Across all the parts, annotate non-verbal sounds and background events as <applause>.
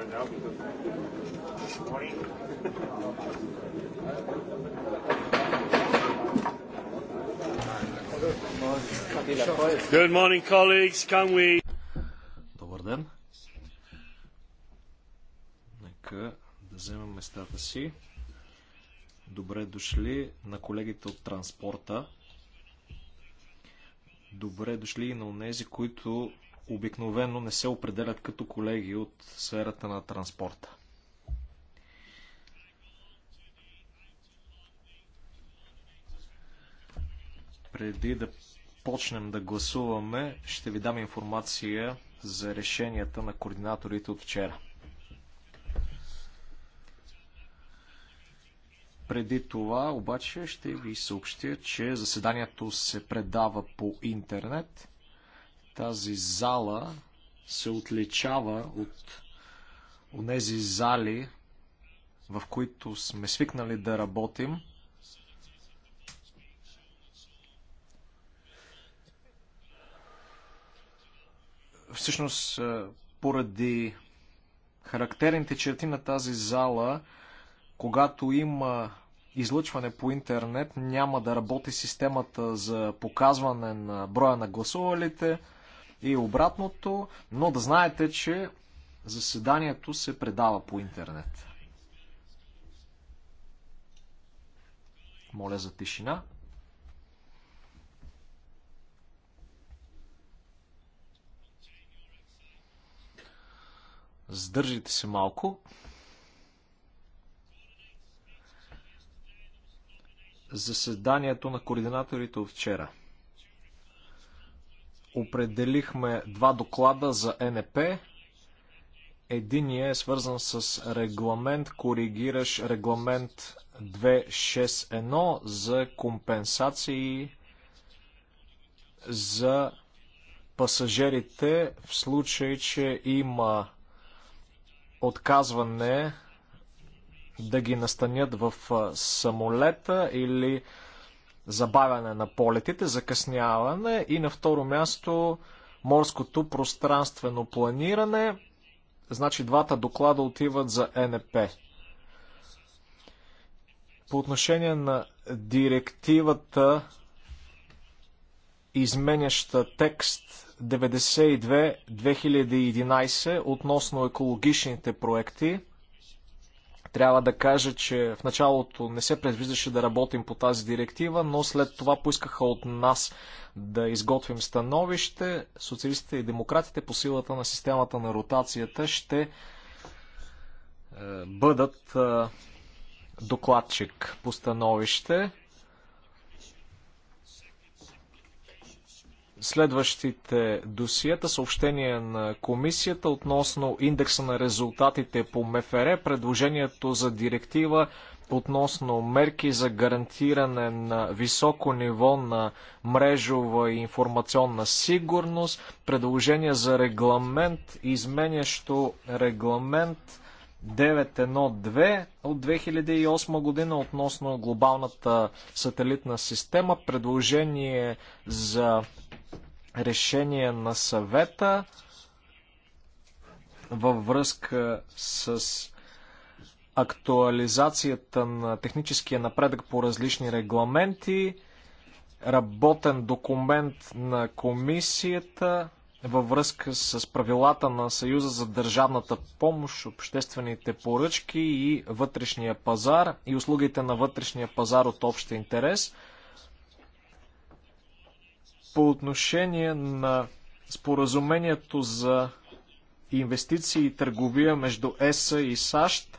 there now because this morning. Good morning, colleagues. Can we... Добър ден. Нека да вземем местата си. Добре дошли на колегите от транспорта. Добре дошли и на онези, които обикновено не се определят като колеги от сферата на транспорта. Преди да почнем да гласуваме, ще ви дам информация за решенията на координаторите от вчера. Преди това обаче ще ви съобщя, че заседанието се предава по интернет – тази зала се отличава от онези зали, в които сме свикнали да работим. Всъщност, е, поради характерните черти на тази зала, когато има излъчване по интернет, няма да работи системата за показване на броя на гласувалите и обратното, но да знаете, че заседанието се предава по интернет. Моля за тишина. Сдържите се малко. Заседанието на координаторите от вчера. Определихме два доклада за НП. Единият е свързан с регламент, коригираш регламент 261 за компенсации за пасажирите в случай, че има отказване да ги настанят в самолета или забавяне на полетите, закъсняване и на второ място морското пространствено планиране. Значи двата доклада отиват за НП. По отношение на директивата, изменяща текст 92-2011 относно екологичните проекти, трябва да кажа, че в началото не се предвиждаше да работим по тази директива, но след това поискаха от нас да изготвим становище. Социалистите и демократите по силата на системата на ротацията ще е, бъдат е, докладчик по становище. следващите досиета, съобщения на комисията относно индекса на резултатите по МФР, предложението за директива относно мерки за гарантиране на високо ниво на мрежова и информационна сигурност, предложение за регламент, изменящо регламент 912 от 2008 година относно глобалната сателитна система, предложение за решение на съвета във връзка с актуализацията на техническия напредък по различни регламенти, работен документ на комисията във връзка с правилата на Съюза за държавната помощ, обществените поръчки и вътрешния пазар и услугите на вътрешния пазар от общ интерес – по отношение на споразумението за инвестиции и търговия между ЕСА и САЩ,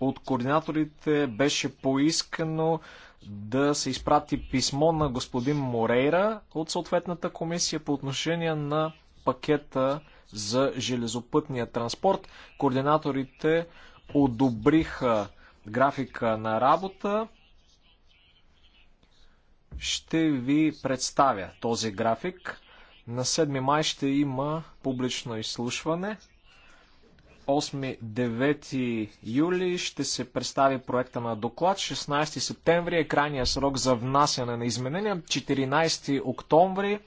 от координаторите беше поискано да се изпрати писмо на господин Морейра от съответната комисия по отношение на пакета за железопътния транспорт. Координаторите одобриха графика на работа ще ви представя този график. На 7 май ще има публично изслушване. 8-9 юли ще се представи проекта на доклад. 16 септември е крайния срок за внасяне на изменения. 14 октомври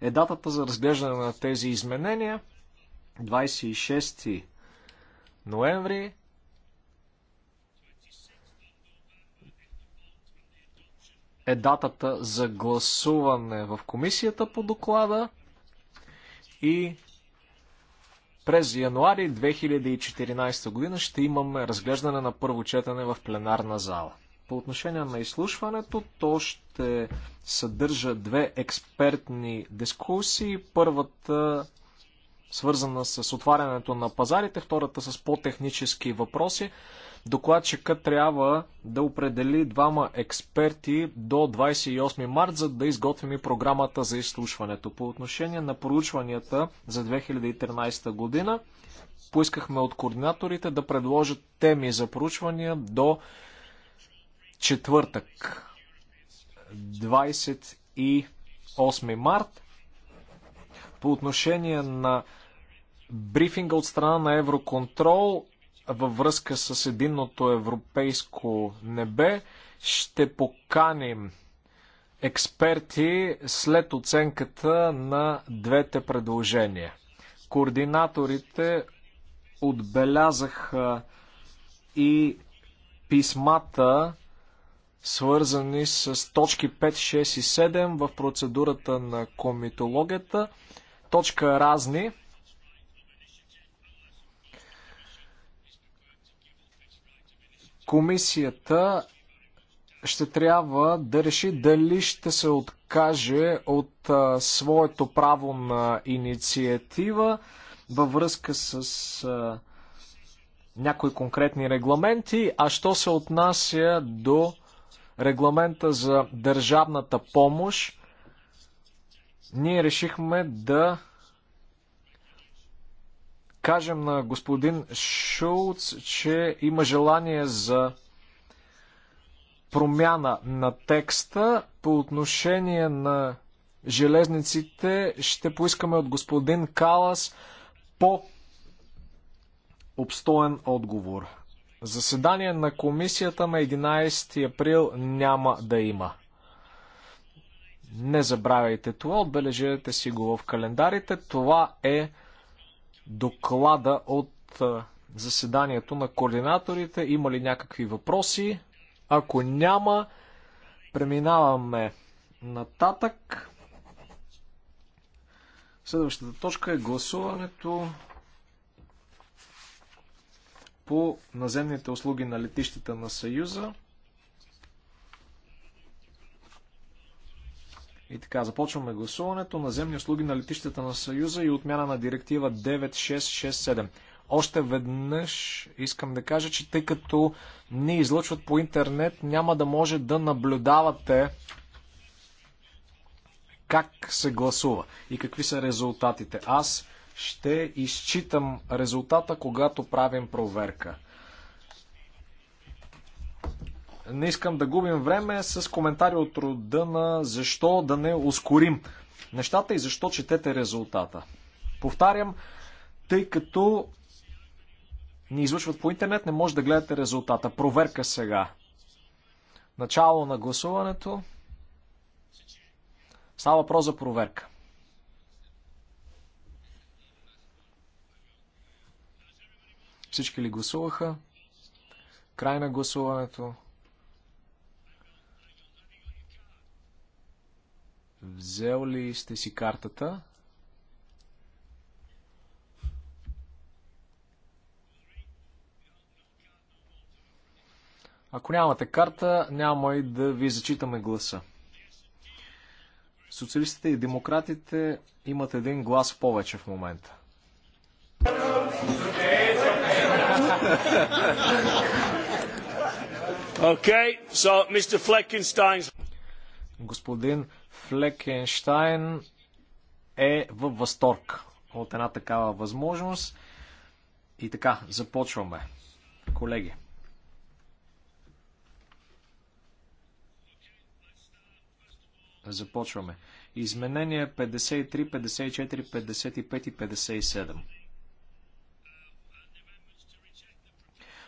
е датата за разглеждане на тези изменения. 26 ноември е датата за гласуване в комисията по доклада и през януари 2014 година ще имаме разглеждане на първо четене в пленарна зала. По отношение на изслушването, то ще съдържа две експертни дискусии. Първата свързана с отварянето на пазарите, втората с по-технически въпроси. Докладчика трябва да определи двама експерти до 28 март, за да изготвим и програмата за изслушването. По отношение на проучванията за 2013 година, поискахме от координаторите да предложат теми за проучвания до четвъртък, 28 март. По отношение на брифинга от страна на Евроконтрол, във връзка с единното европейско небе ще поканим експерти след оценката на двете предложения. Координаторите отбелязаха и писмата, свързани с точки 5, 6 и 7 в процедурата на комитологията. Точка разни. Комисията ще трябва да реши дали ще се откаже от а, своето право на инициатива във връзка с а, някои конкретни регламенти, а що се отнася до регламента за държавната помощ, ние решихме да кажем на господин Шулц, че има желание за промяна на текста по отношение на железниците. Ще поискаме от господин Калас по обстоен отговор. Заседание на комисията на 11 април няма да има. Не забравяйте това, отбележете си го в календарите. Това е доклада от заседанието на координаторите. Има ли някакви въпроси? Ако няма, преминаваме нататък. Следващата точка е гласуването по наземните услуги на летищата на Съюза. И така, започваме гласуването на земни услуги на летищата на Съюза и отмяна на директива 9667. Още веднъж искам да кажа, че тъй като ни излъчват по интернет, няма да може да наблюдавате как се гласува и какви са резултатите. Аз ще изчитам резултата, когато правим проверка. Не искам да губим време с коментари от рода на защо да не ускорим нещата и защо четете резултата. Повтарям, тъй като ни излъчват по интернет, не може да гледате резултата. Проверка сега. Начало на гласуването. Става въпрос за проверка. Всички ли гласуваха? Край на гласуването. Взел ли сте си картата? Ако нямате карта, няма и да ви зачитаме гласа. Социалистите и демократите имат един глас повече в момента. Okay, so Mr. Fleckenstein's... Господин Флекенштайн е във възторг от една такава възможност. И така, започваме. Колеги. Започваме. Изменения 53, 54, 55 и 57.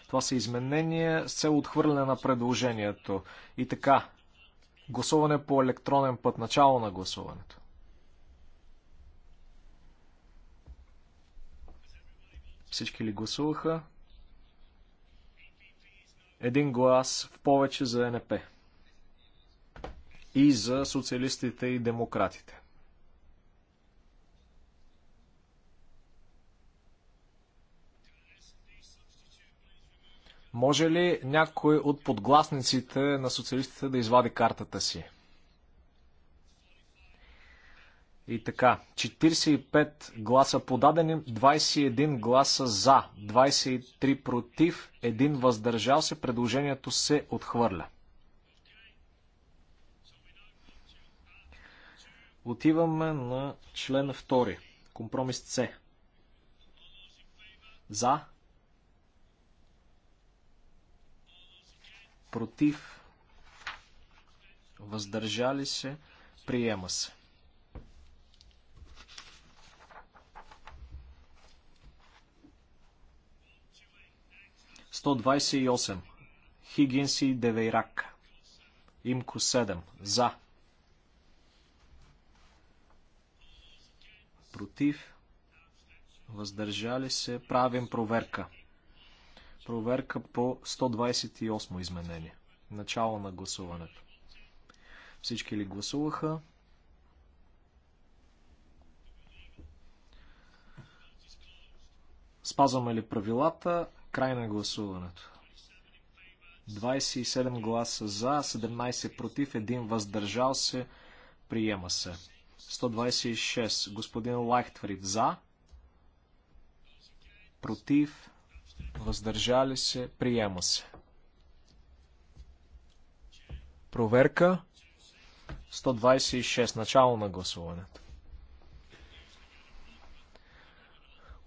Това са изменения с цел отхвърляне на предложението. И така, Гласуване по електронен път. Начало на гласуването. Всички ли гласуваха? Един глас в повече за НП. И за социалистите и демократите. Може ли някой от подгласниците на социалистите да извади картата си? И така, 45 гласа подадени, 21 гласа за, 23 против, 1 въздържал се, предложението се отхвърля. Отиваме на член 2. Компромис С. За, против, въздържали се, приема се. Сто Хигинси и Девейрак. Имко 7. За. Против. Въздържали се. Правим проверка. Проверка по 128 изменение. Начало на гласуването. Всички ли гласуваха? Спазваме ли правилата? Край на гласуването. 27 гласа за, 17 против, 1 въздържал се. Приема се. 126. Господин Лайхтфрид за. Против въздържали се, приема се. Проверка 126. Начало на гласуването.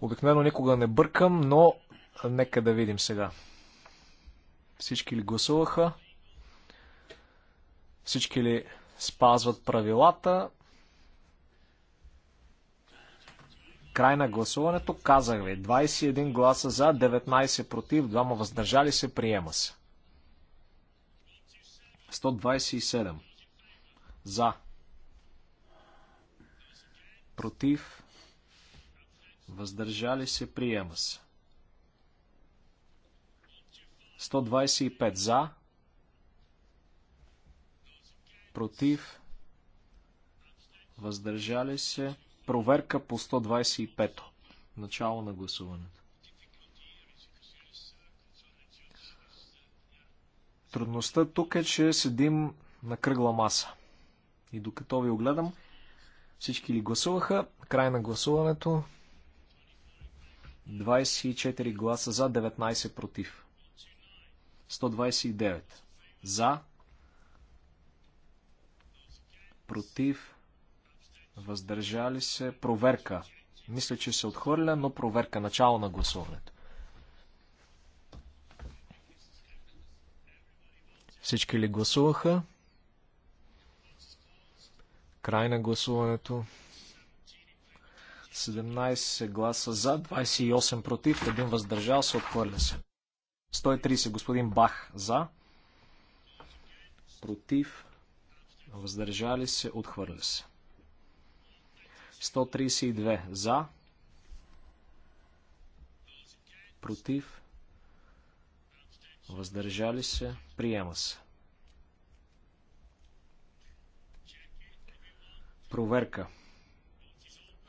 Обикновено никога не бъркам, но нека да видим сега. Всички ли гласуваха? Всички ли спазват правилата? Край на гласуването казах ви 21 гласа за, 19 против, 2 въздържали се, приема се. 127 за против въздържали се, приема се. 125 за против въздържали се, Проверка по 125. Начало на гласуването. Трудността тук е, че седим на кръгла маса. И докато ви огледам, всички ли гласуваха? Край на гласуването. 24 гласа за, 19 против. 129 за, против, въздържали се, проверка. Мисля, че се отхвърля, но проверка, начало на гласуването. Всички ли гласуваха? Край на гласуването. 17 гласа за, 28 против, един въздържал се, отхвърля се. 130 господин Бах за, против, въздържали се, отхвърля се. 132 за, против, въздържали се, приема се. Проверка.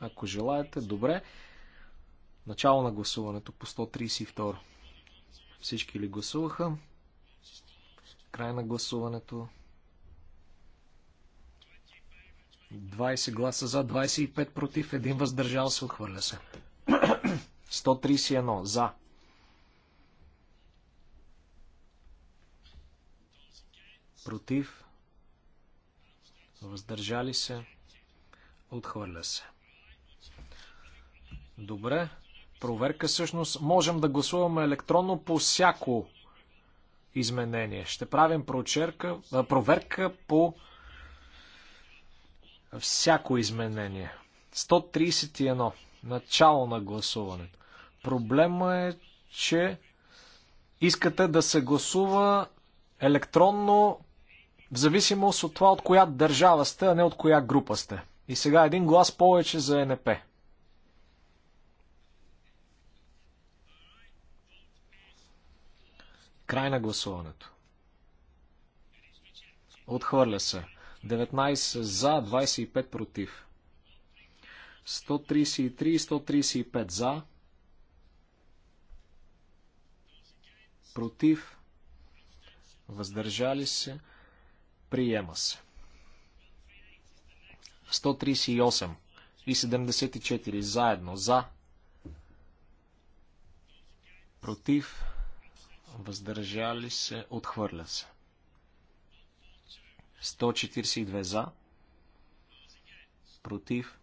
Ако желаете, добре. Начало на гласуването по 132. Всички ли гласуваха? Край на гласуването. 20 гласа за, 25 против, 1 въздържал се, отхвърля се. 131 <clears throat> за. Против. Въздържали се. Отхвърля се. Добре. Проверка всъщност. Можем да гласуваме електронно по всяко изменение. Ще правим прочерка, проверка по Всяко изменение. 131. Начало на гласуването. Проблема е, че искате да се гласува електронно в зависимост от това от коя държава сте, а не от коя група сте. И сега един глас повече за НП. Край на гласуването. Отхвърля се. 19 за, 25 против. 133 и 135 за. Против. Въздържали се. Приема се. 138 и 74 заедно за. Против. Въздържали се. Отхвърля се. 142 за, против,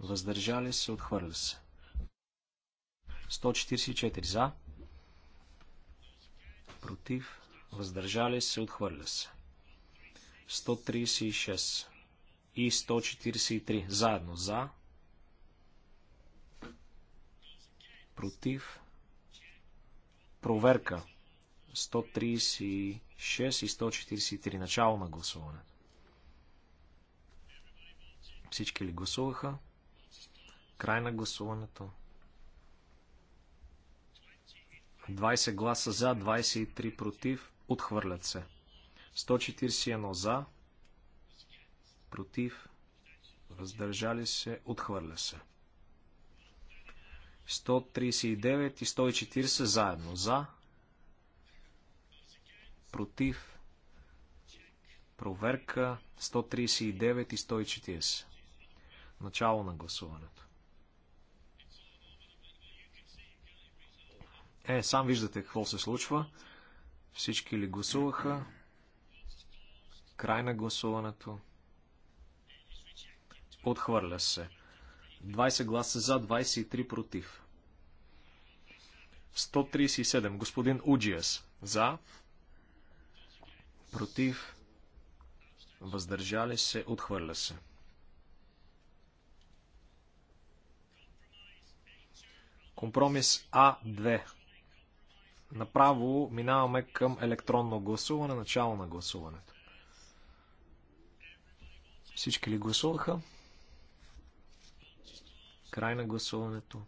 въздържали се, отхвърля се. 144 за, против, въздържали се, отхвърля се. 136 и 143 заедно за, против, проверка 136 и 143. Начало на гласуването. Всички ли гласуваха? Край на гласуването. 20 гласа за, 23 против. Отхвърлят се. 141 за, против, въздържали се, отхвърля се. 139 и 140 заедно. За, против, проверка 139 и 140. Начало на гласуването. Е, сам виждате какво се случва. Всички ли гласуваха? Край на гласуването. Отхвърля се. 20 гласа за, 23 против. 137. Господин Уджиас. За против, въздържали се, отхвърля се. Компромис А2. Направо минаваме към електронно гласуване, начало на гласуването. Всички ли гласуваха? Край на гласуването.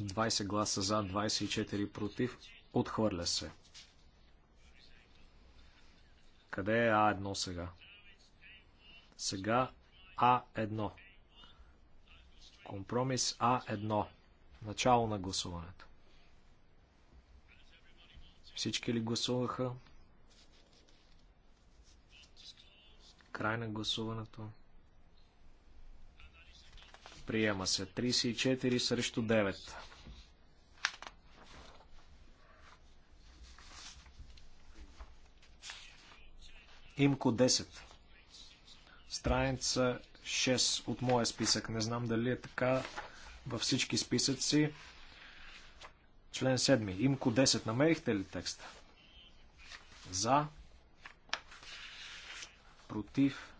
20 гласа за, 24 против. Отхвърля се. Къде е А1 сега? Сега А1. Компромис А1. Начало на гласуването. Всички ли гласуваха? Край на гласуването. Приема се. 34 срещу 9. Имко 10. Страница 6 от моя списък. Не знам дали е така във всички списъци. Член 7. Имко 10. Намерихте ли текста? За. Против.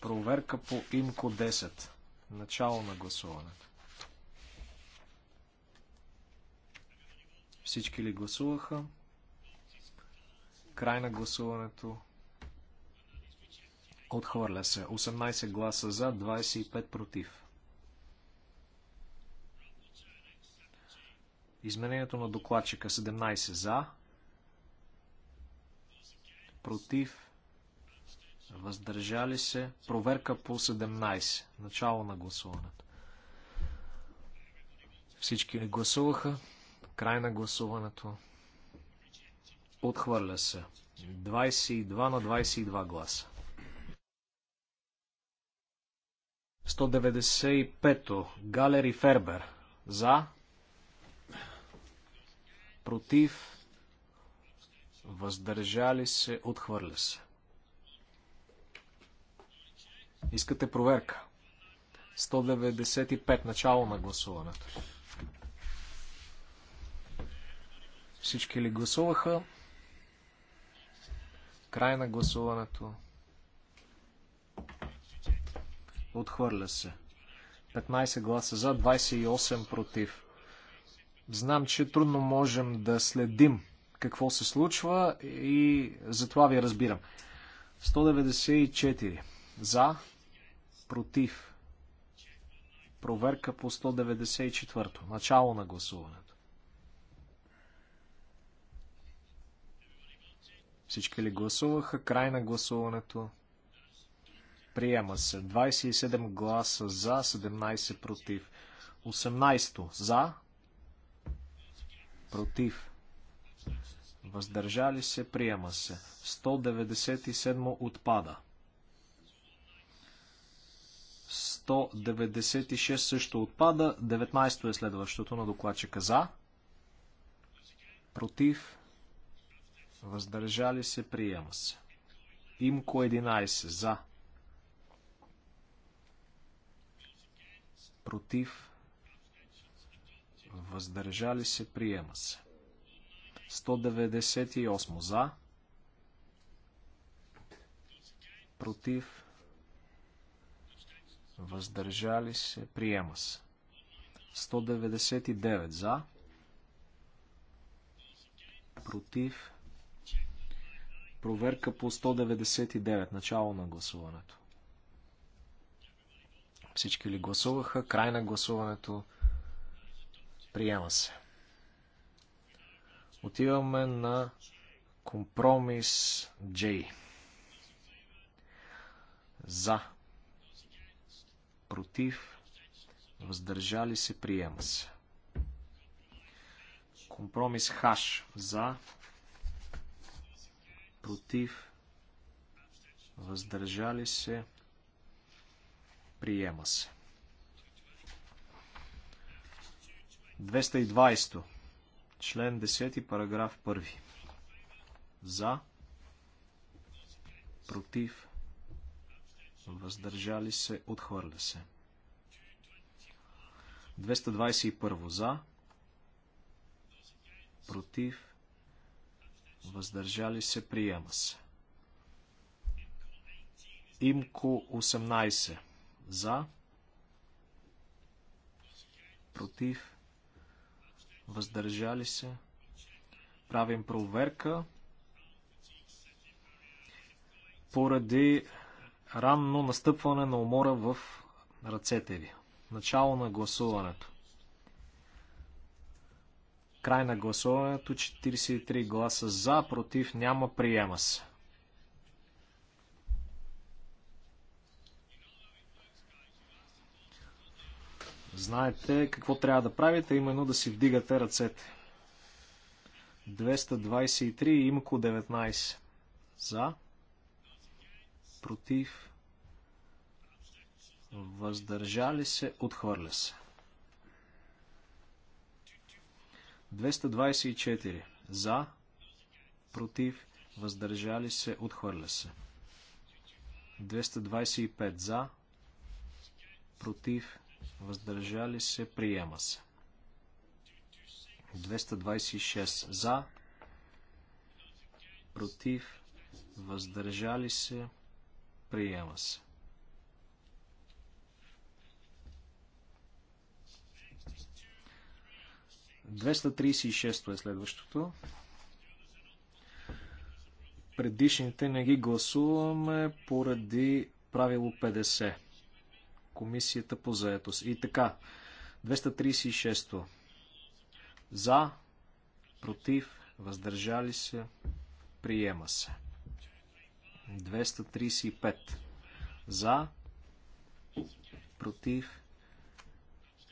Проверка по имко 10. Начало на гласуването. Всички ли гласуваха? Край на гласуването. Отхвърля се. 18 гласа за, 25 против. Изменението на докладчика 17 за, против, въздържали се. Проверка по 17. Начало на гласуването. Всички ли гласуваха? Край на гласуването. Отхвърля се. 22 на 22 гласа. 195-то. Галери Фербер. За. Против. Въздържали се. Отхвърля се. Искате проверка. 195. Начало на гласуването. Всички ли гласуваха? Край на гласуването. Отхвърля се. 15 гласа за, 28 против. Знам, че трудно можем да следим какво се случва и затова ви разбирам. 194 за, против. Проверка по 194. Начало на гласуване. Всички ли гласуваха? Край на гласуването. Приема се. 27 гласа за, 17 против. 18 за, против. Въздържали се, приема се. 197 отпада. 196 също отпада. 19 е следващото на докладчика за. Против въздържали се, приема се. Имко 11 за. Против. Въздържали се, приема се. 198 за. Против. Въздържали се, приема се. 199 за. Против Проверка по 199. Начало на гласуването. Всички ли гласуваха? Край на гласуването. Приема се. Отиваме на компромис J. За. Против. Въздържали се. Приема се. Компромис H. За против, въздържали се, приема се. 220. Член 10, параграф 1. За, против, въздържали се, отхвърля се. 221. За, против, въздържали се, приема се. Имко 18 за, против, въздържали се. Правим проверка. Поради ранно настъпване на умора в ръцете ви. Начало на гласуването. Край на гласуването 43 гласа за, против няма, приема се. Знаете какво трябва да правите, именно да си вдигате ръцете. 223 и имко 19. За. Против. Въздържали се. Отхвърля се. 224 за, против, въздържали се, отхвърля се. 225 за, против, въздържали се, приема се. 226 за, против, въздържали се, приема се. 236 е следващото. Предишните не ги гласуваме поради правило 50. Комисията по заетост. И така, 236. За, против, въздържали се, приема се. 235. За, против,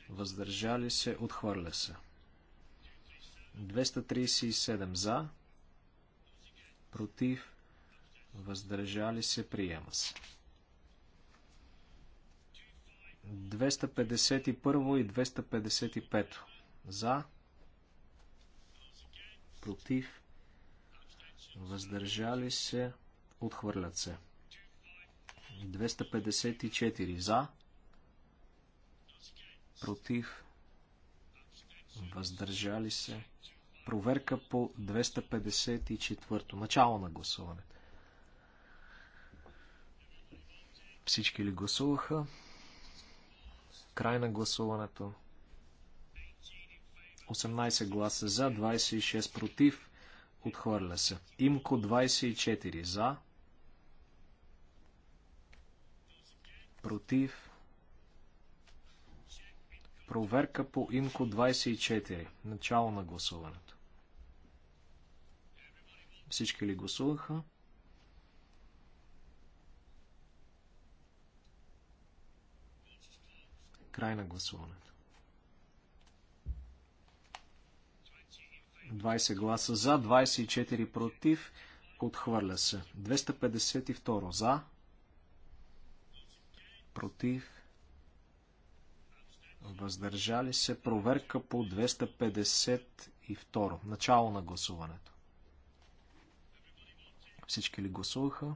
въздържали се, отхвърля се. 236. 237 за, против, въздържали се, приема се. 251 и 255 за, против, въздържали се, отхвърлят се. 254 за, против, въздържали се. Проверка по 254. Начало на гласуване. Всички ли гласуваха? Край на гласуването. 18 гласа за, 26 против. Отхвърля се. Имко 24 за. Против. Проверка по Имко 24. Начало на гласуването. Всички ли гласуваха? Край на гласуването. 20 гласа за, 24 против. Отхвърля се. 252 за. Против въздържали се, проверка по 252. Начало на гласуването. Всички ли гласуваха?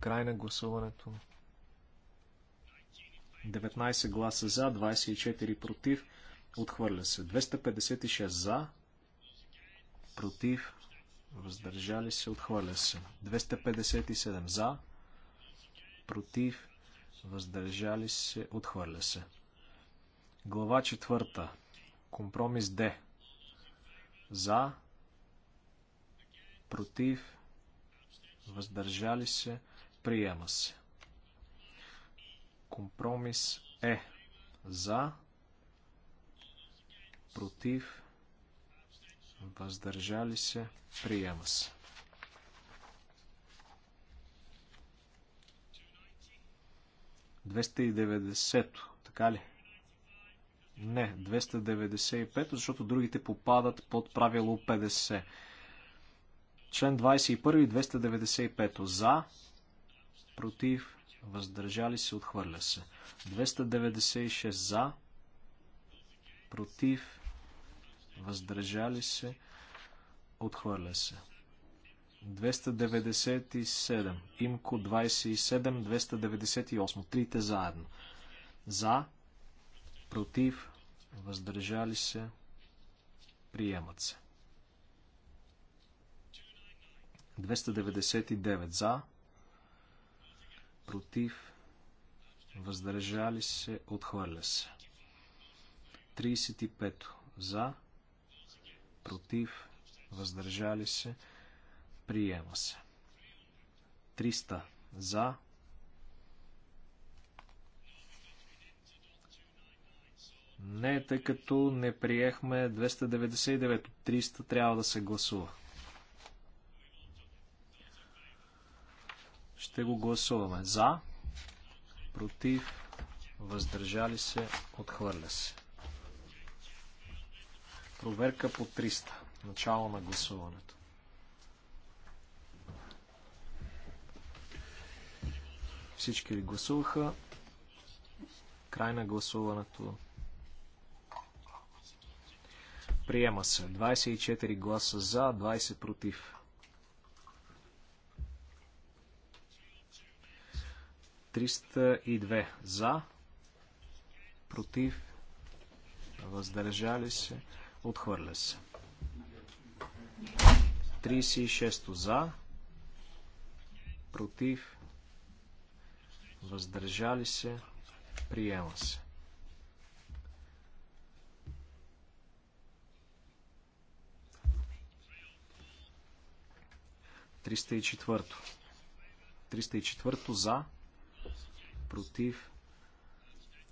Край на гласуването. 19 гласа за, 24 против. Отхвърля се. 256 за, против, въздържали се, отхвърля се. 257 за, против, въздържали се, отхвърля се. Глава четвърта. Компромис Д. За, против, въздържали се, приема се. Компромис Е. За, против, въздържали се, приема се. 290, така ли? Не, 295, защото другите попадат под правило 50. Член 21 295. За, против, въздържали се, отхвърля се. 296 за, против, въздържали се, отхвърля се. 297, Имко 27, 298. Трите заедно. За, против, въздържали се, приемат се. 299 за, против, въздържали се, отхвърля се. 35 за, против, въздържали се, се. Приема се. 300 за. Не, тъй като не приехме 299 от 300, трябва да се гласува. Ще го гласуваме за, против, въздържали се, отхвърля се. Проверка по 300. Начало на гласуването. Всички ли гласуваха? Край на гласуването. Приема се. 24 гласа за, 20 против. 302 за, против, въздържали се, отхвърля се. 36 за, против, въздържали се, приема се. Триста и четвърто. Триста и четвърто за, против,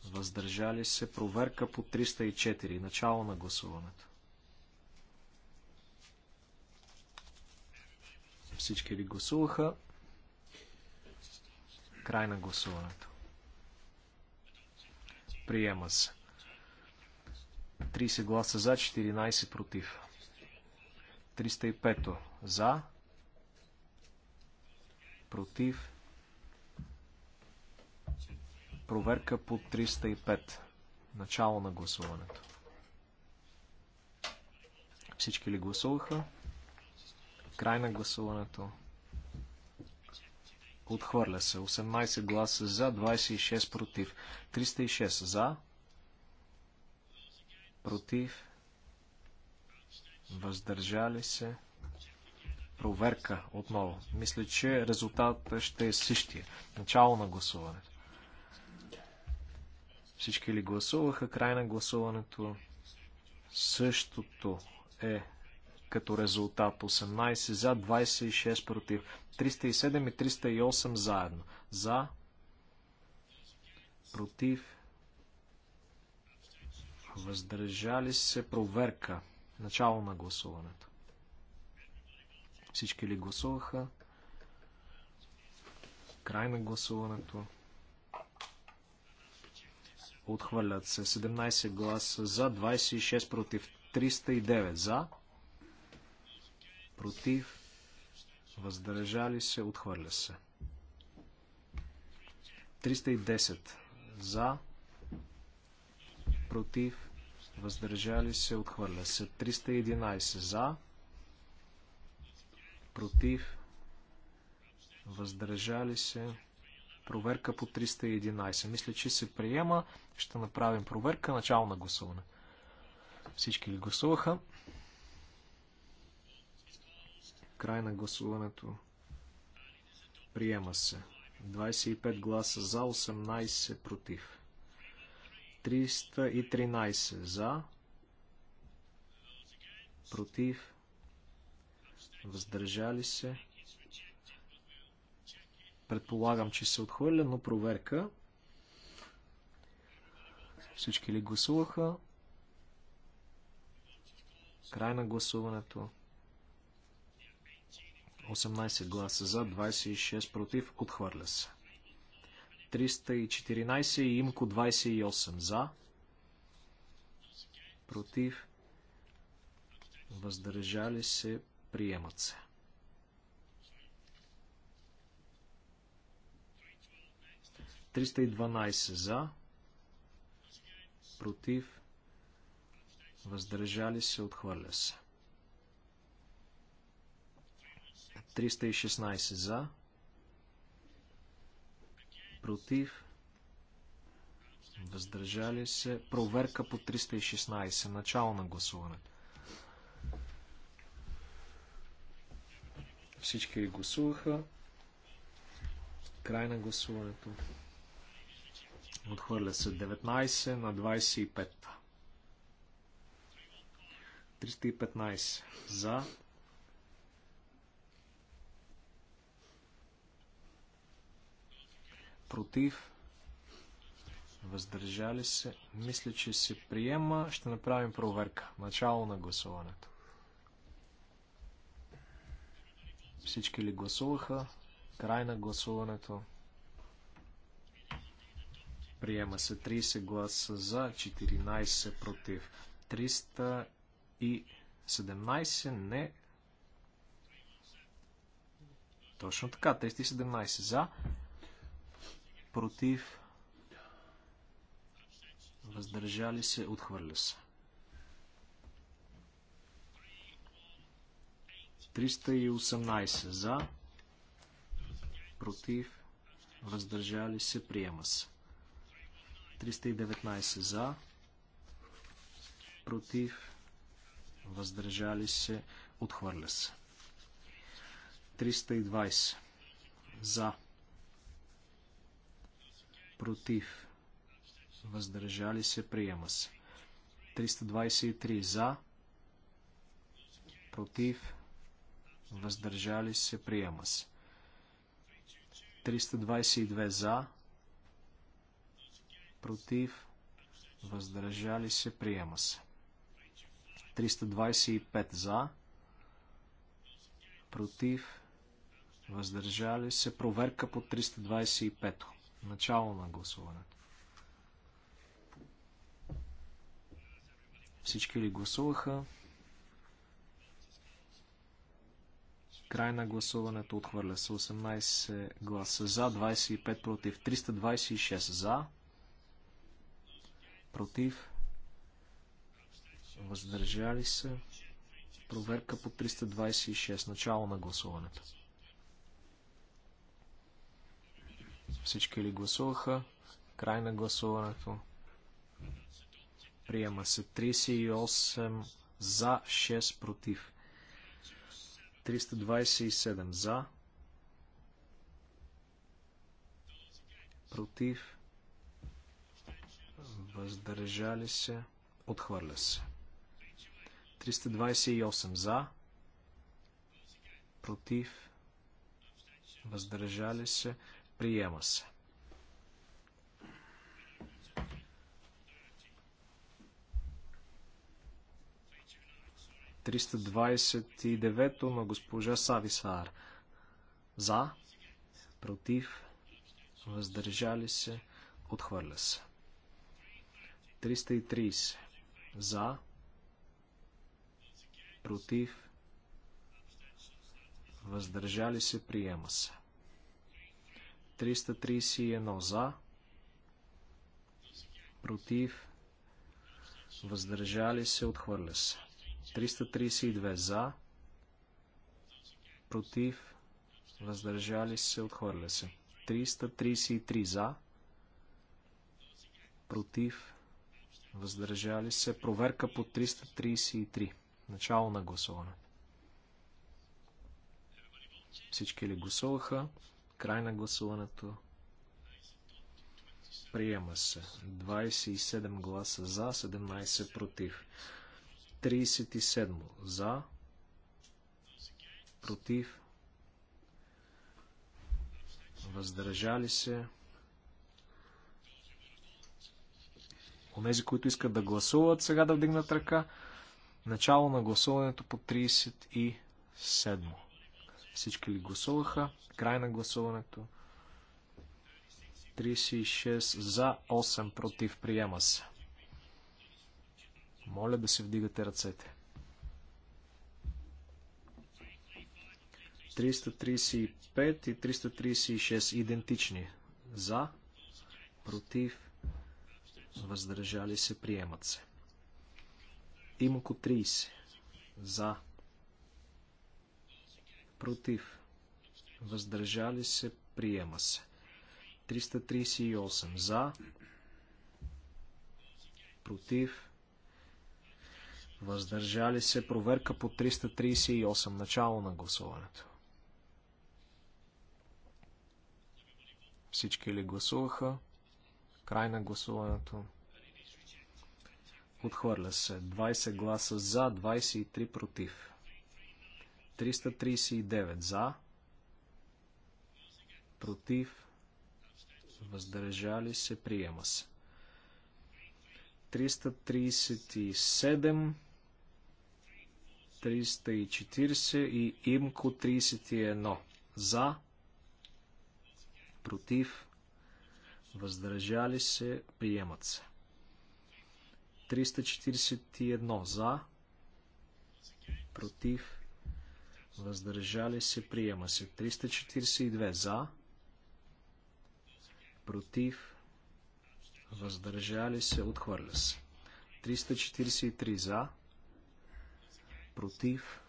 въздържали се, проверка по 304, начало на гласуването. Всички ли гласуваха? Край на гласуването. Приема се. 30 гласа за, 14 против. 305 за, против. Проверка по 305. Начало на гласуването. Всички ли гласуваха? Край на гласуването. Отхвърля се. 18 гласа за, 26 против. 306 за. Против. Въздържали се. Проверка отново. Мисля, че резултатът ще е същия. Начало на гласуването. Всички ли гласуваха? Край на гласуването. Същото е като резултат. 18 за, 26 против. 307 и 308 заедно. За, против, въздържали се проверка. Начало на гласуването. Всички ли гласуваха? Край на гласуването. Отхвърлят се 17 гласа за, 26 против, 309 за против, въздържали се, отхвърля се. 310 за, против, въздържали се, отхвърля се. 311 за, против, въздържали се. Проверка по 311. Мисля, че се приема. Ще направим проверка. Начало на гласуване. Всички ли гласуваха? Край на гласуването. Приема се. 25 гласа за, 18 против. 313 за, против, въздържали се. Предполагам, че се отхвърля, но проверка. Всички ли гласуваха? Край на гласуването. 18 гласа за, 26 против, отхвърля се. 314 и имко 28 за, против, въздържали се, приемат се. 312 за, против, въздържали се, отхвърля се. 316 за, против, въздържали се. Проверка по 316. Начало на гласуване. Всички ли гласуваха? Край на гласуването. Отхвърля се 19 на 25. 315 за, против, въздържали се. Мисля, че се приема. Ще направим проверка. Начало на гласуването. Всички ли гласуваха? Край на гласуването. Приема се 30 гласа за, 14 против. 317 не. Точно така, 317 за, против, въздържали се, отхвърля се. 318 за, против, въздържали се, приема се. 319 за, против, въздържали се, отхвърля се. 320 за, против, въздържали се, приема се. 323 за, против, въздържали се, приема се. 322 за, против, въздържали се, приема се. 325 за, против, въздържали се, проверка по 325. Начало на гласуването. Всички ли гласуваха? Край на гласуването отхвърля се 18 гласа за, 25 против, 326 за, против, въздържали се. Проверка по 326. Начало на гласуването. Всички ли гласуваха? Край на гласуването. Приема се 38 за, 6 против. 327 за, против, въздържали се, отхвърля се. 328 за, против, въздържали се, Приема се. Триста двадесет и девето на госпожа Сависар. За, против, въздържали се, отхвърля се. 330 за, против, въздържали се, приема се. 331 за, против, въздържали се, отхвърля се. 332 за, против, въздържали се, отхвърля се. 333 за, против, въздържали се. Проверка по 333. Начало на гласуване. Всички ли гласуваха? Край на гласуването. Приема се. 27 гласа за, 17 против. 37 за, против, въздържали се. Онези, които искат да гласуват, сега да вдигнат ръка. Начало на гласуването по 37. Всички ли гласуваха? Край на гласуването. 36 за, 8 против. Приема се. Моля да се вдигате ръцете. 335 и 336 идентични. За, против, въздържали се, приемат се. Имако 30. За, против, въздържали се, приема се. 338 за, против, въздържали се, проверка по 338, начало на гласуването. Всички ли гласуваха? Край на гласуването. Отхвърля се. 20 гласа за, 23 против. 339 за, против, въздържали се, приема се. 337, 340 и имко 31 за, против, въздържали се, приемат се. 341 за, против, въздържали се, приема се. 342 за, против, въздържали се, отхвърля се. 343 за, против,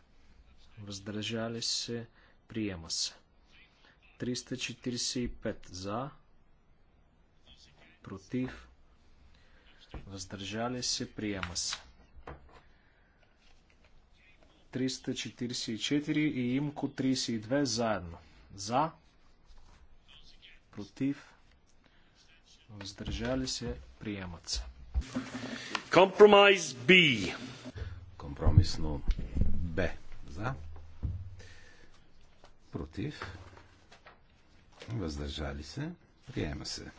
въздържали се, приема се. 345 за, против, въздържали се, приема се. 344 и имко 32 заедно. За, против, въздържали се, приемат се. Компромис Б. Компромисно Б. За, против, въздържали се, приема се.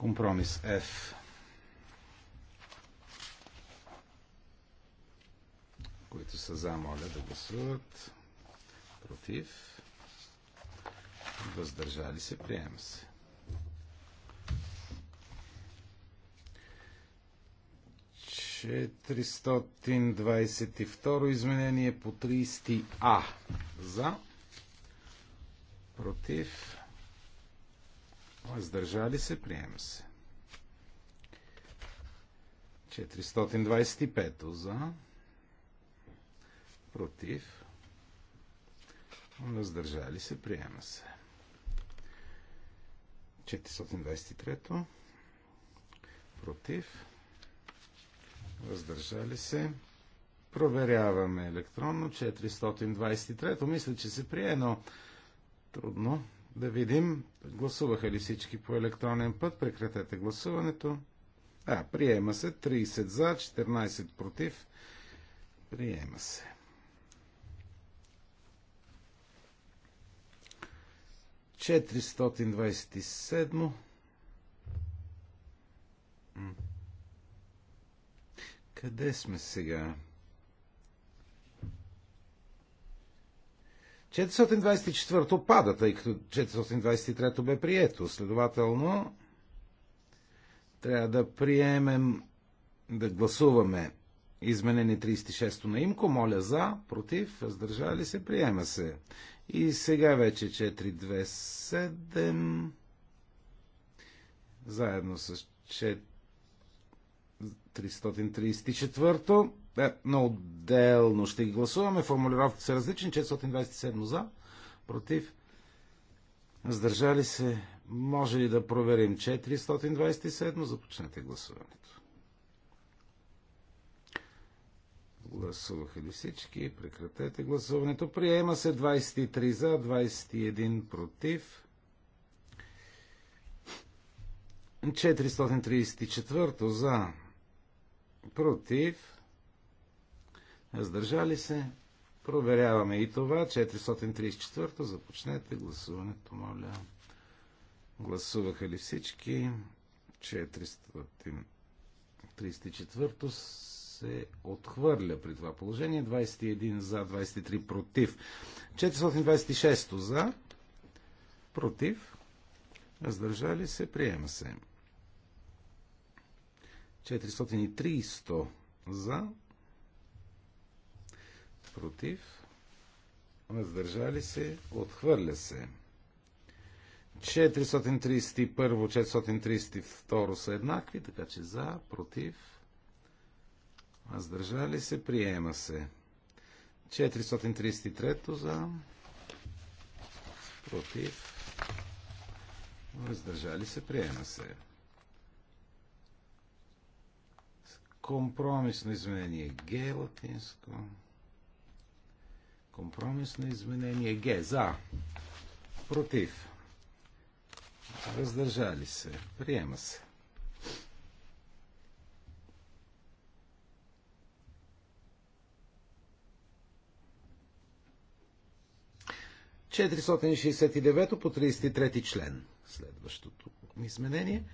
Компромис F. Които са за, моля да гласуват. Против. Въздържали се, приема се. беше второ изменение по 30А. За. Против. Въздържали се. Приема се. 425 за. Против. Въздържали се. Приема се. 423 против, въздържали се. Проверяваме електронно 423. Мисля, че се прие, но трудно. Да видим, гласуваха ли всички по електронен път. Прекратете гласуването. А, приема се. 30 за, 14 против. Приема се. Четиристотин двадесет и седмо. Къде сме сега? 424-то пада, тъй като 423-то бе прието. Следователно, трябва да приемем, да гласуваме изменени 36-то на имко. Моля за, против, въздържали се, приема се. И сега вече 427 заедно с 4... 334-то но отделно ще ги гласуваме. Формулировките са различни. 427 за, против, Сдържали се. Може ли да проверим 427? Започнете гласуването. Гласуваха ли всички? Прекратете гласуването. Приема се 23 за, 21 против. 434 за, против. Въздържали се. Проверяваме и това. 434 започнете гласуването, моля. Гласуваха ли всички? 434 се отхвърля при това положение. 21 за, 23 против. 426 за, против. Въздържали се, приема се. 430 за, против, въздържали се, отхвърля се. 431, 432 са еднакви, така че за, против, въздържали се, приема се. 433 за, против, въздържали се, приема се. Компромисно изменение Г латинско. Компромис на изменение Г. За. Против. Въздържали се. Приема се. Четиристотин по 33 член. Следващото изменение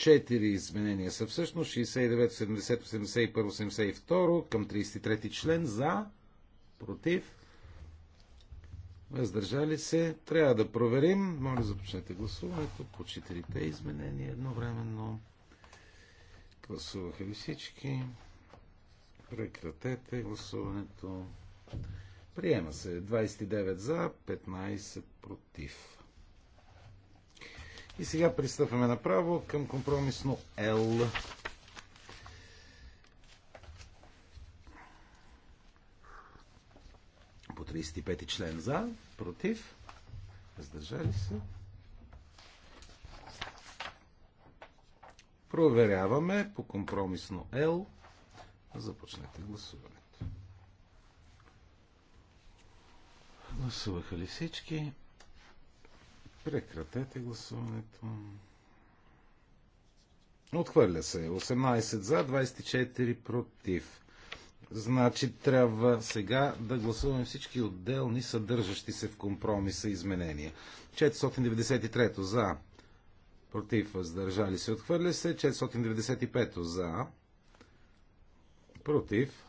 четири изменения са всъщност 69, 70, 81, 72 към 33 член за, против, въздържали се. Трябва да проверим. Моля, започнете гласуването по четирите изменения едновременно. Гласуваха ли всички? Прекратете гласуването. Приема се 29 за, 15 против. И сега пристъпваме направо към компромисно L. По 35 член за, против, въздържали се. Проверяваме по компромисно L. Започнете гласуването. Гласуваха ли всички? Прекратете гласуването. Отхвърля се. 18 за, 24 против. Значи трябва сега да гласуваме всички отделни, съдържащи се в компромиса изменения. 493 за, против, въздържали се, отхвърля се. 495 за, против.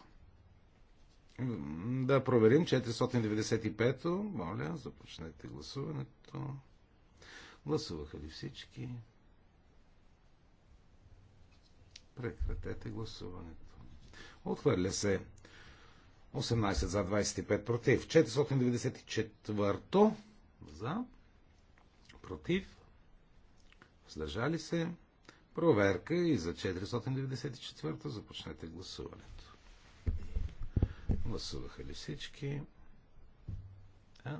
Да проверим 495. Моля, започнете гласуването. Гласуваха ли всички? Прекратете гласуването. Отхвърля се. 18 за 25 против. 494 за. Против. Въздържали се. Проверка и за 494 започнете гласуването. Гласуваха ли всички? А?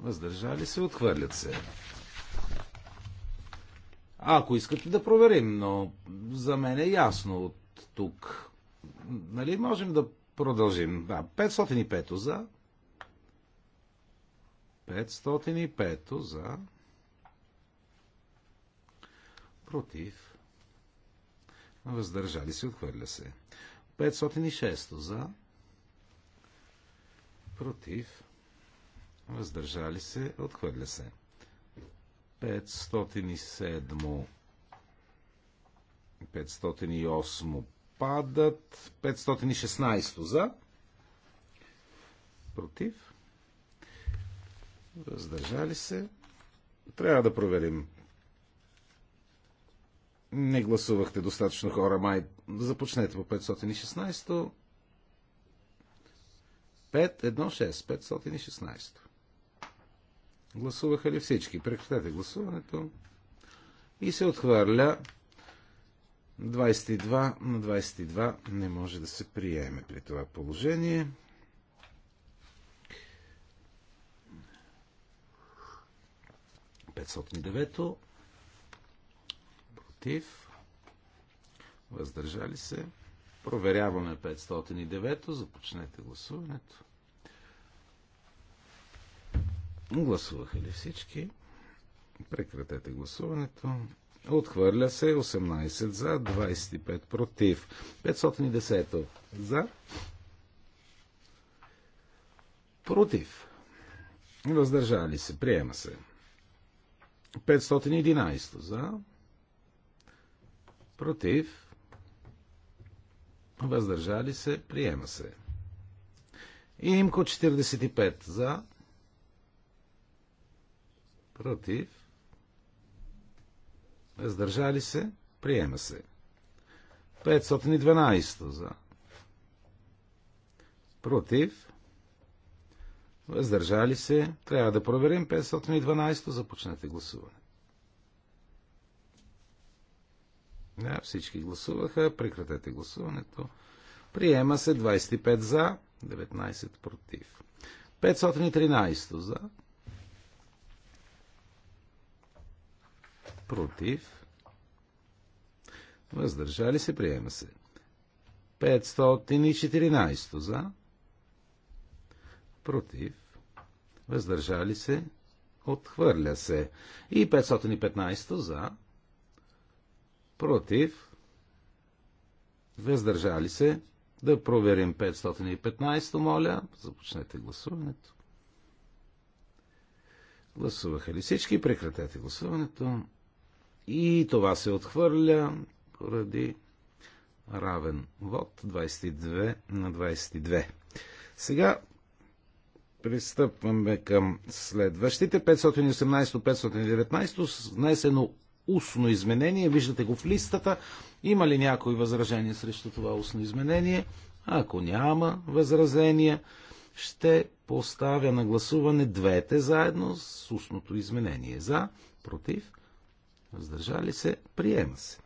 Въздържали се, отхвърлят се. ако искате да проверим, но за мен е ясно от тук. Нали можем да продължим? Да, 505 за. 505 за. Против. Въздържали се, отхвърля се. 506 за. Против въздържали се, отхвърля се. 507 508 падат. 516 за. Против. Въздържали се. Трябва да проверим. Не гласувахте достатъчно хора, май. Започнете по 516. 516. 516. Гласуваха ли всички? Прекратете гласуването. И се отхвърля 22 на 22 не може да се приеме при това положение. Петсотни против въздържали се. Проверяваме 509. Започнете гласуването. Гласуваха ли всички? Прекратете гласуването. Отхвърля се 18 за, 25 против. 510 за. Против. Въздържали се. Приема се. 511 за. Против. Въздържали се. Приема се. Имко 45 за против, въздържали се, приема се. 512 за, против, въздържали се, трябва да проверим 512, започнете гласуване. Да, всички гласуваха, прекратете гласуването. Приема се 25 за, 19 против. 513 за, против, въздържали се, приема се. 514 за, против, въздържали се, отхвърля се. И 515 за, против, въздържали се. Да проверим 515, моля. Започнете гласуването. Гласуваха ли всички? Прекратете гласуването. И това се отхвърля поради равен вод 22 на 22. Сега пристъпваме към следващите 518-519, внесено устно изменение. Виждате го в листата. Има ли някои възражения срещу това устно изменение? Ако няма възразения, ще поставя на гласуване двете заедно с устното изменение. За, против, Въздържали се. Приема се.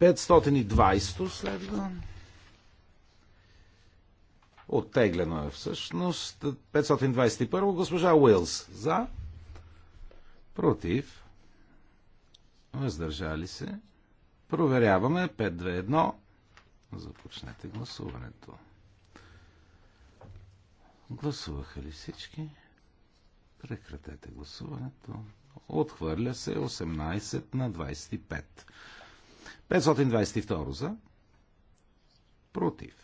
520 следва. Оттеглено е всъщност. 521 госпожа Уилс. За. Против. Въздържали се. Проверяваме. 521. Започнете гласуването. Гласуваха ли всички? Прекратете гласуването. Отхвърля се 18 на 25. 522 за. Против.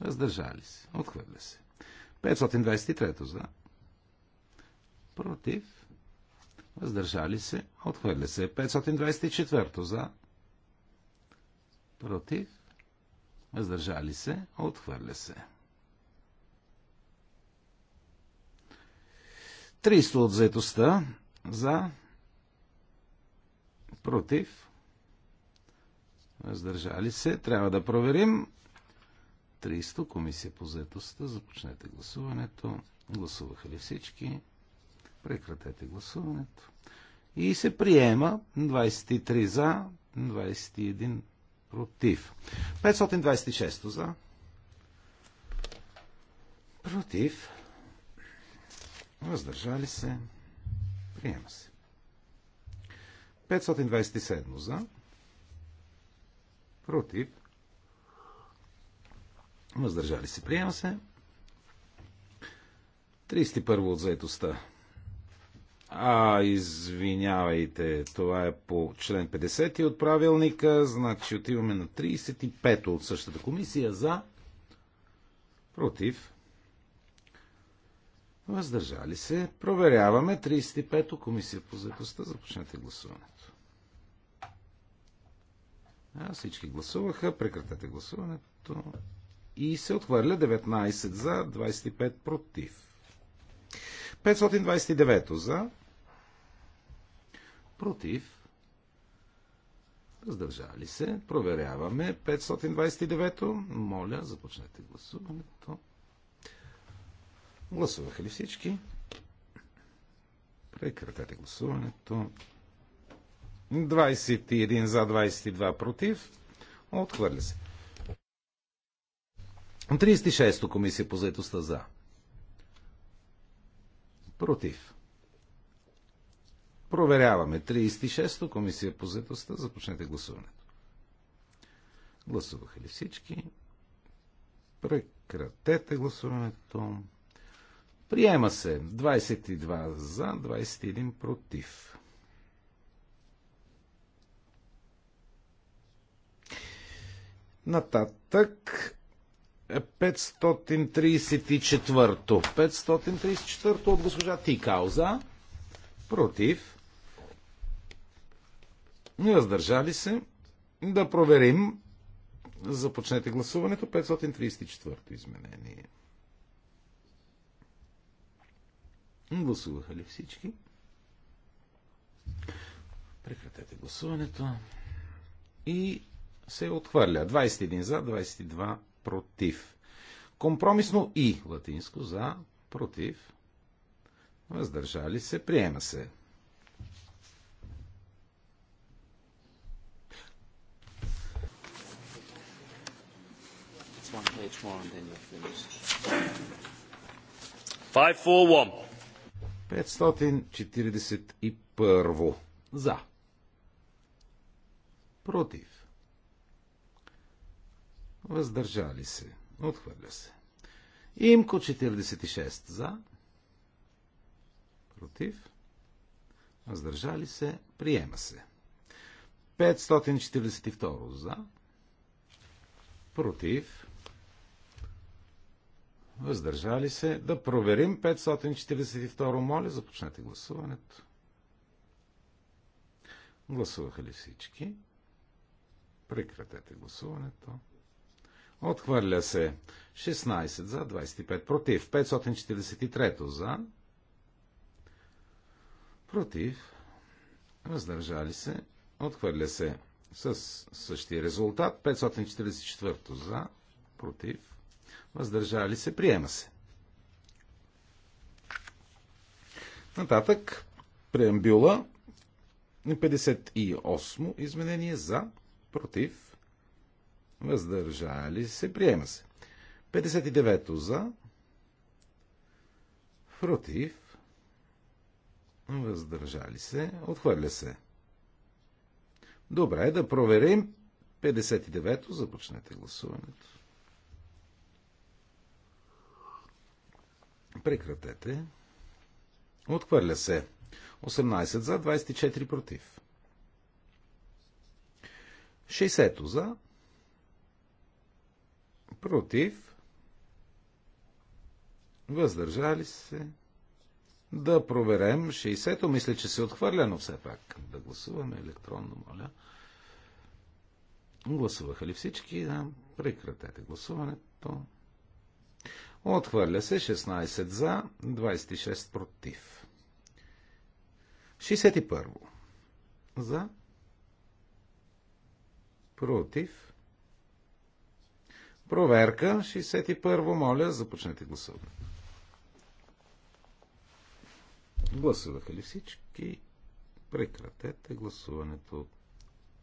Въздържали се. Отхвърля се. 523 за. Против. Въздържали се. Отхвърля се. 524 за. Против. Въздържали се. Отхвърля се. 300 от заетостта за против въздържали се. Трябва да проверим. 300 комисия по заетостта. Започнете гласуването. Гласуваха ли всички? Прекратете гласуването. И се приема 23 за, 21 против. 526 за. Против. Въздържали се. Приема се. 527 за. Против. Въздържали се. Приема се. 31 от заедостта. А, извинявайте, това е по член 50 от правилника, значи отиваме на 35 от същата комисия за, против, Въздържали се. Проверяваме 35-то комисия по заедостта. Започнете гласуването. А, всички гласуваха. Прекратете гласуването. И се отхвърля 19 за, 25 против. 529 за, против, въздържали се. Проверяваме 529. Моля, започнете гласуването. Гласуваха ли всички? Прекратете гласуването. 21 за 22 против. Отхвърля се. 36-то комисия по заедостта за. Против. Проверяваме. 36-то комисия по заедостта. Започнете гласуването. Гласуваха ли всички? Прекратете гласуването. Приема се 22 за, 21 против. Нататък 534. 534 от госпожа Тикауза. за, против. Не въздържали се. Да проверим. Започнете гласуването. 534 изменение. Гласуваха ли всички? Прекратете гласуването. И се отхвърля. 21 за, 22 против. Компромисно и латинско за, против. Въздържали се, приема се. Five, four, one. 541. За. Против. Въздържали се. Отхвърля се. Имко 46. За. Против. Въздържали се. Приема се. 542. За. Против въздържали се. Да проверим 542. Моля, започнете гласуването. Гласуваха ли всички? Прекратете гласуването. Отхвърля се 16 за, 25 против, 543 за, против, въздържали се, отхвърля се с същия резултат, 544 за, против, въздържали се, приема се. Нататък, преамбюла 58 изменение за, против, въздържали се, приема се. 59 за, против, въздържали се, отхвърля се. Добре, да проверим 59-то, започнете гласуването. Прекратете. Отхвърля се. 18 за, 24 против. 60 за. Против. Въздържали се. Да проверем 60-то. Мисля, че се отхвърля, но все пак. Да гласуваме електронно, моля. Гласуваха ли всички? Да. Прекратете гласуването. Отхвърля се 16 за, 26 против. 61. За. Против. Проверка. 61. Моля, започнете гласуване. Гласуваха ли всички? Прекратете гласуването.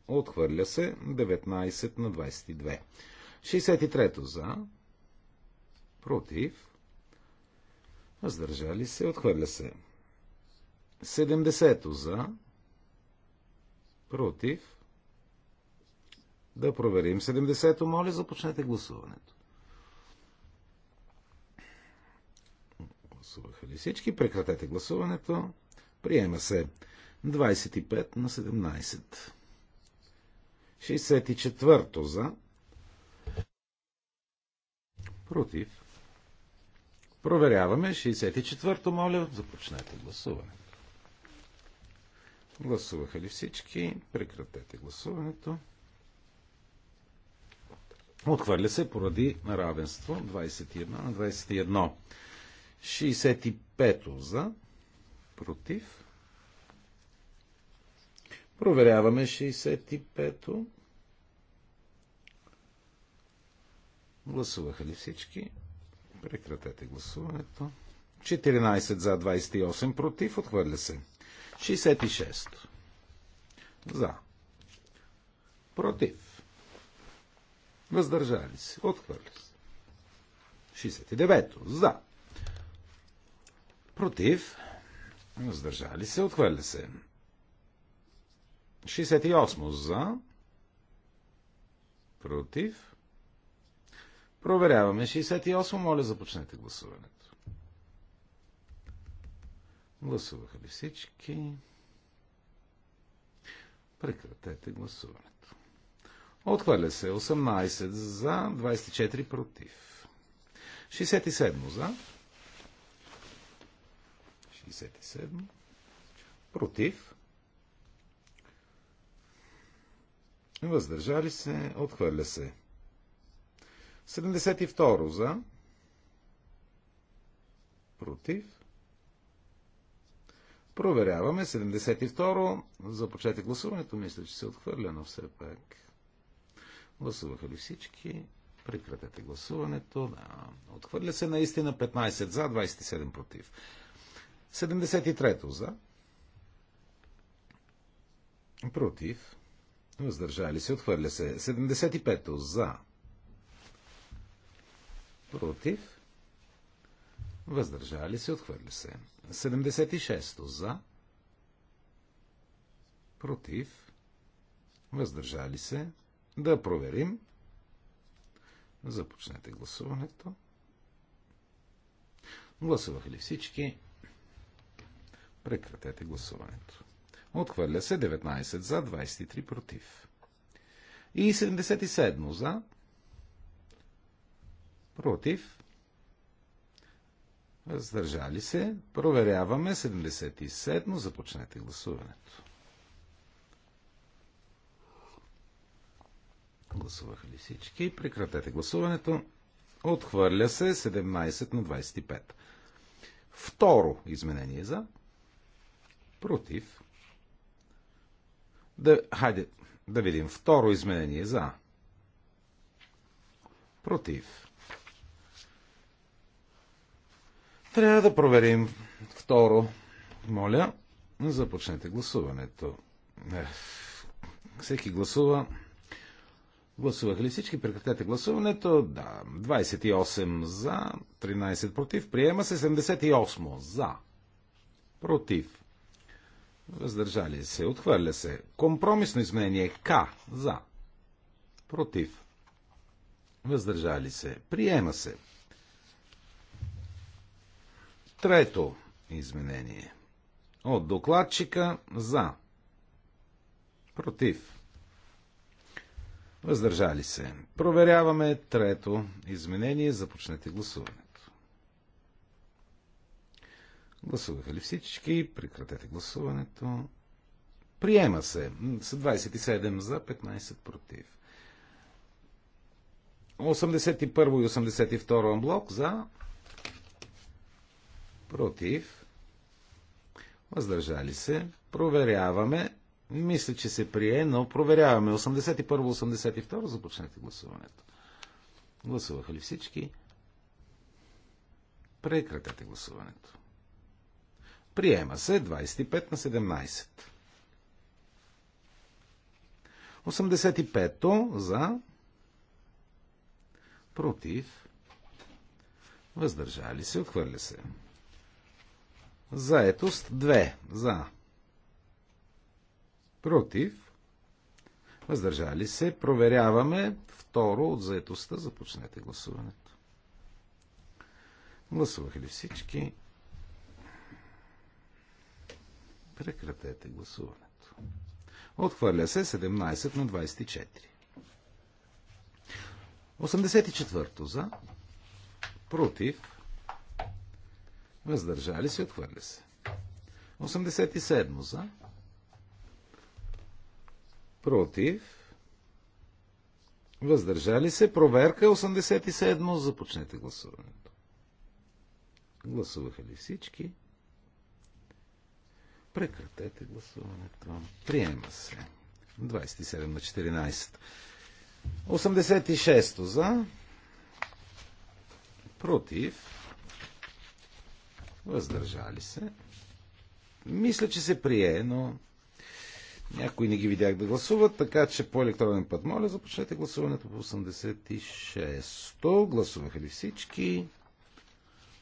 Отхвърля се 19 на 22. 63 за против, въздържали се, отхвърля се. 70 за, против, да проверим 70-то, моля, започнете гласуването. Гласуваха ли всички? Прекратете гласуването. Приема се 25 на 17. 64-то за. Против. Проверяваме 64-то, моля, започнете гласуване. Гласуваха ли всички? Прекратете гласуването. Отхвърля се поради равенство 21 на 21. 65-то за, против. Проверяваме 65-то. Гласуваха ли всички? Прекратете гласуването. 14 за 28 против. Отхвърля се. 66 за. Против. Въздържали се. Отхвърля се. 69 за. Против. Въздържали се. Отхвърля се. 68 за. Против. Проверяваме 68. Моля, започнете гласуването. Гласуваха ли всички? Прекратете гласуването. Отхвърля се 18 за, 24 против. 67 за. 67. Против. Въздържали се, отхвърля се. 72 за. Против. Проверяваме. 72. Започете гласуването. Мисля, че се отхвърля, но все пак. Гласуваха ли всички? Прекратете гласуването. Да. Отхвърля се наистина 15 за, 27 против. 73 за. Против. Въздържали се. Отхвърля се. 75 за против, въздържали се, отхвърля се. 76 за, против, въздържали се. Да проверим. Започнете гласуването. Гласуваха ли всички? Прекратете гласуването. Отхвърля се 19 за, 23 против. И 77 за, против, въздържали се. Проверяваме 77. Започнете гласуването. Гласуваха ли всички? Прекратете гласуването. Отхвърля се 17 на 25. Второ изменение за. Против. Да, хайде да видим. Второ изменение за. Против. Трябва да проверим. Второ, моля, започнете гласуването. Е, всеки гласува. Гласувах ли всички? Прекратете гласуването. Да, 28 за, 13 против. Приема се 78 за, против. Въздържали се, отхвърля се. Компромисно изменение К за, против. Въздържали се, приема се. Трето изменение. От докладчика за. Против. Въздържали се. Проверяваме трето изменение. Започнете гласуването. Гласуваха ли всички? Прекратете гласуването. Приема се. С 27 за, 15 против. 81 и 82 блок за, против, въздържали се, проверяваме. Мисля, че се прие, но проверяваме. 81-82 започнете гласуването. Гласуваха ли всички? Прекратете гласуването. Приема се 25 на 17. 85-то за против въздържали се, отхвърля се. Заетост 2. За. Против. Въздържали се. Проверяваме второ от заетостта. Започнете гласуването. Гласуваха ли всички? Прекратете гласуването. Отхвърля се 17 на 24. 84 за. Против. Въздържали се, отхвърля се. 87 за. Против. Въздържали се. Проверка 87. Е Започнете гласуването. Гласуваха ли всички? Прекратете гласуването. Приема се. 27 на 14. 86 за. Против въздържали се. Мисля, че се прие, но някои не ги видях да гласуват, така че по електронен път, моля, започнете гласуването по 86-то. Гласуваха ли всички?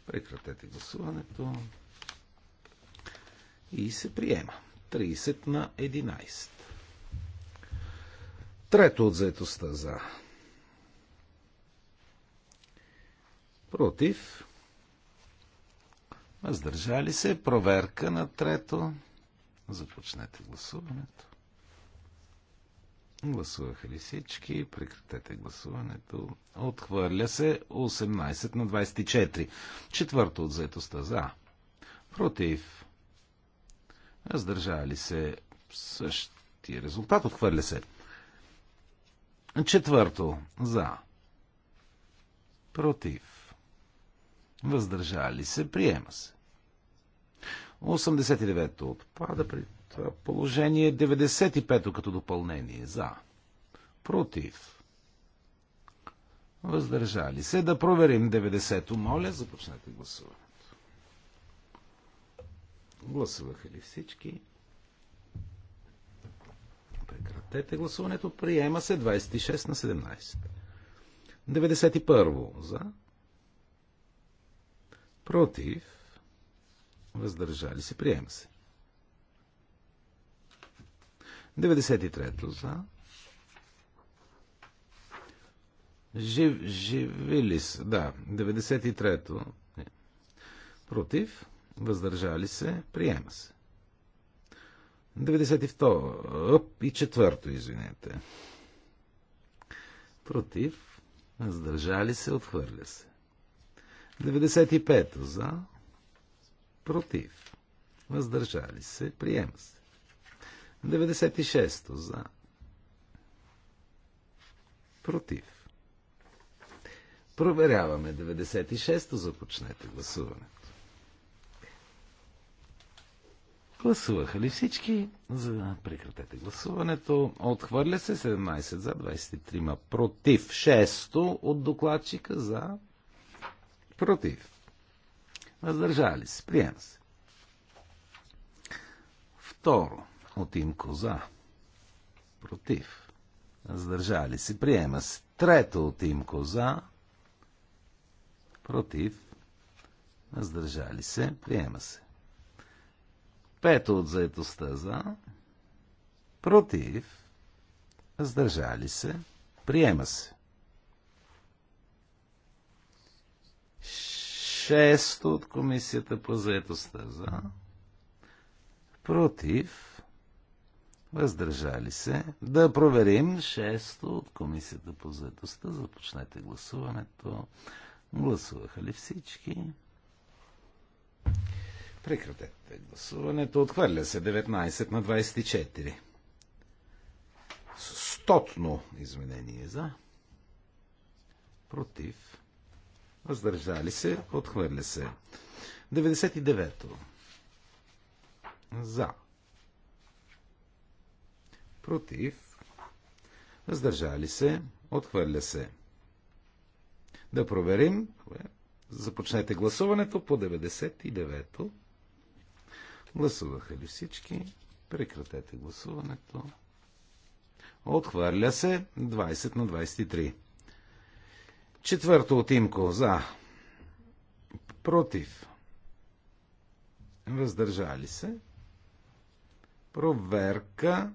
Прекратете гласуването. И се приема. 30 на 11. Трето от заетостта за. Против. Въздържали се. Проверка на трето. Започнете гласуването. Гласуваха ли всички? Прекратете гласуването. Отхвърля се 18 на 24. Четвърто от заетостта за. Против. Въздържали се същия резултат. Отхвърля се. Четвърто за. Против. Въздържали се. Приема се. 89-то отпада при това положение. 95-то като допълнение. За. Против. Въздържали се. Да проверим 90-то. Моля, започнете гласуването. Гласуваха ли всички? Прекратете гласуването. Приема се 26 на 17. 91 за Против. Въздържали се. Приема се. 93-то за. Жив, са? Да. 93-то. Против. Въздържали се. Приема се. 92 и четвърто, извинете. Против. Въздържали се. Отхвърля се. 95 за, против, въздържали се, приема се. 96 за, против. Проверяваме 96-то, започнете гласуването. Гласуваха ли всички? За... Прекратете гласуването. Отхвърля се 17 за, 23 против. 6 от докладчика за, Против. Въздържали се. Приема се. Второ. От им коза. Против. Въздържали се. Приема се. Трето от им коза. Против. Въздържали се. Приема се. Пето от заетостта за. Против. Въздържали се. Приема се. Шесто от комисията по заедостта за. Против. Въздържали се. Да проверим. Шесто от комисията по заедостта. Започнете гласуването. Гласуваха ли всички? Прекратете гласуването. Отхвърля се 19 на 24. Стотно изменение за. Против. Въздържали се. Отхвърля се. 99-то. За. Против. Въздържали се. Отхвърля се. Да проверим. Започнете гласуването по 99-то. Гласуваха ли всички? Прекратете гласуването. Отхвърля се 20 на 23. Четвърто от Имко за. Против. Въздържали се. Проверка.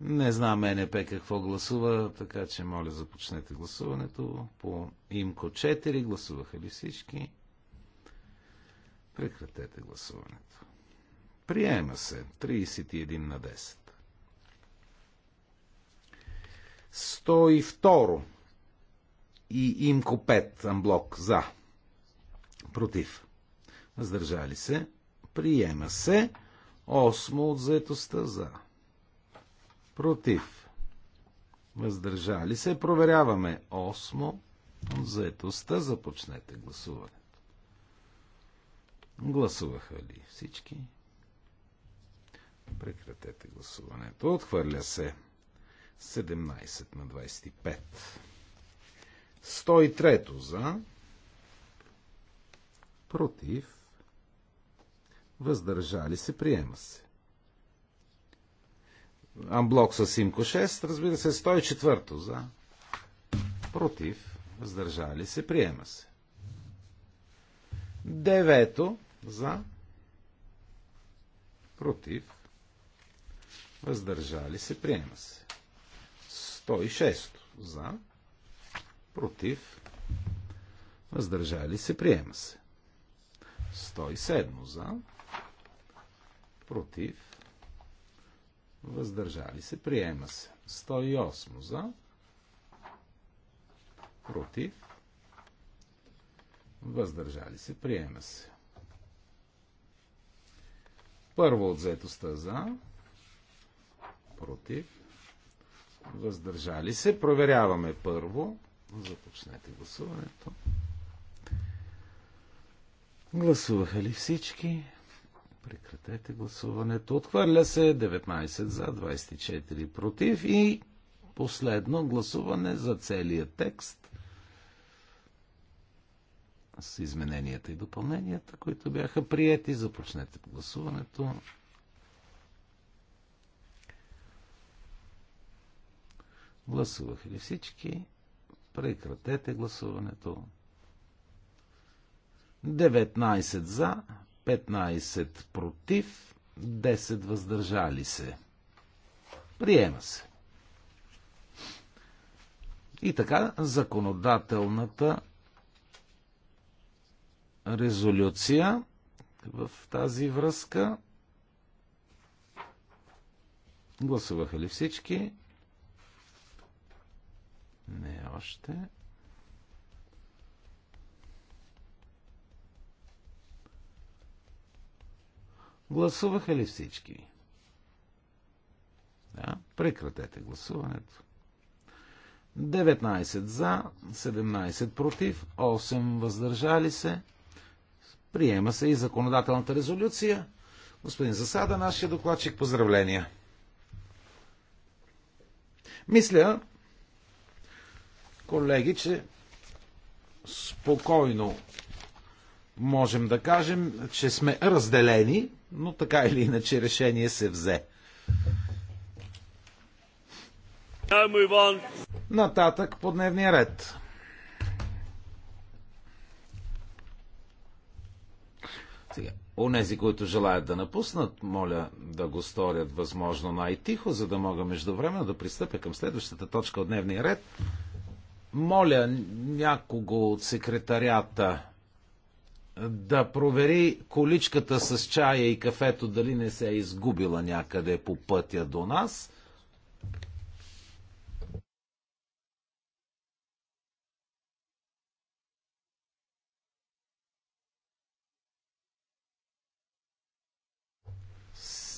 Не знам НП какво гласува, така че моля започнете гласуването. По имко 4 гласуваха ли всички? Прекратете гласуването. Приема се 31 на 10. 102 и имко 5 амблок за. Против. Въздържали се. Приема се. Осмо от заетостта за. Против. Въздържали се. Проверяваме. Осмо от заетостта. Започнете гласуването. Гласуваха ли всички? Прекратете гласуването. Отхвърля се. 17 на 25. 103 за, против, въздържали се, приема се. Амблок с Симко 6, разбира се, 104 за, против, въздържали се, приема се. Девето за, против, въздържали се, приема се. 106 за, против, въздържали се, приема се. 107 за, против, въздържали се, приема се. 108 за, против, въздържали се, приема се. Първо от заетостта за, против, въздържали се. Проверяваме първо Започнете гласуването. Гласуваха ли всички? Прекратете гласуването. Отхвърля се 19 за, 24 против и последно гласуване за целия текст с измененията и допълненията, които бяха приети. Започнете гласуването. Гласуваха ли всички? Прекратете гласуването. 19 за, 15 против, 10 въздържали се. Приема се. И така, законодателната резолюция в тази връзка. Гласуваха ли всички? още. Гласуваха ли всички? Да, прекратете гласуването. 19 за, 17 против, 8 въздържали се. Приема се и законодателната резолюция. Господин Засада, нашия докладчик, поздравления. Мисля, колеги, че спокойно можем да кажем, че сме разделени, но така или иначе решение се взе. Нататък по дневния ред. Сега, онези, които желаят да напуснат, моля да го сторят възможно най-тихо, за да мога междувременно да пристъпя към следващата точка от дневния ред, моля някого от секретарята да провери количката с чая и кафето дали не се е изгубила някъде по пътя до нас.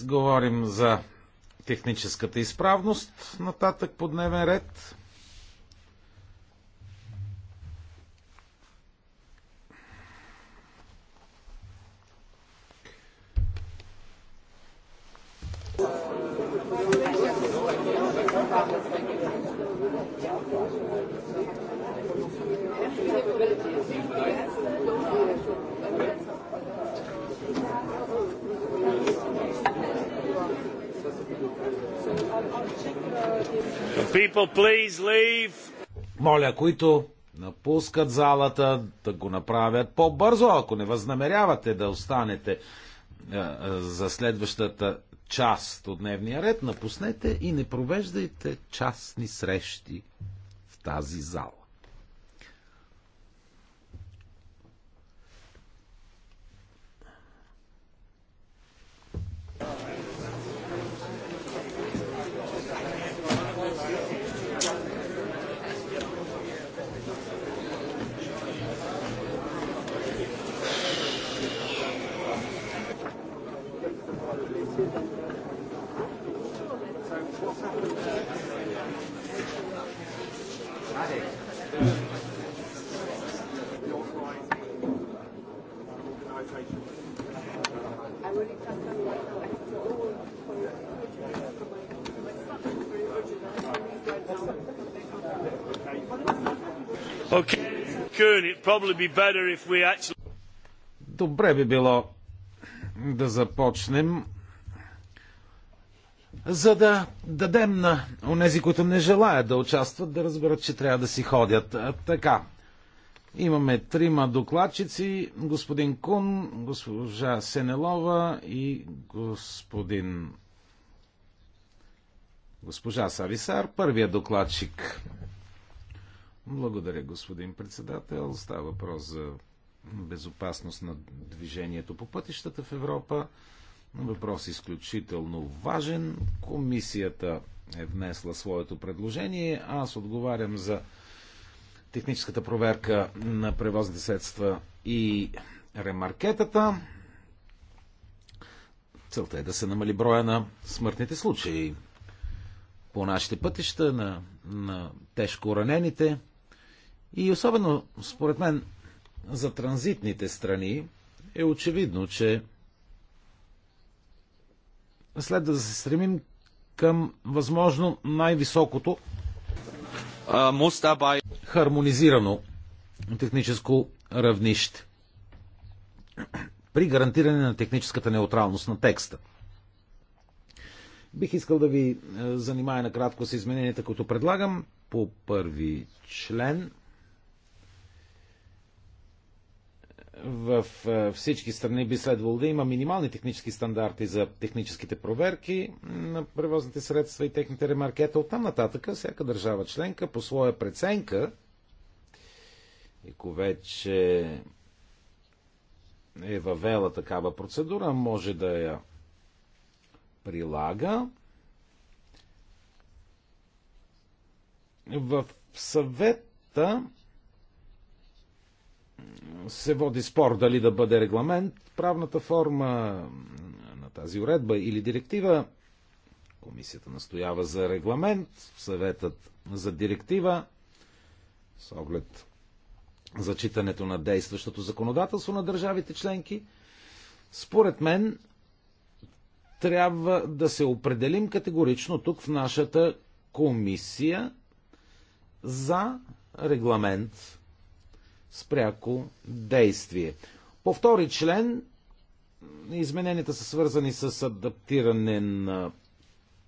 Говорим за техническата изправност нататък по дневен ред. Моля, които напускат залата, да го направят по-бързо, ако не възнамерявате да останете е, е, за следващата част от дневния ред, напуснете и не провеждайте частни срещи в тази зала. Добре би било да започнем, за да дадем на онези, които не желаят да участват, да разберат, че трябва да си ходят. така, имаме трима докладчици, господин Кун, госпожа Сенелова и господин госпожа Сависар, първия докладчик. Благодаря, господин председател. Става въпрос за безопасност на движението по пътищата в Европа. Въпрос изключително важен. Комисията е внесла своето предложение. Аз отговарям за техническата проверка на превозните средства и ремаркетата. Целта е да се намали броя на смъртните случаи по нашите пътища, на, на тежко ранените. И особено, според мен, за транзитните страни е очевидно, че следва да се стремим към възможно най-високото хармонизирано техническо равнище при гарантиране на техническата неутралност на текста. Бих искал да ви е, занимая накратко с измененията, които предлагам по първи член. в е, всички страни би следвало да има минимални технически стандарти за техническите проверки на превозните средства и техните ремаркета. Оттам нататък всяка държава членка по своя преценка, ко вече е въвела такава процедура, може да я прилага. В съвета се води спор дали да бъде регламент, правната форма на тази уредба или директива. Комисията настоява за регламент, съветът за директива с оглед зачитането на действащото законодателство на държавите членки. Според мен трябва да се определим категорично тук в нашата комисия за регламент с пряко действие. По втори член измененията са свързани с адаптиране на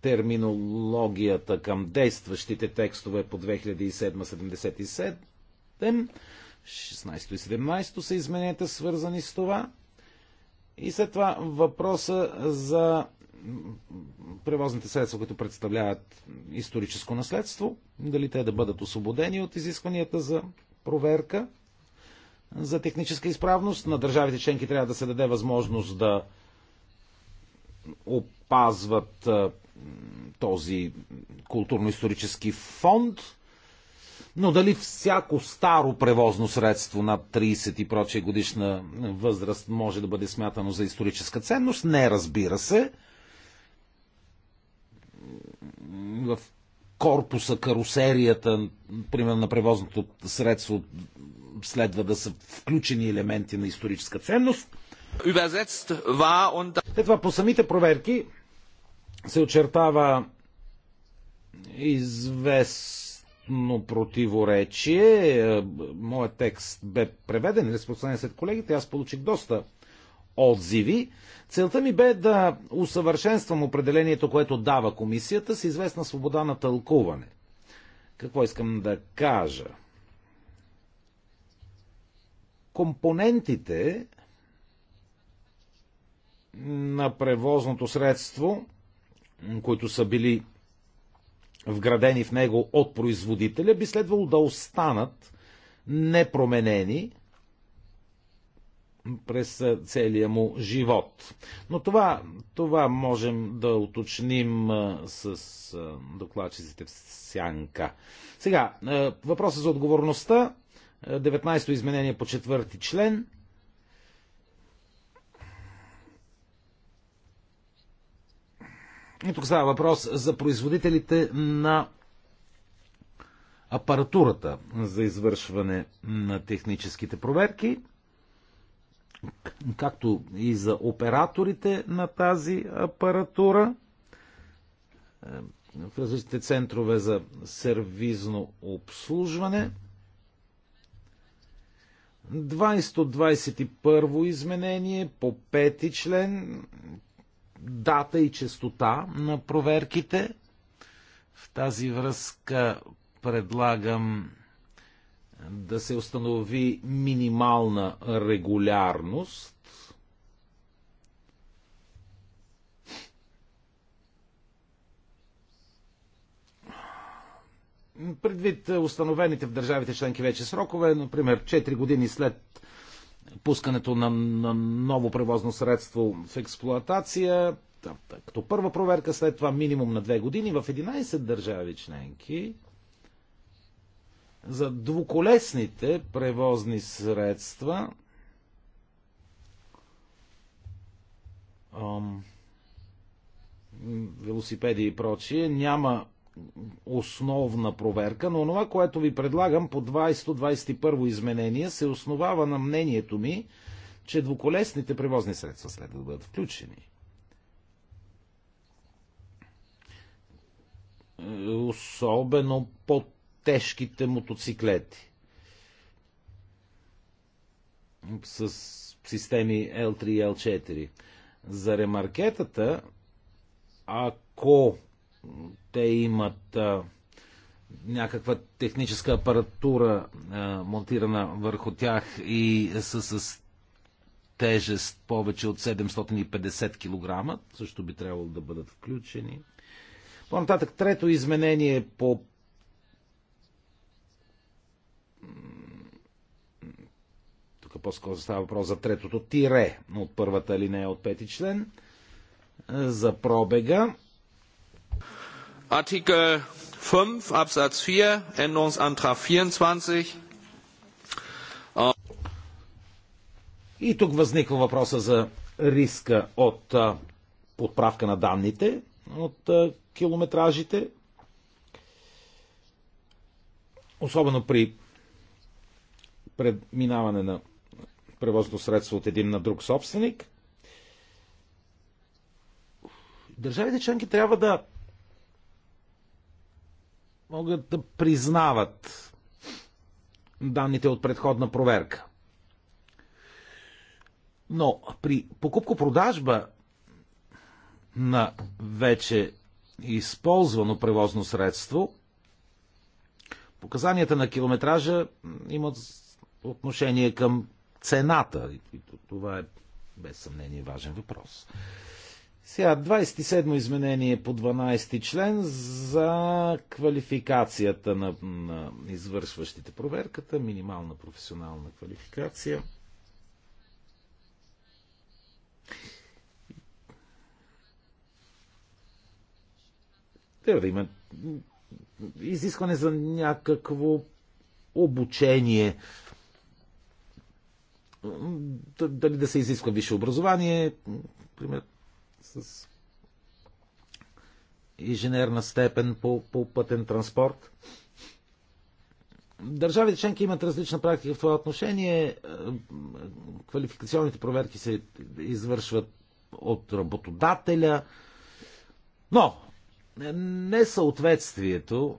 терминологията към действащите текстове по 2007-77, 16 и 17 са измененията свързани с това. И след това въпроса за превозните средства, които представляват историческо наследство, дали те да бъдат освободени от изискванията за проверка – за техническа изправност. На държавите членки трябва да се даде възможност да опазват този културно-исторически фонд. Но дали всяко старо превозно средство над 30 и прочие годишна възраст може да бъде смятано за историческа ценност? Не, разбира се. В корпуса, карусерията, примерно на превозното средство следва да са включени елементи на историческа ценност. След това по самите проверки се очертава известно противоречие. Моят текст бе преведен и разпространен след колегите. Аз получих доста отзиви. Целта ми бе да усъвършенствам определението, което дава комисията с известна свобода на тълкуване. Какво искам да кажа? компонентите на превозното средство, които са били вградени в него от производителя, би следвало да останат непроменени през целия му живот. Но това, това можем да уточним с докладчиците в сянка. Сега, въпросът за отговорността 19-то изменение по четвърти член. И тук става въпрос за производителите на апаратурата за извършване на техническите проверки, както и за операторите на тази апаратура е, в различните центрове за сервизно обслужване – 20-21 изменение по пети член, дата и частота на проверките. В тази връзка предлагам да се установи минимална регулярност предвид е, установените в държавите членки вече срокове, например 4 години след пускането на, на ново превозно средство в експлоатация, като първа проверка, след това минимум на 2 години в 11 държави членки за двуколесните превозни средства велосипеди и прочие няма основна проверка, но това, което ви предлагам по 20-21 изменение, се основава на мнението ми, че двуколесните превозни средства следва да бъдат включени. Особено по-тежките мотоциклети с системи L3 и L4. За ремаркетата, ако те имат а, някаква техническа апаратура а, монтирана върху тях и са с тежест повече от 750 кг. Също би трябвало да бъдат включени. По-нататък трето изменение по тук по-скоро става въпрос за третото тире от първата алинея от пети член за пробега. Artikel fünf Absatz vier, Änderungsantrag 24. И тук възниква въпроса за риска от подправка на данните, от километражите, особено при предминаване на превозното средство от един на друг собственик, държавите членки трябва да могат да признават данните от предходна проверка. Но при покупко-продажба на вече използвано превозно средство, показанията на километража имат отношение към цената. И това е без съмнение важен въпрос. Сега 27 изменение по 12 ти член за квалификацията на, на извършващите проверката, минимална професионална квалификация. Трябва да има изискване за някакво обучение. Дали да се изисква висше образование, примерно с инженерна степен по, по пътен транспорт. Държавите членки имат различна практика в това отношение. Е, квалификационните проверки се извършват от работодателя. Но несъответствието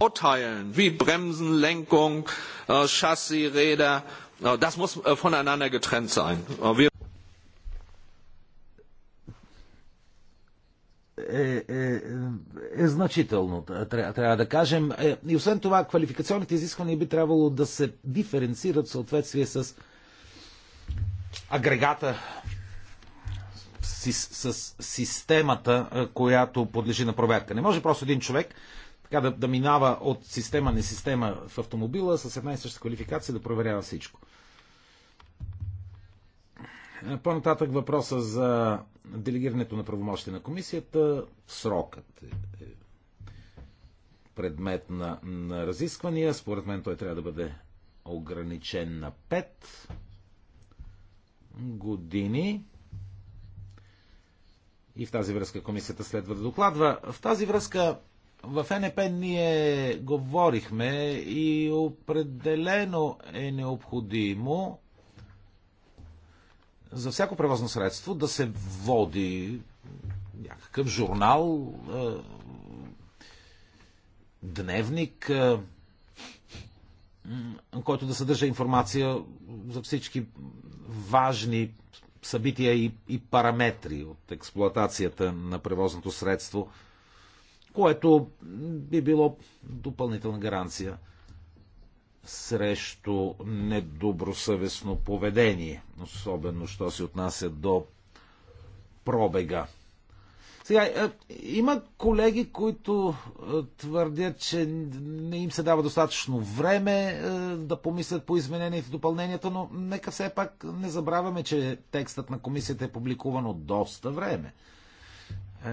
Urteilen ви бремзен, Lenkung, шаси, äh, реда, Das muss äh, voneinander getrennt sein. Е, е, е, е значително, трябва, трябва да кажем. Е, и освен това, квалификационните изисквания би трябвало да се диференцират в съответствие с агрегата, с, с, с системата, е, която подлежи на проверка. Не може просто един човек така да, да минава от система на система в автомобила с една и съща квалификация да проверява всичко. По-нататък въпроса за делегирането на правомощите на комисията. Срокът е, е предмет на, на разисквания. Според мен той трябва да бъде ограничен на 5 години. И в тази връзка комисията следва да докладва. В тази връзка в НП ние говорихме и определено е необходимо за всяко превозно средство да се води някакъв журнал, дневник, който да съдържа информация за всички важни събития и, параметри от експлоатацията на превозното средство, което би било допълнителна гаранция срещу недобросъвестно поведение, особено що се отнася до пробега. Сега, е, има колеги, които е, твърдят, че не им се дава достатъчно време е, да помислят по измененията и допълненията, но нека все пак не забравяме, че текстът на комисията е публикуван от доста време.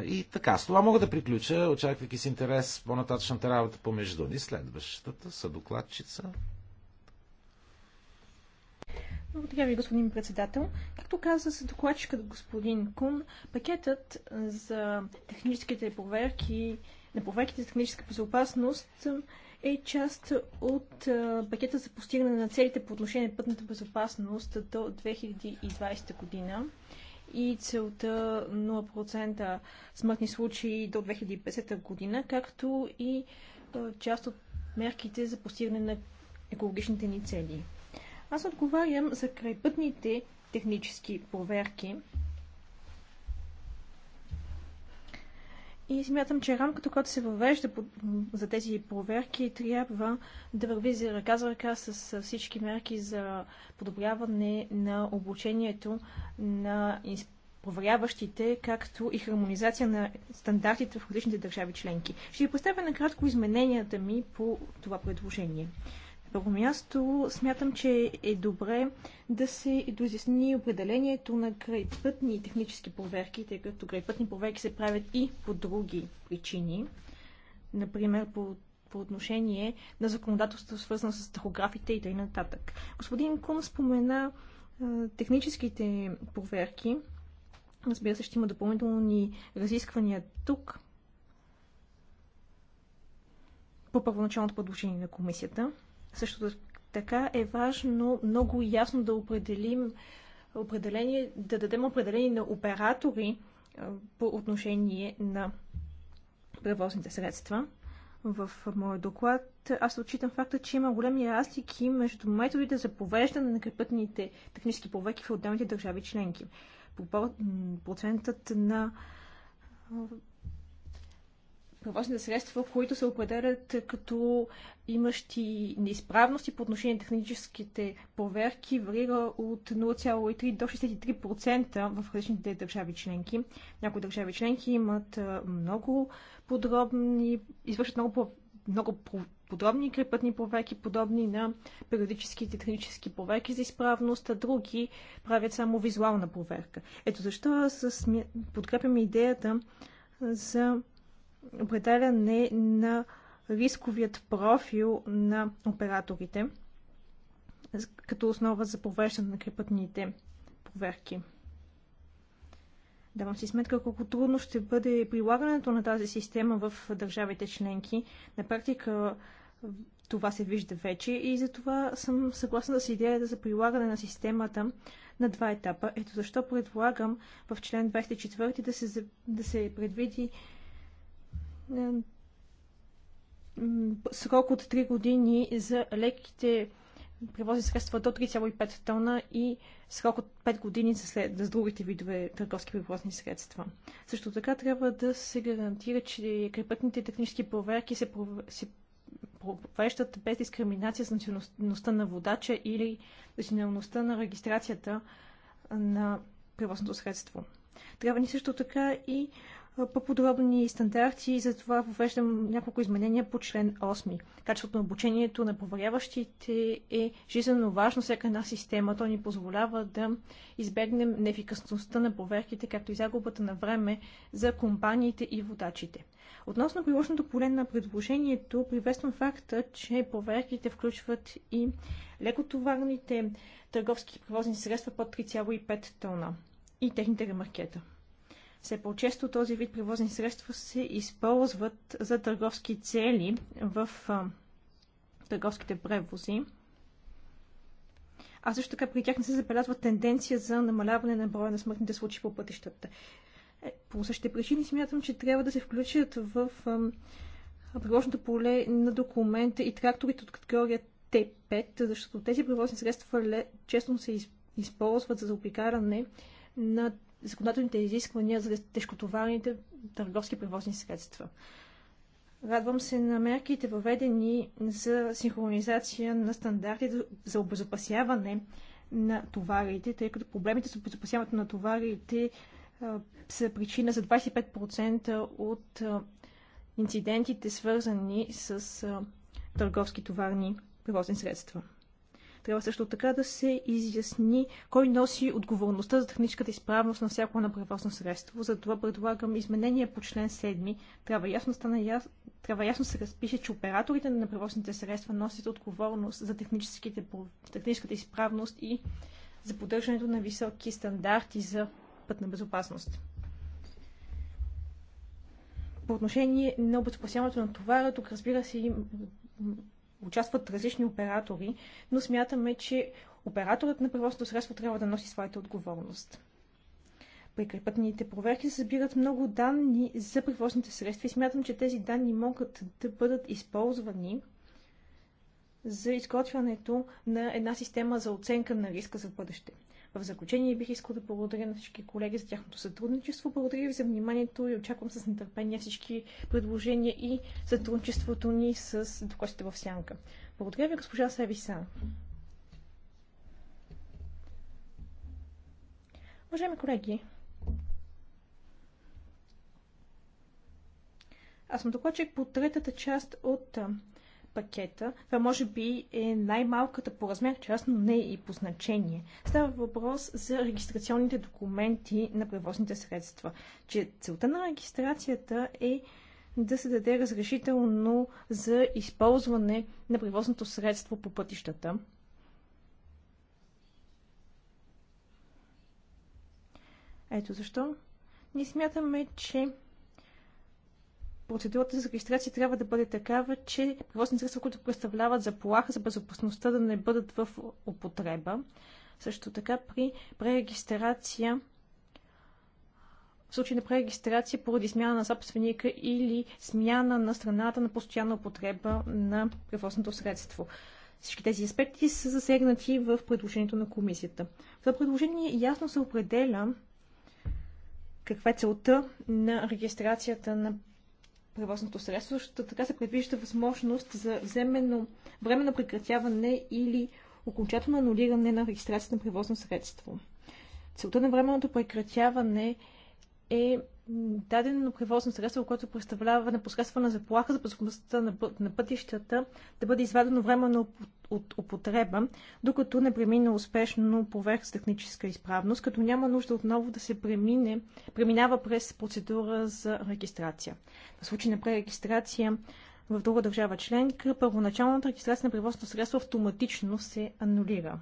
И така, с това мога да приключа, очаквайки с интерес по-нататъчната работа помежду ни. Следващата са докладчица. Благодаря ви, господин председател. Както каза с докладчикът господин Кун, пакетът за техническите проверки, на проверките за техническа безопасност е част от пакета за постигане на целите по отношение на пътната безопасност до 2020 година и целта 0% смъртни случаи до 2050 година, както и е, част от мерките за постигане на екологичните ни цели. Аз отговарям за крайпътните технически проверки, И смятам, че рамката, която се въвежда за тези проверки, трябва да върви за ръка за ръка с всички мерки за подобряване на обучението на проверяващите, както и хармонизация на стандартите в различните държави членки. Ще ви представя накратко измененията ми по това предложение първо място, смятам, че е добре да се доизясни определението на крайпътни технически проверки, тъй като крайпътни проверки се правят и по други причини. Например, по, по отношение на законодателство, свързано с тахографите и т.н. Господин Кун спомена а, техническите проверки. Разбира се, ще има допълнителни разисквания тук по първоначалното предложение на комисията. Също така е важно много ясно да определим определение, да дадем определение на оператори по отношение на превозните средства. В моя доклад аз отчитам факта, че има големи разлики между методите за повеждане на крепътните технически повеки в отделните държави членки. Процентът на превозните средства, които се определят като имащи неизправности по отношение на техническите проверки, варира от 0,3 до 63% в различните държави членки. Някои държави членки имат много подробни, извършват много, много подробни крепътни проверки, подобни на периодическите технически проверки за изправност, а други правят само визуална проверка. Ето защо подкрепяме идеята за определяне на рисковият профил на операторите като основа за провеждане на крепътните проверки. Давам си сметка колко трудно ще бъде прилагането на тази система в държавите членки. На практика това се вижда вече и затова съм съгласна с идеята за прилагане на системата на два етапа. Ето защо предлагам в член 24 да се, да се предвиди срок от 3 години за леките превозни средства до 3,5 тона и срок от 5 години за, след, за другите видове търговски превозни средства. Също така трябва да се гарантира, че крепътните технически проверки се, пров... се провеждат без дискриминация с националността на водача или националността на регистрацията на превозното средство. Трябва ни също така и по-подробни стандарти и затова въвеждам няколко изменения по член 8. Качеството на обучението на проверяващите е жизненно важно. Всяка една система то ни позволява да избегнем неефикасността на проверките, както и загубата на време за компаниите и водачите. Относно приложното поле на предложението, приветствам факта, че проверките включват и лекотоварните търговски превозни средства под 3,5 тона и техните ремаркета. Все по-често този вид превозни средства се използват за търговски цели в а, търговските превози. А също така при тях не се забелязва тенденция за намаляване на броя на смъртните случаи по пътищата. Е, по същите причини смятам, че трябва да се включат в приложното поле на документа и тракторите от категория Т5, защото тези превозни средства често се използват за заобикаране на законодателните изисквания за тежкотоварните търговски превозни средства. Радвам се на мерките въведени за синхронизация на стандарти за обезопасяване на товарите, тъй като проблемите с обезопасяването на товарите са причина за 25% от инцидентите, свързани с търговски товарни превозни средства. Трябва също така да се изясни кой носи отговорността за техническата изправност на всяко на превозно средство. Затова предлагам изменения по член 7. Трябва ясно, стане яс... Трябва ясно се разпише, че операторите на превозните средства носят отговорност за техническата изправност и за поддържането на високи стандарти за пътна безопасност. По отношение на обезопасяването на товара, тук разбира се участват различни оператори, но смятаме, че операторът на превозното средство трябва да носи своята отговорност. При крепътните проверки се събират много данни за превозните средства и смятам, че тези данни могат да бъдат използвани за изготвянето на една система за оценка на риска за бъдеще. В заключение бих искал да благодаря на всички колеги за тяхното сътрудничество. Благодаря ви за вниманието и очаквам с нетърпение всички предложения и сътрудничеството ни с докосите в сянка. Благодаря ви, госпожа Сависа. Уважаеми колеги, аз съм докладчик по третата част от пакета. Това може би е най-малката по размер част, но не и по значение. Става въпрос за регистрационните документи на превозните средства. Че целта на регистрацията е да се даде разрешително за използване на превозното средство по пътищата. Ето защо. Ние смятаме, че процедурата за регистрация трябва да бъде такава, че превозни средства, които представляват заплаха за безопасността, да не бъдат в употреба. Също така при пререгистрация в случай на пререгистрация поради смяна на собственика или смяна на страната на постоянна употреба на превозното средство. Всички тези аспекти са засегнати в предложението на комисията. Това предложение ясно се определя каква е целта на регистрацията на превозното средство. защото така се предвижда възможност за вземено, временно прекратяване или окончателно анулиране на регистрацията на превозно средство. Целта на временното прекратяване е дадено превозно средство, което представлява непосредствена заплаха за безопасността на, на пътищата, да бъде извадено временно от употреба, докато не премине успешно поверх с техническа изправност, като няма нужда отново да се премине, преминава през процедура за регистрация. В случай на пререгистрация в друга държава членка, първоначалната регистрация на превозното средство автоматично се анулира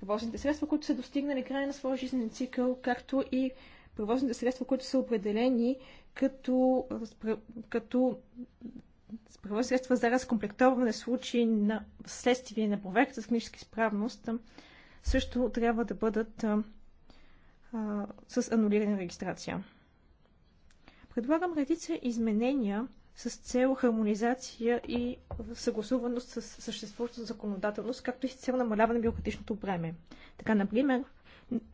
превозните средства, които са достигнали края на своя жизнен цикъл, както и превозните средства, които са определени като, като превозни средства за разкомплектоване в случай на следствие на проверка за техническа изправност, също трябва да бъдат а, а, с анулирана регистрация. Предлагам редица изменения, с цел хармонизация и съгласуваност с съществуващата законодателност, както и с цел намаляване на бюрократичното бреме. Така, например,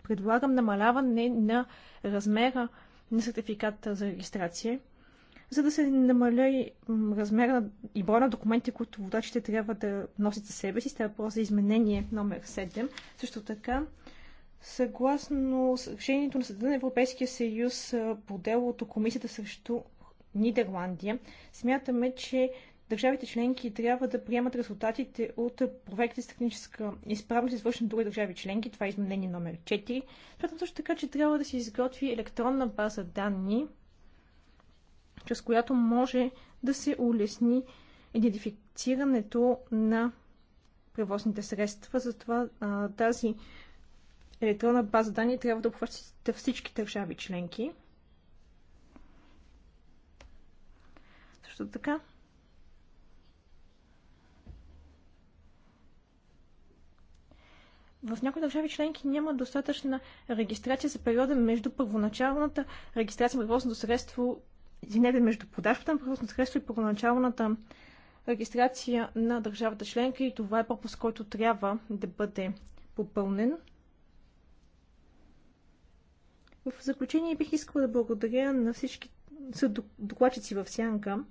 предлагам намаляване на размера на сертификата за регистрация, за да се намаля и размера и броя на документи, които водачите трябва да носят със себе си. Става въпрос за изменение номер 7. Също така, съгласно с решението на Съда на Европейския съюз по делото Комисията срещу Нидерландия, смятаме, че държавите членки трябва да приемат резултатите от проекти с техническа изправност, извършени от други държави членки. Това е изменение номер 4. Смятам също така, че трябва да се изготви електронна база данни, чрез която може да се улесни идентифицирането на превозните средства. Затова а, тази електронна база данни трябва да обхваща всички държави членки. също така. в някои държави членки няма достатъчна регистрация за периода между първоначалната регистрация на превозното средство, извинете, между продажбата на превозното средство и първоначалната регистрация на държавата членка и това е пропуск, който трябва да бъде попълнен. В заключение бих искала да благодаря на всички докладчици в Сянка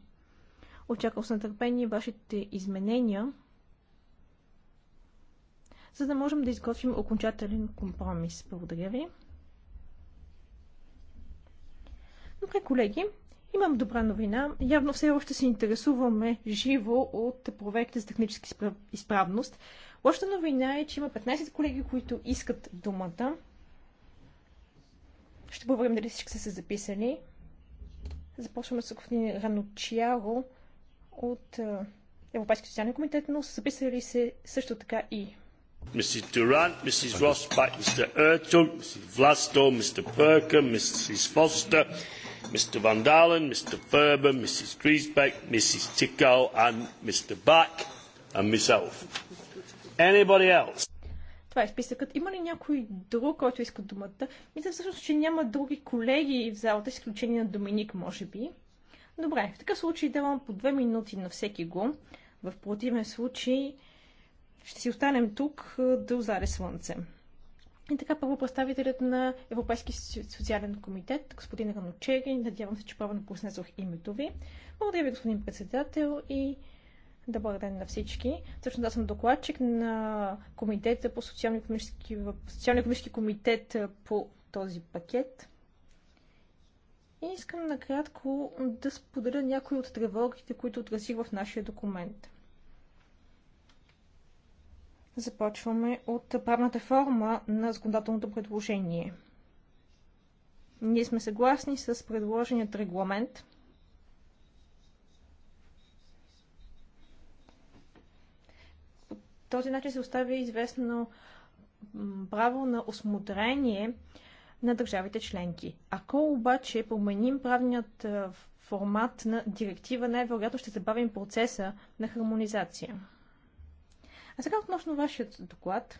Очаквам с нетърпение вашите изменения, за да можем да изготвим окончателен компромис. Благодаря ви. Добре, колеги, имам добра новина. Явно все още се интересуваме живо от проверките за технически изправност. Лоша новина е, че има 15 колеги, които искат думата. Ще проверим дали всички са се записали. Започваме с господин Раночиаро от е, Европейския социален комитет, но са записали се също така и Mrs. Durant, Mrs. Rosbach, Mr. Ertug, Mrs. Vlasto, Mr. Perker, Mrs. Foster, Mr. Van Dalen, Mr. Ferber, Mrs. Griesbeck, Mrs. Tickow, and Mr. Back, and myself. Anybody else? Това е списъкът. Има ли някой друг, който иска думата? Мисля всъщност, че няма други колеги в залата, изключение на Доминик, може би. Добре, в такъв случай давам по две минути на всеки го. В противен случай ще си останем тук да заре слънце. И така първо представителят на Европейски социален комитет, господин Раночери, надявам се, че правилно произнесох името ви. Благодаря ви, господин председател и добър ден на всички. Също аз съм докладчик на комитета по социално-економически, социално комитет по този пакет. И искам накратко да споделя някои от тревогите, които отразих в нашия документ. Започваме от правната форма на законодателното предложение. Ние сме съгласни с предложеният регламент. По този начин се оставя известно право на осмотрение на държавите членки. Ако обаче променим правният формат на директива, най-вероятно ще забавим процеса на хармонизация. А сега относно вашият доклад,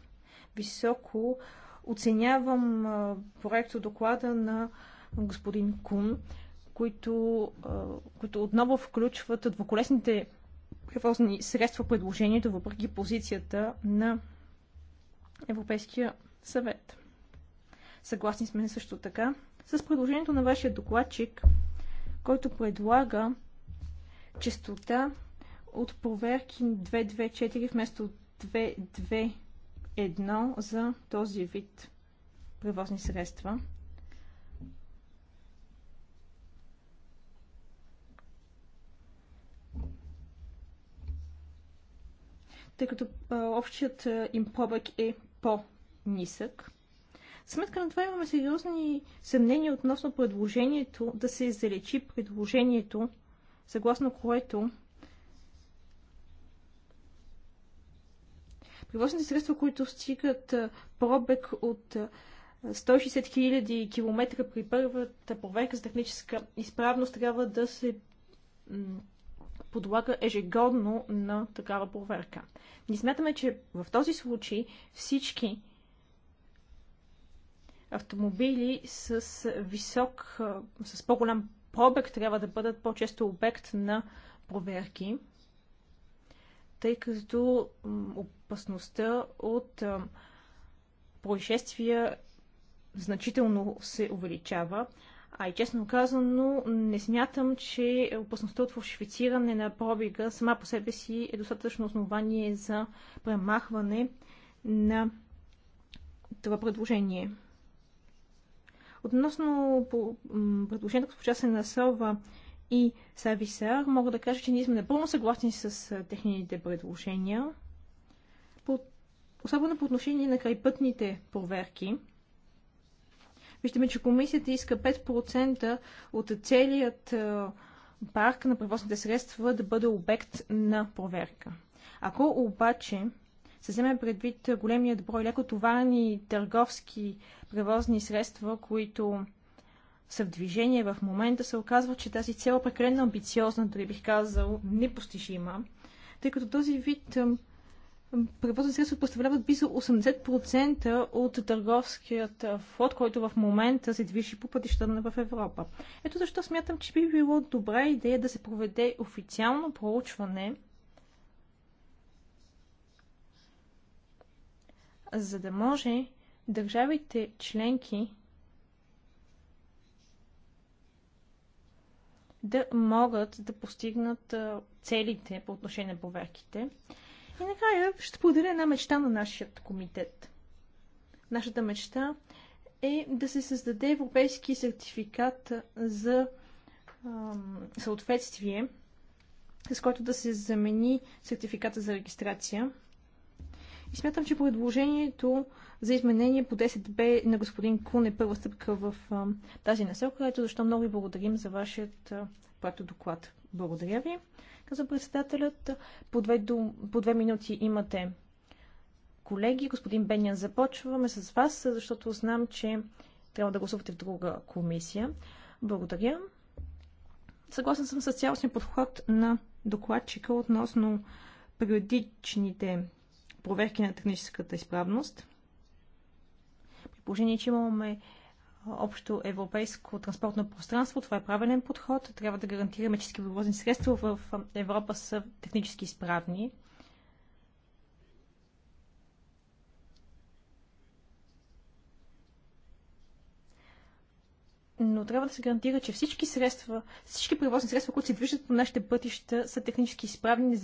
високо оценявам проекто доклада на господин Кун, които, които отново включват двуколесните превозни средства предложението, въпреки позицията на Европейския съвет. Съгласни сме също така с предложението на вашия докладчик, който предлага частота от проверки 224 вместо 221 за този вид превозни средства. Тъй като общият им пробък е по-нисък. Сметка на това имаме сериозни съмнения относно предложението да се залечи предложението, съгласно което превозните средства, които стигат пробег от 160 000 км при първата проверка за техническа изправност, трябва да се подлага ежегодно на такава проверка. Ние смятаме, че в този случай всички автомобили с висок, с по-голям пробег трябва да бъдат по-често обект на проверки, тъй като опасността от происшествия значително се увеличава. А и честно казано, не смятам, че опасността от фалшифициране на пробега сама по себе си е достатъчно основание за премахване на това предложение. Относно по, предложението на СОВА и Сависар, мога да кажа, че ние сме напълно съгласни с техните предложения. По, особено по отношение на крайпътните проверки. Виждаме, че комисията иска 5% от целият парк на превозните средства да бъде обект на проверка. Ако обаче се вземе предвид големият брой лекотоварни търговски превозни средства, които са в движение в момента, се оказва, че тази цел е прекалено амбициозна, дори бих казал непостижима, тъй като този вид превозни средства представляват близо 80% от търговският флот, който в момента се движи по пътища в Европа. Ето защо смятам, че би било добра идея да се проведе официално проучване – за да може държавите членки да могат да постигнат целите по отношение на проверките. И накрая ще поделя една мечта на нашия комитет. Нашата мечта е да се създаде европейски сертификат за съответствие, с който да се замени сертификата за регистрация. И смятам, че предложението за изменение по 10б на господин Кун е първа стъпка в а, тази населка, ето защо много ви благодарим за вашият проекто доклад. Благодаря ви. Каза председателят, по две, до, по две минути имате колеги. Господин Бенян, започваме с вас, защото знам, че трябва да гласувате в друга комисия. Благодаря. Съгласен съм с цялостния подход на докладчика относно периодичните проверки на техническата изправност. При положение, че имаме общо европейско транспортно пространство, това е правилен подход. Трябва да гарантираме, че всички превозни средства в Европа са технически изправни. но трябва да се гарантира, че всички средства, всички превозни средства, които се движат по нашите пътища, са технически изправни,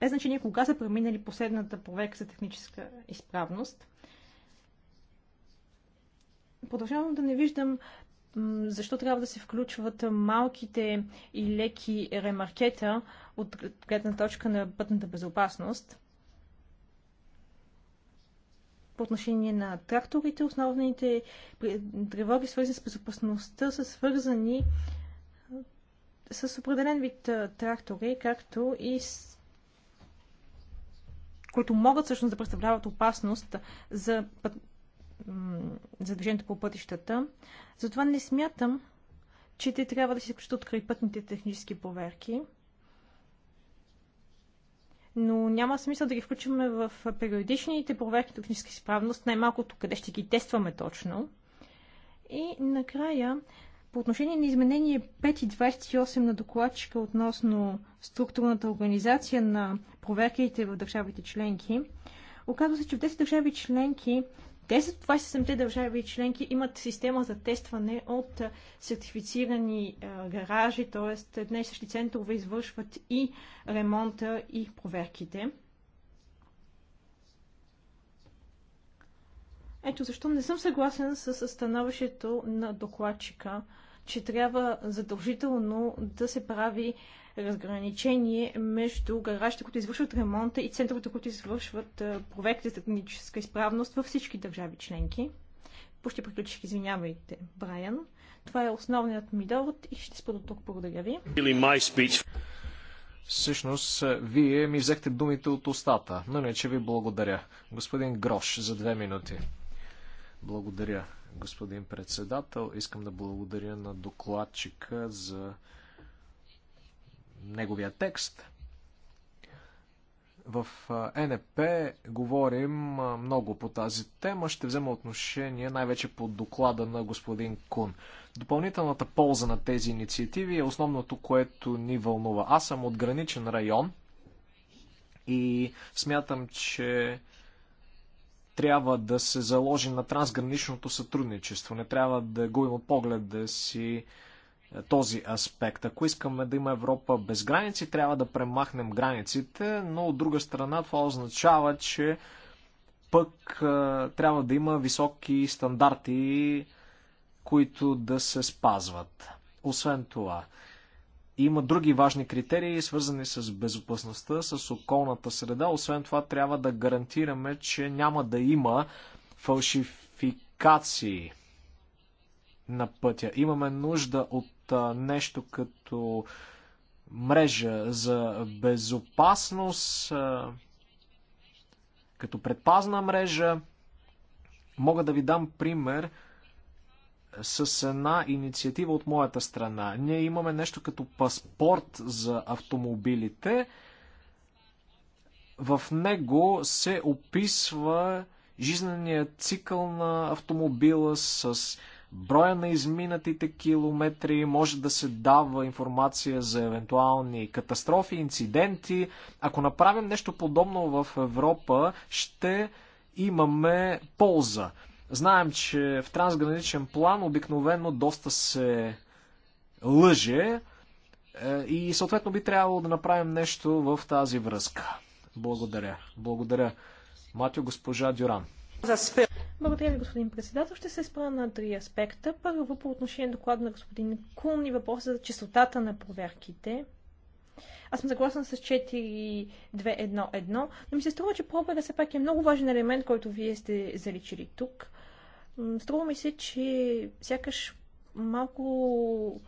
без значение кога са преминали последната проверка за техническа изправност. Продължавам да не виждам защо трябва да се включват малките и леки ремаркета от гледна точка на пътната безопасност по отношение на тракторите. Основните тревоги, свързани с безопасността, са свързани с определен вид трактори, както и с които могат всъщност да представляват опасност за, път... за движението по пътищата. Затова не смятам, че те трябва да се включат от крайпътните технически проверки но няма смисъл да ги включваме в периодичните проверки на техническа изправност, най-малкото къде ще ги тестваме точно. И накрая, по отношение на изменение 5 и 28 на докладчика относно структурната организация на проверките в държавите членки, оказва се, че в 10 държави членки 10 от 27-те държави и членки имат система за тестване от сертифицирани гаражи, т.е. днес същи центрове извършват и ремонта и проверките. Ето защо не съм съгласен с становището на докладчика, че трябва задължително да се прави разграничение между гаражите, които извършват ремонта и центровете, които извършват проекти за техническа изправност във всички държави членки. Почти приключих, извинявайте, Брайан. Това е основният ми довод и ще спра до тук. Благодаря ви. Всъщност, вие ми взехте думите от устата, но не че ви благодаря. Господин Грош, за две минути. Благодаря, господин председател. Искам да благодаря на докладчика за неговия текст. В НП говорим много по тази тема. Ще взема отношение най-вече по доклада на господин Кун. Допълнителната полза на тези инициативи е основното, което ни вълнува. Аз съм от граничен район и смятам, че трябва да се заложи на трансграничното сътрудничество. Не трябва да губим от погледа си е, този аспект. Ако искаме да има Европа без граници, трябва да премахнем границите, но от друга страна това означава, че пък е, трябва да има високи стандарти, които да се спазват. Освен това, има други важни критерии, свързани с безопасността, с околната среда. Освен това, трябва да гарантираме, че няма да има фалшификации на пътя. Имаме нужда от нещо като мрежа за безопасност, като предпазна мрежа. Мога да ви дам пример с една инициатива от моята страна. Ние имаме нещо като паспорт за автомобилите. В него се описва жизненият цикъл на автомобила с броя на изминатите километри, може да се дава информация за евентуални катастрофи, инциденти. Ако направим нещо подобно в Европа, ще имаме полза. Знаем, че в трансграничен план обикновено доста се лъже е, и съответно би трябвало да направим нещо в тази връзка. Благодаря. Благодаря. Матио госпожа Дюран. Благодаря ви, господин председател. Ще се спра на три аспекта. Първо, по отношение на доклада на господин Кун и въпроса за чистотата на проверките. Аз съм съгласен с 4-2-1-1, но ми се струва, че пробега все пак е много важен елемент, който вие сте заличили тук. Струва ми се, че сякаш малко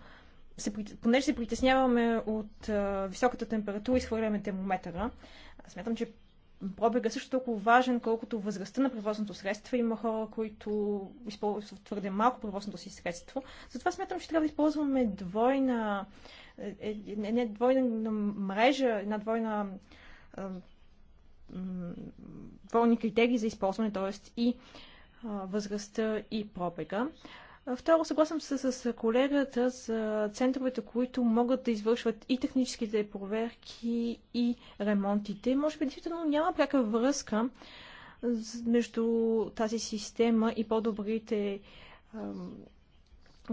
се, понеже се притесняваме от а, високата температура и схвърляме термометъра, смятам, че пробега е също толкова важен, колкото възрастта на превозното средство. Има хора, които използват твърде малко превозното си средство. Затова смятам, че трябва да използваме двойна, е, е, не, не двойна мрежа, една двойна двойни критерии за използване, т.е. и възрастта и пробега. Второ, съгласен се с колегата за центровете, които могат да извършват и техническите проверки, и ремонтите. Може би действително няма пряка връзка между тази система и по-добрите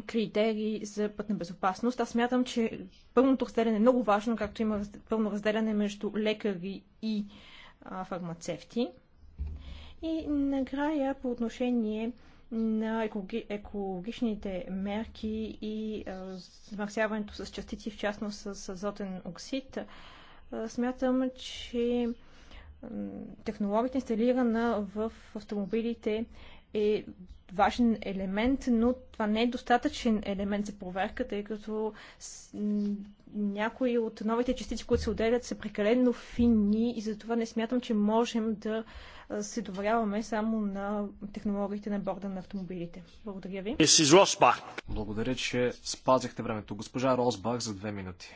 критерии за пътна безопасност. Аз смятам, че пълното разделяне е много важно, както има пълно разделяне между лекари и а, фармацевти. И накрая по отношение на екологичните мерки и замърсяването с частици, в частност с азотен оксид, смятам, че технологията инсталирана в автомобилите е важен елемент, но това не е достатъчен елемент за проверка, тъй като някои от новите частици, които се отделят, са прекалено финни и затова не смятам, че можем да се доверяваме само на технологиите на борда на автомобилите. Благодаря ви. Благодаря, че спазихте времето. Госпожа Росбах за две минути.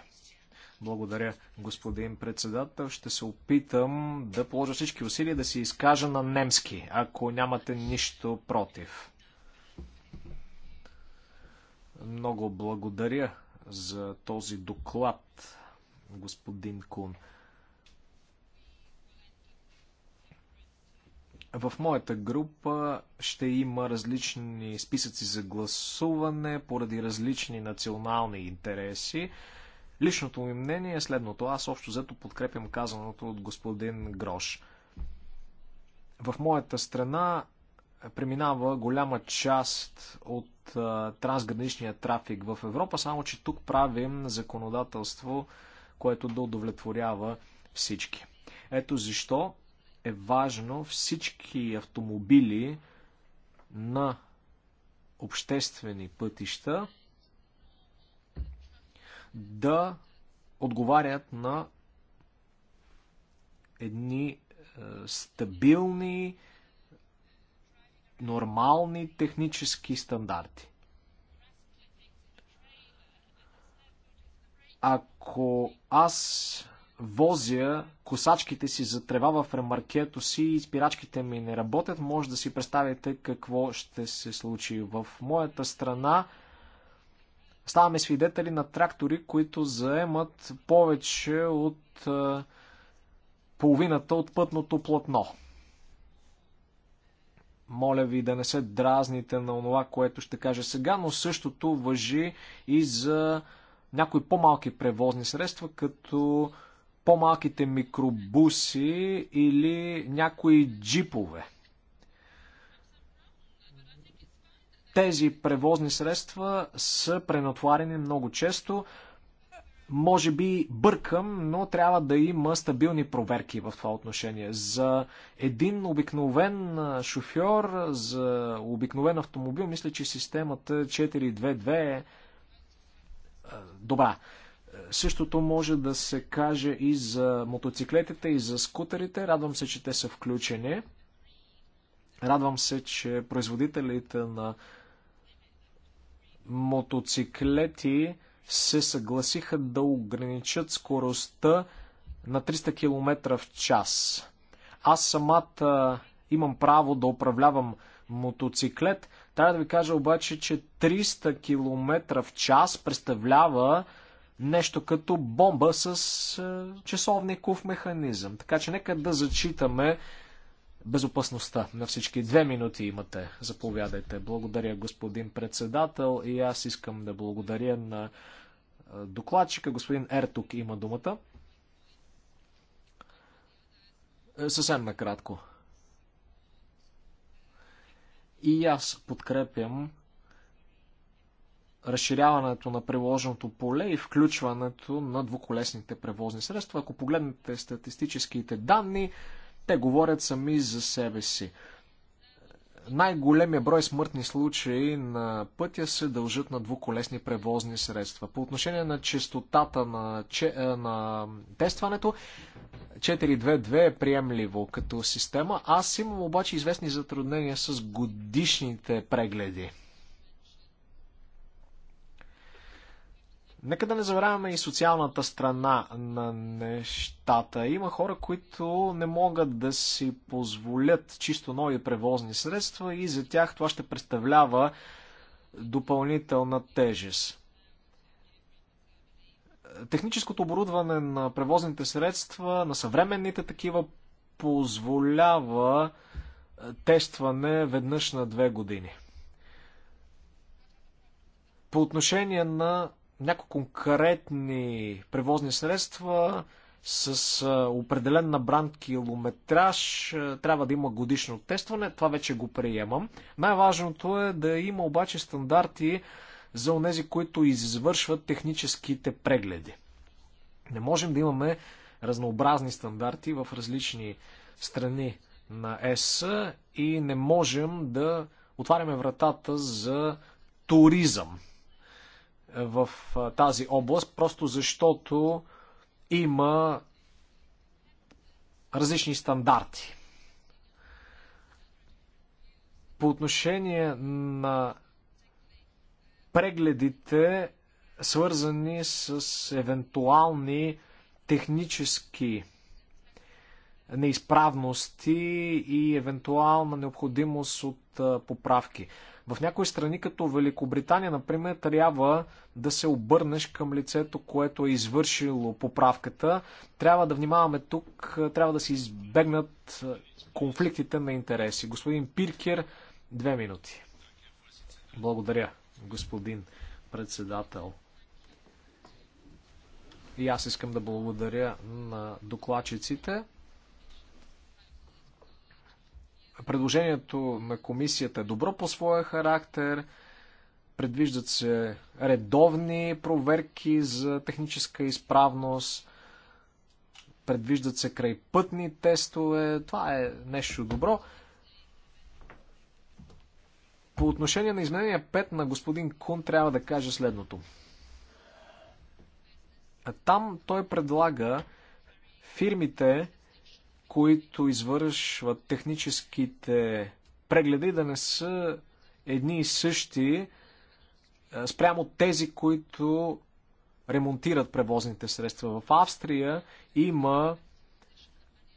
Благодаря, господин председател. Ще се опитам да положа всички усилия да се изкажа на немски, ако нямате нищо против. Много благодаря за този доклад, господин Кун. В моята група ще има различни списъци за гласуване поради различни национални интереси. Личното ми мнение е следното. Аз общо взето подкрепям казаното от господин Грош. В моята страна е, преминава голяма част от а, е, трансграничния трафик в Европа, само че тук правим законодателство, което да удовлетворява всички. Ето защо е важно всички автомобили на обществени пътища да отговарят на едни е, стабилни, нормални технически стандарти. Ако аз возя косачките си за трева в ремаркето си и спирачките ми не работят, може да си представите какво ще се случи. В моята страна ставаме свидетели на трактори, които заемат повече от е, половината от пътното платно. Моля ви да не се дразните на това, което ще кажа сега, но същото въжи и за някои по-малки превозни средства, като по-малките микробуси или някои джипове. Тези превозни средства са пренатварени много често. Може би бъркам, но трябва да има стабилни проверки в това отношение. За един обикновен шофьор, за обикновен автомобил, мисля, че системата 422 е добра. Същото може да се каже и за мотоциклетите, и за скутерите. Радвам се, че те са включени. Радвам се, че производителите на мотоциклети се съгласиха да ограничат скоростта на 300 км в час. Аз самата имам право да управлявам мотоциклет. Трябва да ви кажа обаче, че 300 км в час представлява нещо като бомба с е, часовников механизъм. Така че нека да зачитаме безопасността на всички. Две минути имате. Заповядайте. Благодаря, господин председател. И аз искам да благодаря на докладчика. Господин Ертук има думата. Е, съвсем накратко. И аз подкрепям разширяването на приложеното поле и включването на двуколесните превозни средства. Ако погледнете статистическите данни, те говорят сами за себе си. Най-големия брой смъртни случаи на пътя се дължат на двуколесни превозни средства. По отношение на частотата на, че, е, на тестването, 422 е приемливо като система. Аз имам обаче известни затруднения с годишните прегледи. Нека да не забравяме и социалната страна на нещата. Има хора, които не могат да си позволят чисто нови превозни средства и за тях това ще представлява допълнителна тежест. Техническото оборудване на превозните средства, на съвременните такива, позволява е, тестване веднъж на две години. По отношение на някои конкретни превозни средства с определен набран километраж трябва да има годишно тестване. Това вече го приемам. Най-важното е да има обаче стандарти за онези, които извършват техническите прегледи. Не можем да имаме разнообразни стандарти в различни страни на ЕС и не можем да отваряме вратата за туризъм в тази област, просто защото има различни стандарти. По отношение на прегледите, свързани с евентуални технически неизправности и евентуална необходимост от поправки. В някои страни, като Великобритания, например, трябва да се обърнеш към лицето, което е извършило поправката. Трябва да внимаваме тук, трябва да се избегнат конфликтите на интереси. Господин Пиркер, две минути. Благодаря, господин председател. И аз искам да благодаря на докладчиците. Предложението на комисията е добро по своя характер. Предвиждат се редовни проверки за техническа изправност. Предвиждат се крайпътни тестове. Това е нещо добро. По отношение на изменение 5 на господин Кун трябва да кажа следното. Там той предлага фирмите които извършват техническите прегледи, да не са едни и същи е, спрямо тези, които ремонтират превозните средства. В Австрия има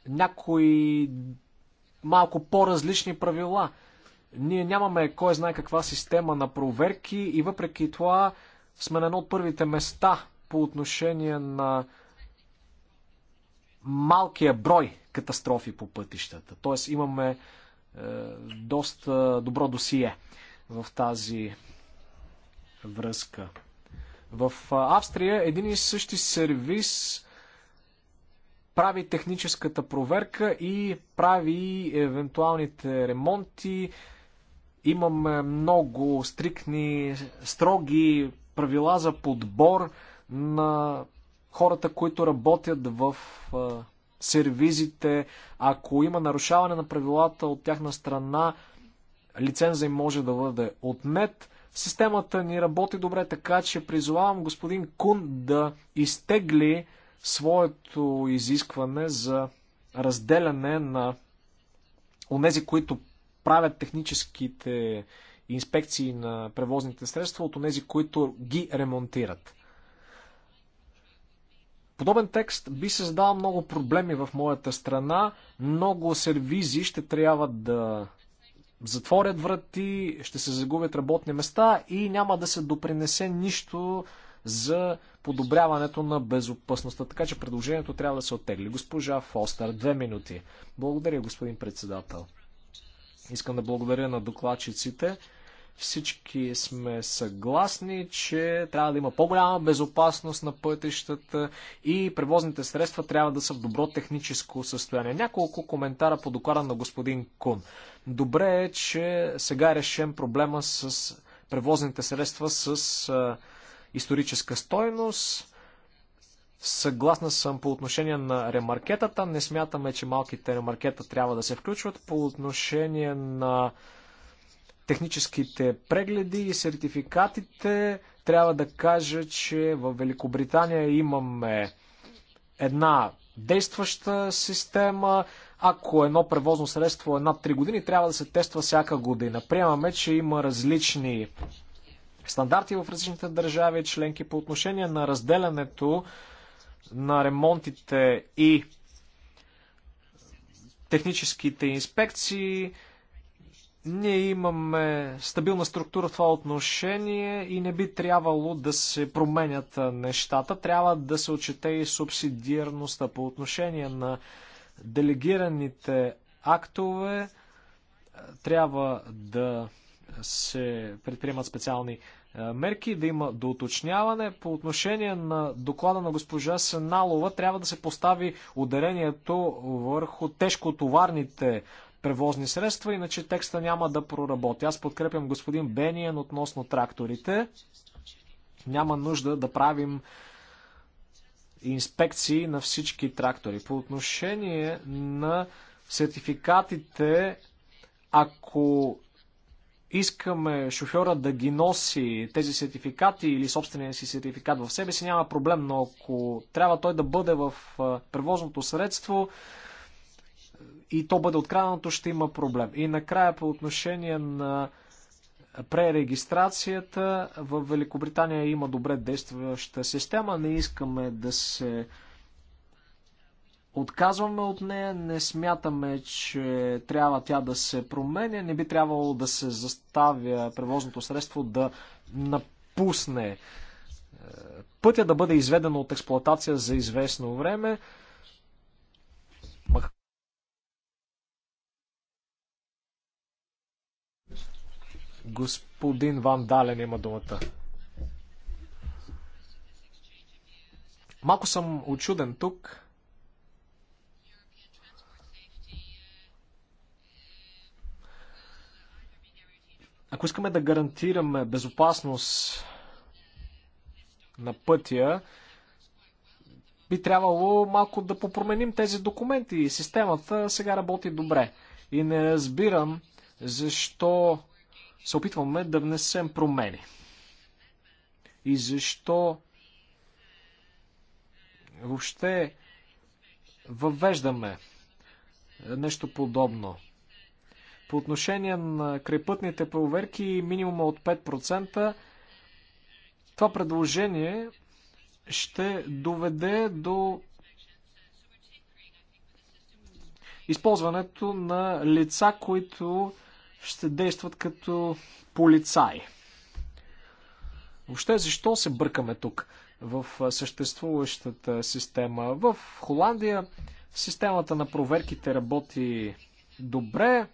някои малко по-различни правила. Ние нямаме кой знае каква система на проверки и въпреки това сме на едно от първите места по отношение на малкия брой катастрофи по пътищата. Тоест имаме е, доста добро досие в тази връзка. В Австрия един и същи сервис прави техническата проверка и прави евентуалните ремонти. Имаме много стрикни, строги правила за подбор на хората, които работят в сервизите, ако има нарушаване на правилата от тяхна страна, лиценза им може да бъде отнет. Системата ни работи добре, така че призовавам господин Кун да изтегли своето изискване за разделяне на онези, които правят техническите инспекции на превозните средства, от онези, които ги ремонтират. Подобен текст би създал много проблеми в моята страна. Много сервизи ще трябва да затворят врати, ще се загубят работни места и няма да се допринесе нищо за подобряването на безопасността. Така че предложението трябва да се оттегли. Госпожа Фостер, две минути. Благодаря, господин председател. Искам да благодаря на докладчиците. Всички сме съгласни, че трябва да има по-голяма безопасност на пътищата и превозните средства трябва да са в добро техническо състояние. Няколко коментара по доклада на господин Кун. Добре е, че сега е решен проблема с превозните средства с историческа стойност. Съгласна съм по отношение на ремаркетата. Не смятаме, че малките ремаркета трябва да се включват. По отношение на техническите прегледи и сертификатите. Трябва да кажа, че в Великобритания имаме една действаща система. Ако едно превозно средство е над 3 години, трябва да се тества всяка година. Приемаме, че има различни стандарти в различните държави членки по отношение на разделянето на ремонтите и техническите инспекции. Ние имаме стабилна структура в това отношение и не би трябвало да се променят нещата. Трябва да се отчете и субсидиарността по отношение на делегираните актове. Трябва да се предприемат специални мерки, да има доуточняване. По отношение на доклада на госпожа Сеналова, трябва да се постави ударението върху тежкотоварните превозни средства, иначе текста няма да проработи. Аз подкрепям господин Бениен относно тракторите. Няма нужда да правим инспекции на всички трактори. По отношение на сертификатите, ако искаме шофьора да ги носи тези сертификати или собствения си сертификат в себе си, няма проблем, но ако трябва той да бъде в превозното средство, и то бъде откраднато, ще има проблем. И накрая по отношение на пререгистрацията, в Великобритания има добре действаща система, не искаме да се отказваме от нея, не смятаме, че трябва тя да се променя, не би трябвало да се заставя превозното средство да напусне е, пътя да бъде изведено от експлоатация за известно време. Господин Ван Дален има думата. Малко съм очуден тук. Ако искаме да гарантираме безопасност на пътя, би трябвало малко да попроменим тези документи. Системата сега работи добре. И не разбирам защо се опитваме да внесем промени. И защо въобще въвеждаме нещо подобно. По отношение на крайпътните проверки минимума от 5%, това предложение ще доведе до използването на лица, които ще действат като полицаи. Въобще, защо се бъркаме тук в съществуващата система? В Холандия системата на проверките работи добре,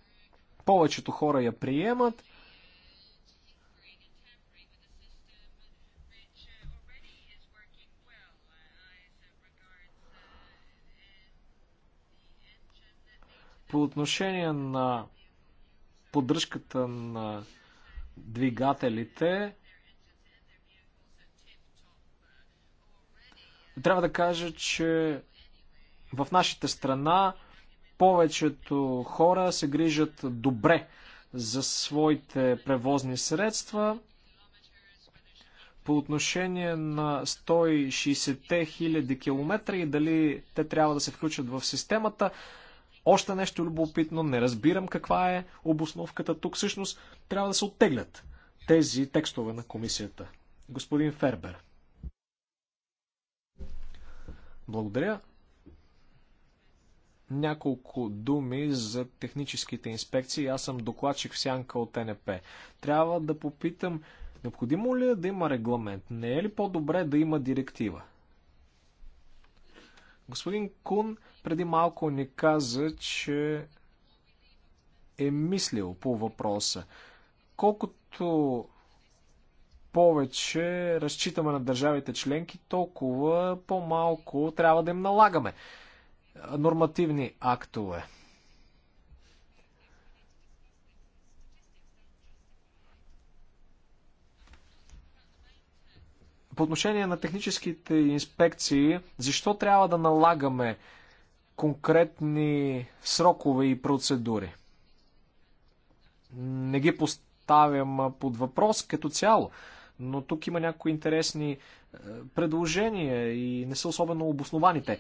повечето хора я приемат. По отношение на поддръжката на двигателите. Трябва да кажа, че в нашата страна повечето хора се грижат добре за своите превозни средства. По отношение на 160 000 км и дали те трябва да се включат в системата, още нещо любопитно, не разбирам каква е обосновката тук. Всъщност трябва да се оттеглят тези текстове на комисията. Господин Фербер. Благодаря. Няколко думи за техническите инспекции. Аз съм докладчик в сянка от НП. Трябва да попитам, необходимо ли е да има регламент? Не е ли по-добре да има директива? Господин Кун преди малко ни каза, че е мислил по въпроса. Колкото повече разчитаме на държавите членки, толкова по-малко трябва да им налагаме нормативни актове. По отношение на техническите инспекции, защо трябва да налагаме конкретни срокове и процедури? Не ги поставям под въпрос като цяло, но тук има някои интересни е, предложения и не са особено обоснованите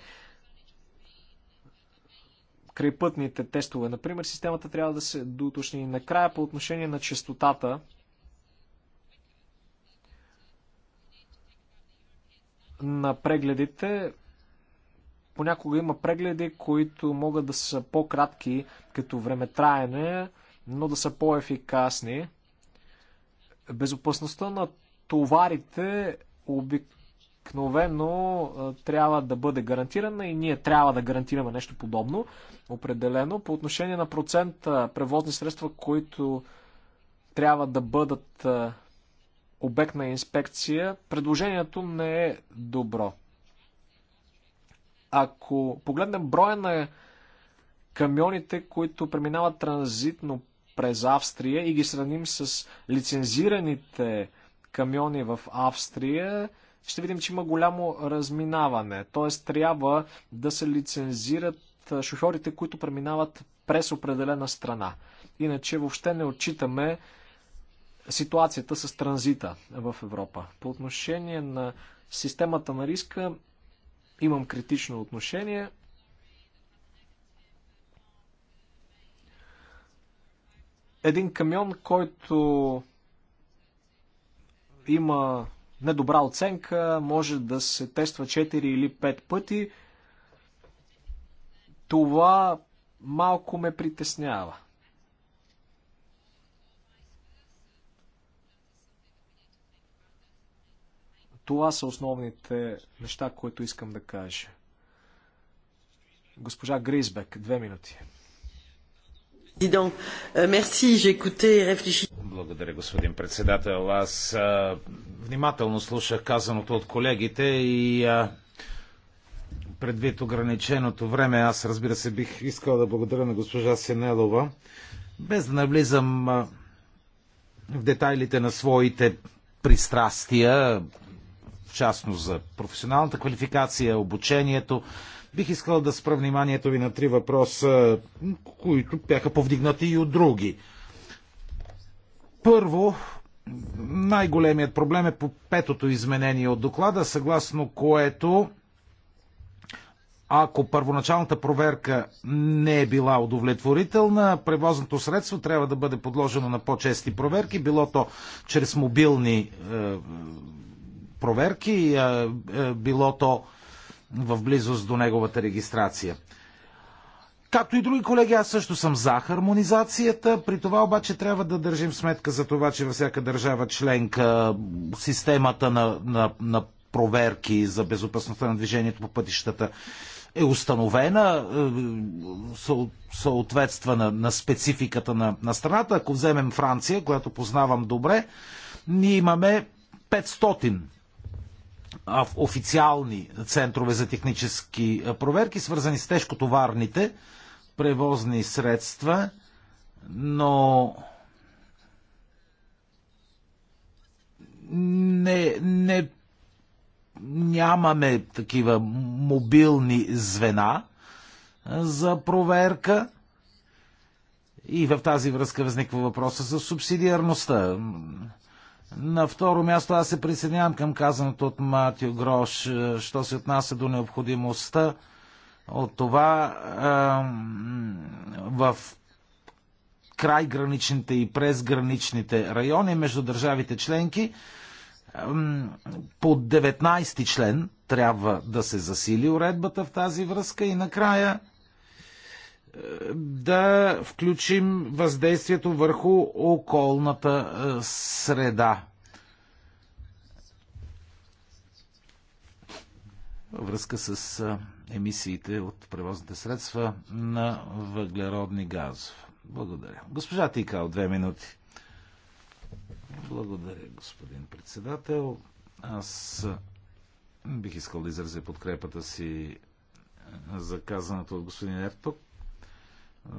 крайпътните тестове. Например, системата трябва да се доточни накрая по отношение на частотата. на прегледите. Понякога има прегледи, които могат да са по-кратки като времетраене, но да са по-ефикасни. Безопасността на товарите обикновено трябва да бъде гарантирана и ние трябва да гарантираме нещо подобно, определено. По отношение на процента превозни средства, които трябва да бъдат обект на инспекция, предложението не е добро. Ако погледнем броя на камионите, които преминават транзитно през Австрия и ги сравним с лицензираните камиони в Австрия, ще видим, че има голямо разминаване. Т.е. трябва да се лицензират шофьорите, които преминават през определена страна. Иначе въобще не отчитаме ситуацията с транзита в Европа. По отношение на системата на риска имам критично отношение. Един камион, който има недобра оценка, може да се тества 4 или 5 пъти. Това малко ме притеснява. Това са основните неща, които искам да кажа. Госпожа Гризбек, две минути. Е, благодаря, господин председател. Аз а, е, внимателно слушах казаното от колегите и а, е, предвид ограниченото време, аз разбира се бих искал да благодаря на госпожа Сенелова, без да навлизам а, в детайлите на своите пристрастия, частно за професионалната квалификация, обучението. Бих искал да спра вниманието ви на три въпроса, които бяха повдигнати и от други. Първо, най-големият проблем е по петото изменение от доклада, съгласно което ако първоначалната проверка не е била удовлетворителна, превозното средство трябва да бъде подложено на по-чести проверки, било то чрез мобилни е, проверки, е, било то в близост до неговата регистрация. Както и други колеги, аз също съм за хармонизацията. При това обаче трябва да държим сметка за това, че във всяка държава членка системата на, на, на проверки за безопасността на движението по пътищата е установена, е, съответства на, на спецификата на, на страната. Ако вземем Франция, която познавам добре, ние имаме 500 официални центрове за технически проверки, свързани с тежкотоварните превозни средства, но не, не нямаме такива мобилни звена за проверка. И в тази връзка възниква въпроса за субсидиарността. На второ място аз се присъединявам към казаното от Матио Грош, е, що се отнася до необходимостта от това е, в край граничните и през граничните райони между държавите членки е, по 19 ти член трябва да се засили уредбата в тази връзка и накрая да включим въздействието върху околната е, среда. Във връзка с е, емисиите от превозните средства на въглеродни газове. Благодаря. Госпожа Тикал, две минути. Благодаря, господин председател. Аз е, бих искал да изразя подкрепата си за казаното от господин Ерток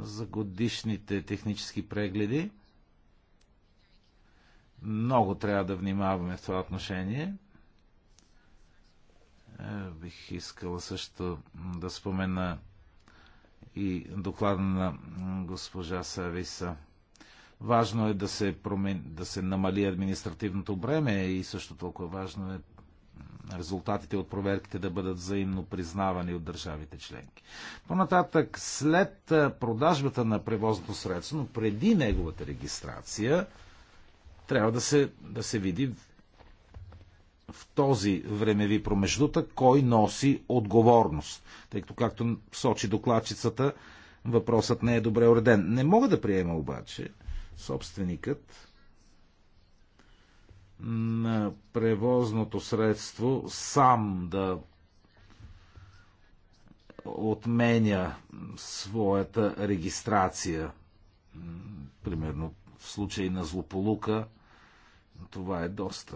за годишните технически прегледи. Много трябва да внимаваме в това отношение. Е, бих искала също да спомена и доклада на госпожа Сависа. Важно е да се, промен... да се намали административното бреме и също толкова важно е резултатите от проверките да бъдат взаимно признавани от държавите членки. Понататък, след продажбата на превозното средство, но преди неговата регистрация, трябва да се, да се види в този времеви промеждутък кой носи отговорност. Тъй като, както сочи докладчицата, въпросът не е добре уреден. Не мога да приема обаче собственикът на превозното средство сам да отменя своята регистрация. Примерно в случай на злополука, това е доста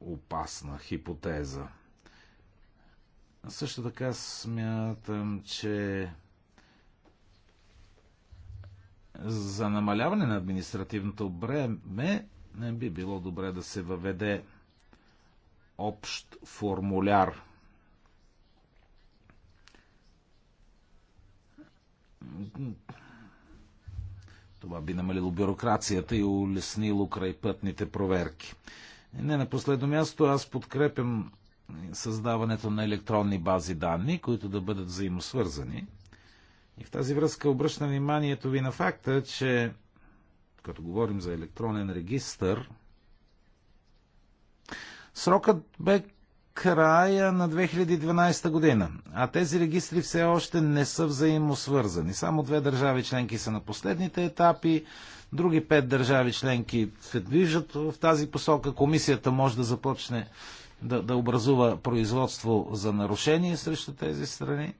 опасна хипотеза. Също така смятам, че за намаляване на административното бреме не би било добре да се въведе общ формуляр. Това би намалило бюрокрацията и улеснило крайпътните проверки. Не на последно място, аз подкрепям създаването на електронни бази данни, които да бъдат взаимосвързани. И в тази връзка обръщам вниманието ви на факта, че като говорим за електронен регистър, срокът бе края на 2012 година, а тези регистри все още не са взаимосвързани. Само две държави членки са на последните етапи, други пет държави членки се движат в тази посока. Комисията може да започне да, да образува производство за нарушение срещу тези страни.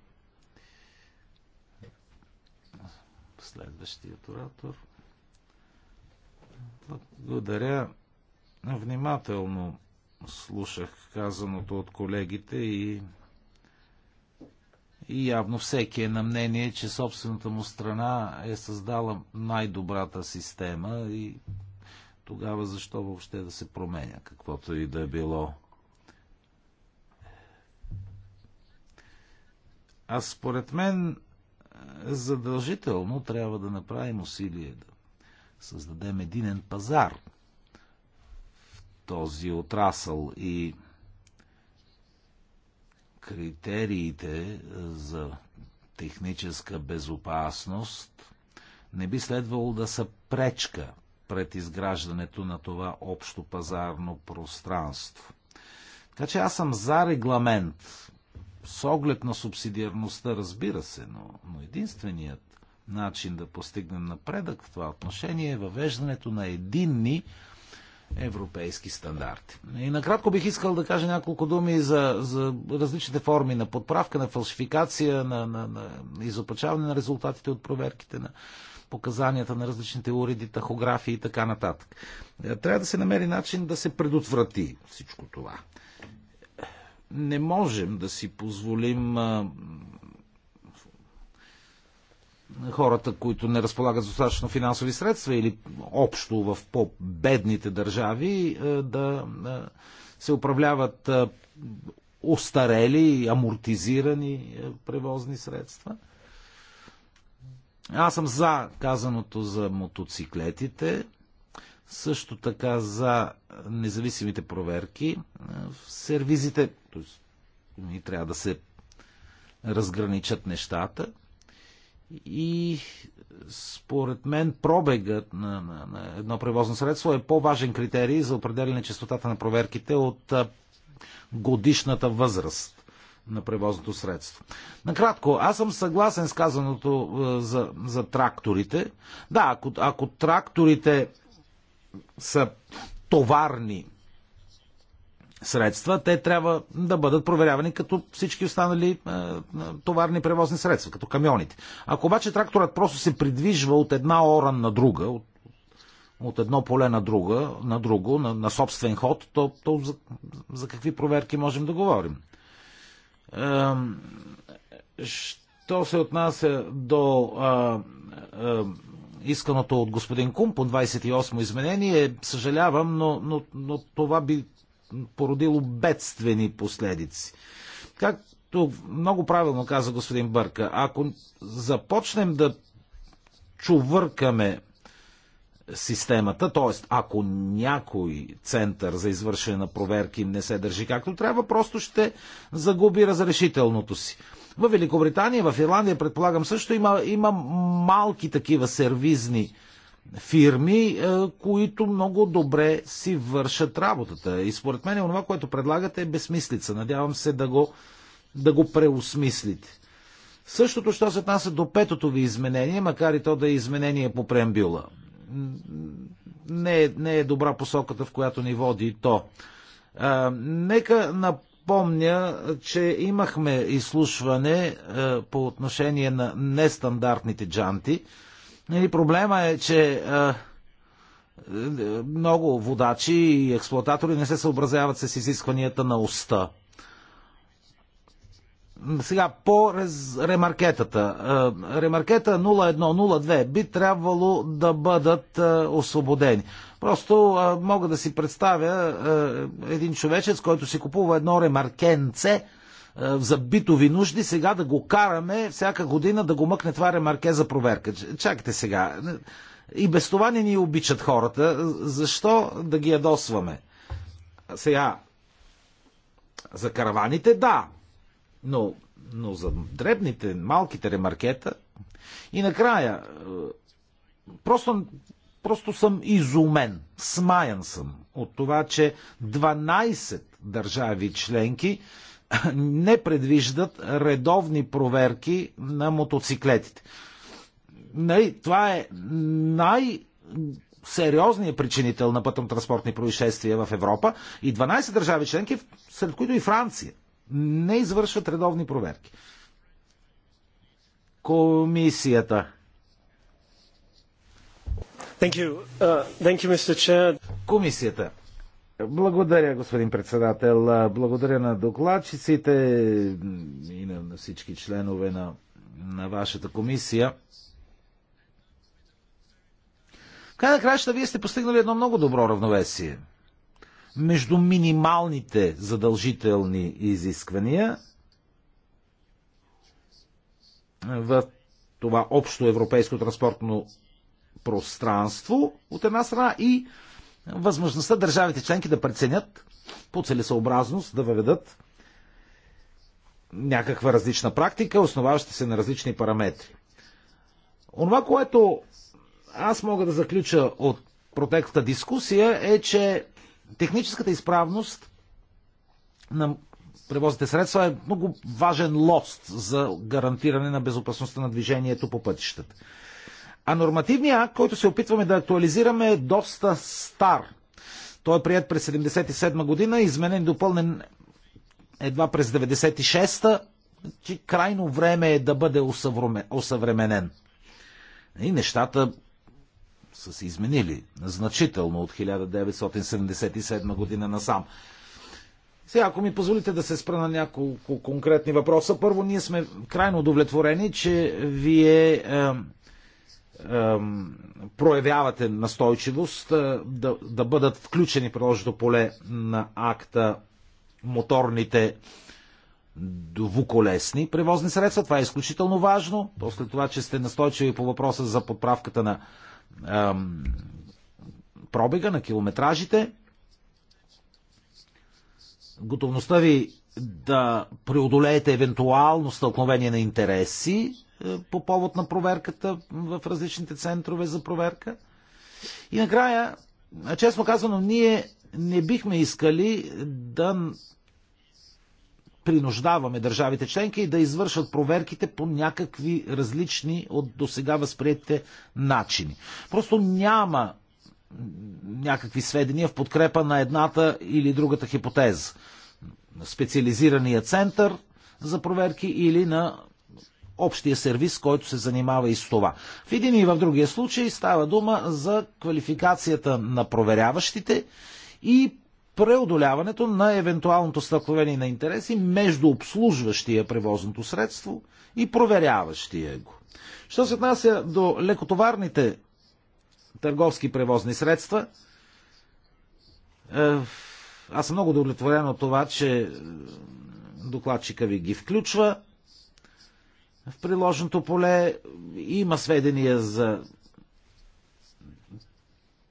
Следващият оратор. Благодаря. Внимателно слушах казаното от колегите и, и явно всеки е на мнение, че собствената му страна е създала най-добрата система и тогава защо въобще да се променя каквото и да е било. А според мен задължително трябва да направим усилие да създадем единен пазар в този отрасъл и критериите за техническа безопасност не би следвало да са пречка пред изграждането на това общо пазарно пространство. Така че аз съм за регламент с оглед на субсидиарността, разбира се, но, но единственият начин да постигнем напредък в това отношение е въвеждането на единни европейски стандарти. И накратко бих искал да кажа няколко думи за, за различните форми на подправка, на фалшификация, на, на, на изопачаване на резултатите от проверките, на показанията на различните уреди, тахографии и така нататък. Е, трябва да се намери начин да се предотврати всичко това. Не можем да си позволим хората, които не разполагат с достатъчно финансови средства или общо в по-бедните държави е, да е, се управляват е, устарели, амортизирани превозни средства. Аз съм за казаното за мотоциклетите, също така за независимите проверки в сервизите. Т.е. ни трябва да се разграничат нещата и според мен пробегът на, на, на едно превозно средство е по-важен критерий за определяне частотата на проверките от годишната възраст на превозното средство. Накратко, аз съм съгласен с казаното за, за тракторите. Да, ако, ако тракторите са товарни средства, те трябва да бъдат проверявани като всички останали е, товарни превозни средства, като камионите. Ако обаче тракторът просто се придвижва от една оран на друга, от, от едно поле на, друга, на друго, на, на собствен ход, то, то за, за какви проверки можем да говорим? Е, що се отнася до е, е, исканото от господин Кум по 28 изменение, е, съжалявам, но, но, но това би породило бедствени последици. Както много правилно каза господин Бърка, ако започнем да чувъркаме системата, т.е. ако някой център за извършване на проверки не се държи както трябва, просто ще загуби разрешителното си. В Великобритания, в Ирландия, предполагам също, има, има малки такива сервизни фирми, е, които много добре си вършат работата. И според мен това, което предлагате е безсмислица. Надявам се да го, да го преосмислите. Същото, що се отнася до петото ви изменение, макар и то да е изменение по преамбюла. Не е, не е добра посоката, в която ни води то. А, нека напомня, че имахме изслушване а, по отношение на нестандартните джанти, Нали, проблема е, че много водачи и експлуататори не се съобразяват с изискванията на уста. Сега по ремаркетата. Ремаркета 0102 би трябвало да бъдат освободени. Просто мога да си представя един човечец, който си купува едно ремаркенце е, за битови нужди, сега да го караме всяка година да го мъкне това ремарке за проверка. Чакайте сега. И без това не ни обичат хората. Защо да ги ядосваме? Сега, за караваните да, но, но за дребните, малките ремаркета. И накрая, е, просто, просто съм изумен, смаян съм от това, че 12 държави членки не предвиждат редовни проверки на мотоциклетите. Нали, това е най- сериозният причинител на пътно-транспортни происшествия в Европа и 12 държави членки, сред които и Франция, не извършват редовни проверки. Комисията. Thank you. Uh, thank you, Mr. Chair. Комисията. Благодаря, господин председател. Благодаря на докладчиците и на всички членове на, на вашата комисия. край на краща, вие сте постигнали едно много добро равновесие между минималните задължителни изисквания в това общо европейско транспортно пространство от една страна и възможността държавите членки да преценят по целесообразност да въведат някаква различна практика, основаваща се на различни параметри. Онова, което аз мога да заключа от протекта дискусия е, че техническата изправност на превозните средства е много важен лост за гарантиране на безопасността на движението по пътищата. А нормативният акт, който се опитваме да актуализираме, е доста стар. Той е прият през 1977 година, изменен и допълнен едва през 96-та, че крайно време е да бъде осъвременен. И нещата са се изменили значително от 1977 година насам. Сега, ако ми позволите да се спра на няколко конкретни въпроса. Първо, ние сме крайно удовлетворени, че вие е, проявявате настойчивост да, да бъдат включени в поле на акта моторните двуколесни превозни средства. Това е изключително важно. После това, че сте настойчиви по въпроса за подправката на ам, пробега, на километражите. Готовността ви да преодолеете евентуално стълкновение на интереси е, по повод на проверката в различните центрове за проверка. И накрая, честно казано, ние не бихме искали да принуждаваме държавите членки да извършват проверките по някакви различни от досега възприятите начини. Просто няма някакви сведения в подкрепа на едната или другата хипотеза. Специализирания център за проверки или на общия сервис, който се занимава и с това. В един и в другия случай става дума за квалификацията на проверяващите и преодоляването на евентуалното стъкновение на интереси между обслужващия превозното средство и проверяващия го. Що се отнася до лекотоварните търговски превозни средства, е, аз съм много удовлетворен от това, че докладчика ви ги включва в приложното поле има сведения за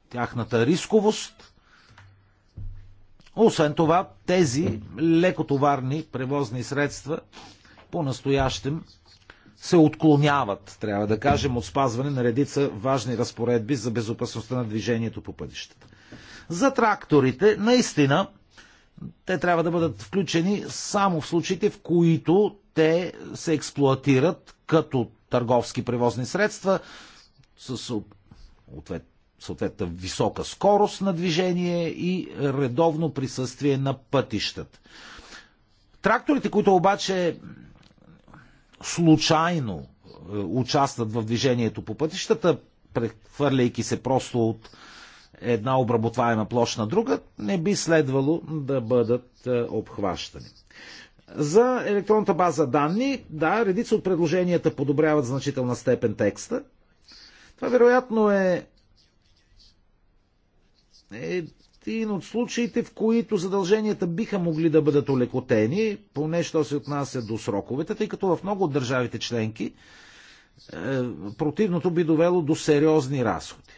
тяхната рисковост. Освен това, тези лекотоварни превозни средства по-настоящем се отклоняват, трябва да кажем, от спазване на редица важни разпоредби за безопасността на движението по пътищата. За тракторите, наистина, те трябва да бъдат включени само в случаите, в които те се експлуатират като търговски превозни средства с съответна висока скорост на движение и редовно присъствие на пътищата. Тракторите, които обаче случайно е, участват в движението по пътищата, прехвърляйки се просто от една обработваема площ на друга, не би следвало да бъдат е, обхващани. За електронната база данни, да, редица от предложенията подобряват значителна степен текста. Това вероятно е един от случаите, в които задълженията биха могли да бъдат олекотени, поне що се отнася до сроковете, тъй като в много от държавите членки е, противното би довело до сериозни разходи.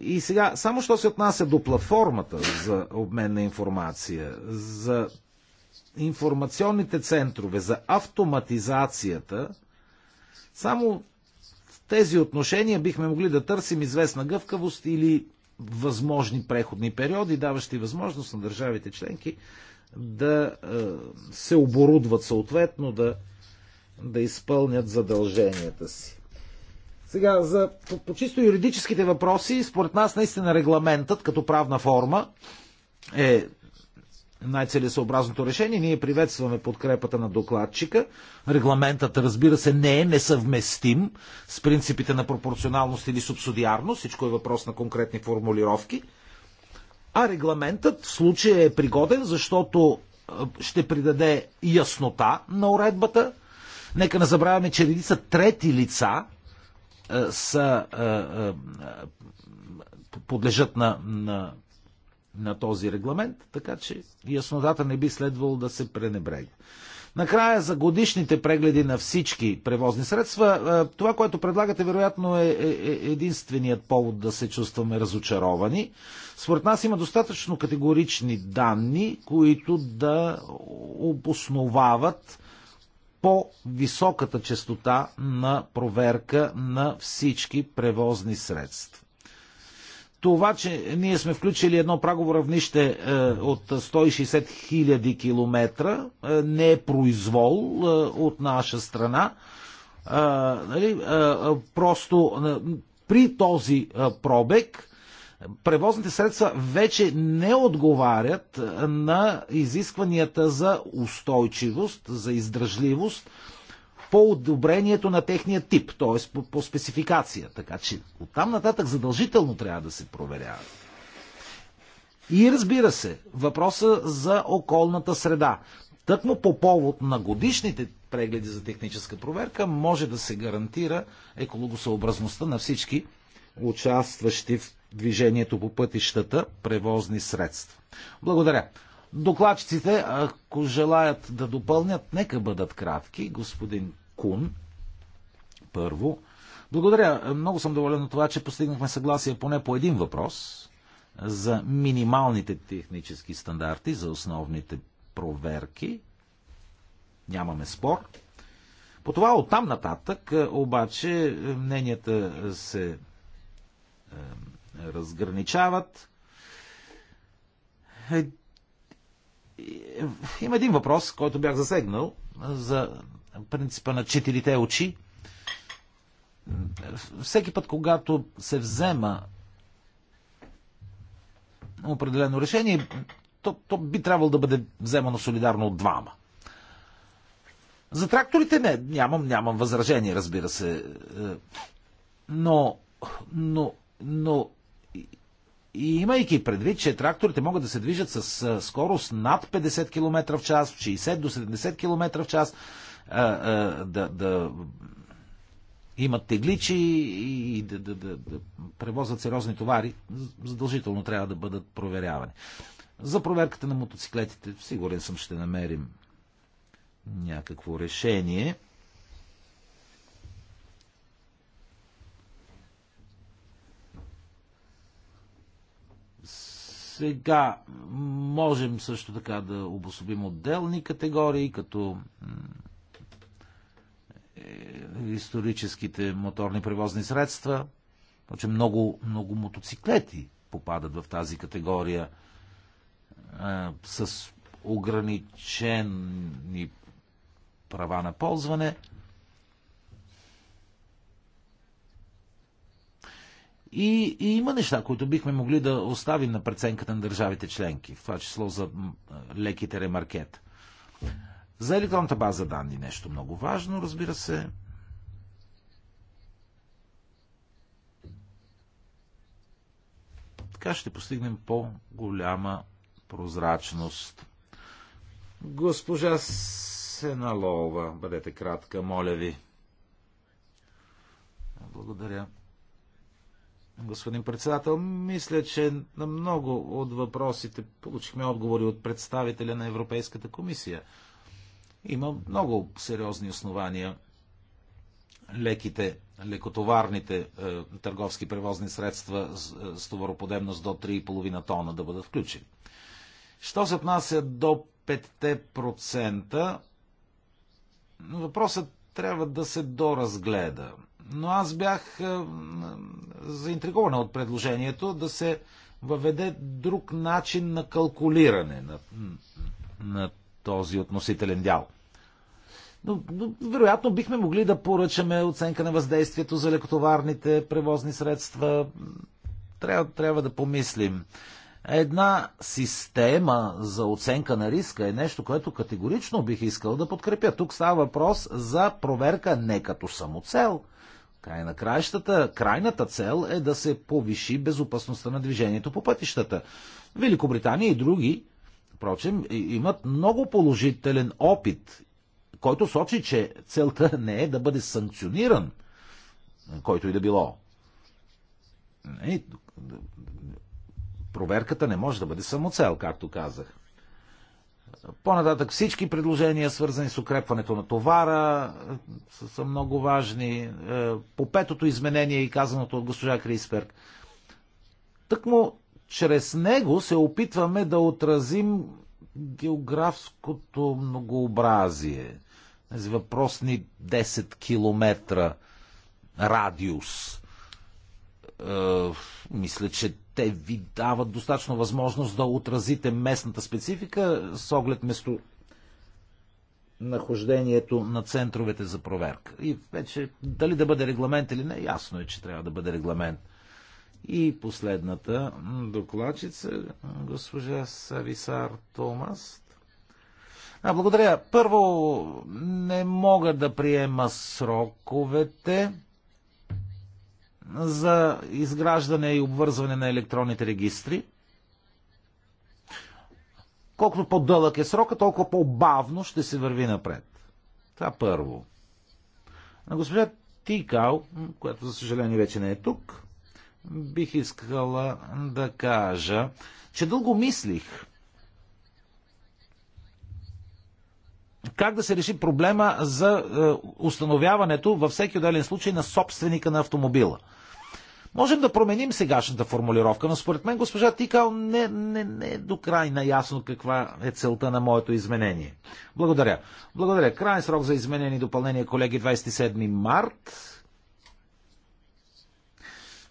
И сега, само що се отнася до платформата за обмен на информация, за информационните центрове за автоматизацията, само в тези отношения бихме могли да търсим известна гъвкавост или възможни преходни периоди, даващи възможност на държавите членки да е, се оборудват съответно, да, да изпълнят задълженията си. Сега, за, по, по чисто юридическите въпроси, според нас наистина регламентът като правна форма е най-целесообразното решение. Ние приветстваме подкрепата на докладчика. Регламентът, разбира се, не е несъвместим с принципите на пропорционалност или субсидиарност. Всичко е въпрос на конкретни формулировки. А регламентът в случая е пригоден, защото ще придаде яснота на уредбата. Нека не забравяме, че редица трети лица са, подлежат на, на на този регламент, така че яснотата не би следвало да се пренебрегва. Накрая за годишните прегледи на всички превозни средства, е, това, което предлагате, вероятно е, е, е единственият повод да се чувстваме разочаровани. Според нас има достатъчно категорични данни, които да обосновават по-високата частота на проверка на всички превозни средства това, че ние сме включили едно прагово равнище е, от 160 000 километра, е, не е произвол е, от наша страна. Нали, просто при този пробег превозните средства вече не отговарят на изискванията за устойчивост, за издръжливост по одобрението на техния тип, т.е. По, по спецификация. Така че оттам нататък задължително трябва да се проверява. И разбира се, въпроса за околната среда. Тъкмо по повод на годишните прегледи за техническа проверка може да се гарантира екологосъобразността на всички участващи в движението по пътищата превозни средства. Благодаря. Докладчиците, ако желаят да допълнят, нека бъдат кратки. Господин Кун. Първо, благодаря. Много съм доволен от това, че постигнахме съгласие поне по един въпрос за минималните технически стандарти, за основните проверки. Нямаме спор. По това оттам нататък е, обаче е, мненията се е, разграничават. Е, е, има един въпрос, който бях засегнал за принципа на четирите очи. Всеки път, когато се взема определено решение, то, то би трябвало да бъде вземано солидарно от двама. За тракторите не, нямам, нямам възражение, разбира се. Но, но, но и имайки предвид, че тракторите могат да се движат с скорост над 50 км в час, 60 до 70 км в час, да, да имат тегличи и да, да, да, да превозват сериозни товари, задължително трябва да бъдат проверявани. За проверката на мотоциклетите, сигурен съм, ще намерим някакво решение. Сега можем също така да обособим отделни категории, като историческите моторни превозни средства. Значи много, много мотоциклети попадат в тази категория а, с ограничени права на ползване. И, и има неща, които бихме могли да оставим на преценката на държавите членки, в това число за леките ремаркета. За електронната база данни нещо много важно, разбира се. Така ще постигнем по-голяма прозрачност. Госпожа Сеналова, бъдете кратка, моля ви. Благодаря. Господин председател, мисля, че на много от въпросите получихме отговори от представителя на Европейската комисия. Има много сериозни основания леките, лекотоварните е, търговски превозни средства с, е, с товароподемност до 3,5 тона да бъдат включени. Що се отнася до 5%, въпросът трябва да се доразгледа. Но аз бях е, заинтригован от предложението да се въведе друг начин на калкулиране на, на този относителен дял. Но, но, вероятно бихме могли да поръчаме оценка на въздействието за лекотоварните превозни средства. Трябва, трябва да помислим. Една система за оценка на риска е нещо, което категорично бих искал да подкрепя. Тук става въпрос за проверка не като самоцел. Край на краищата, крайната цел е да се повиши безопасността на движението по пътищата. Великобритания и други впрочем, имат много положителен опит, който сочи, че целта <laughs> не е да бъде санкциониран, който и да било. Нали, проверката не може да бъде самоцел, както казах. По-нататък всички предложения, свързани с укрепването на товара, са, са много важни. Е, по петото изменение и казаното от госпожа Крисперк. Тъкмо чрез него се опитваме да отразим географското многообразие. Тези въпросни 10 километра радиус. Е, мисля, че те ви дават достатъчно възможност да отразите местната специфика с оглед место нахождението на центровете за проверка. И вече дали да бъде регламент или не, ясно е, че трябва да бъде регламент – и последната докладчица, госпожа Сависар Томас. А, благодаря. Първо, не мога да приема сроковете за изграждане и обвързване на електронните регистри. Колкото по-дълъг е срока, толкова по-бавно ще се върви напред. Това първо. На госпожа Тикал, която за съжаление вече не е тук, бих искала да кажа, че дълго мислих как да се реши проблема за е, установяването във всеки отделен случай на собственика на автомобила. Можем да променим сегашната формулировка, но според мен госпожа Тикал не, не, не е до край наясно каква е целта на моето изменение. Благодаря. Благодаря. Крайен срок за изменение и допълнение, колеги, 27 март.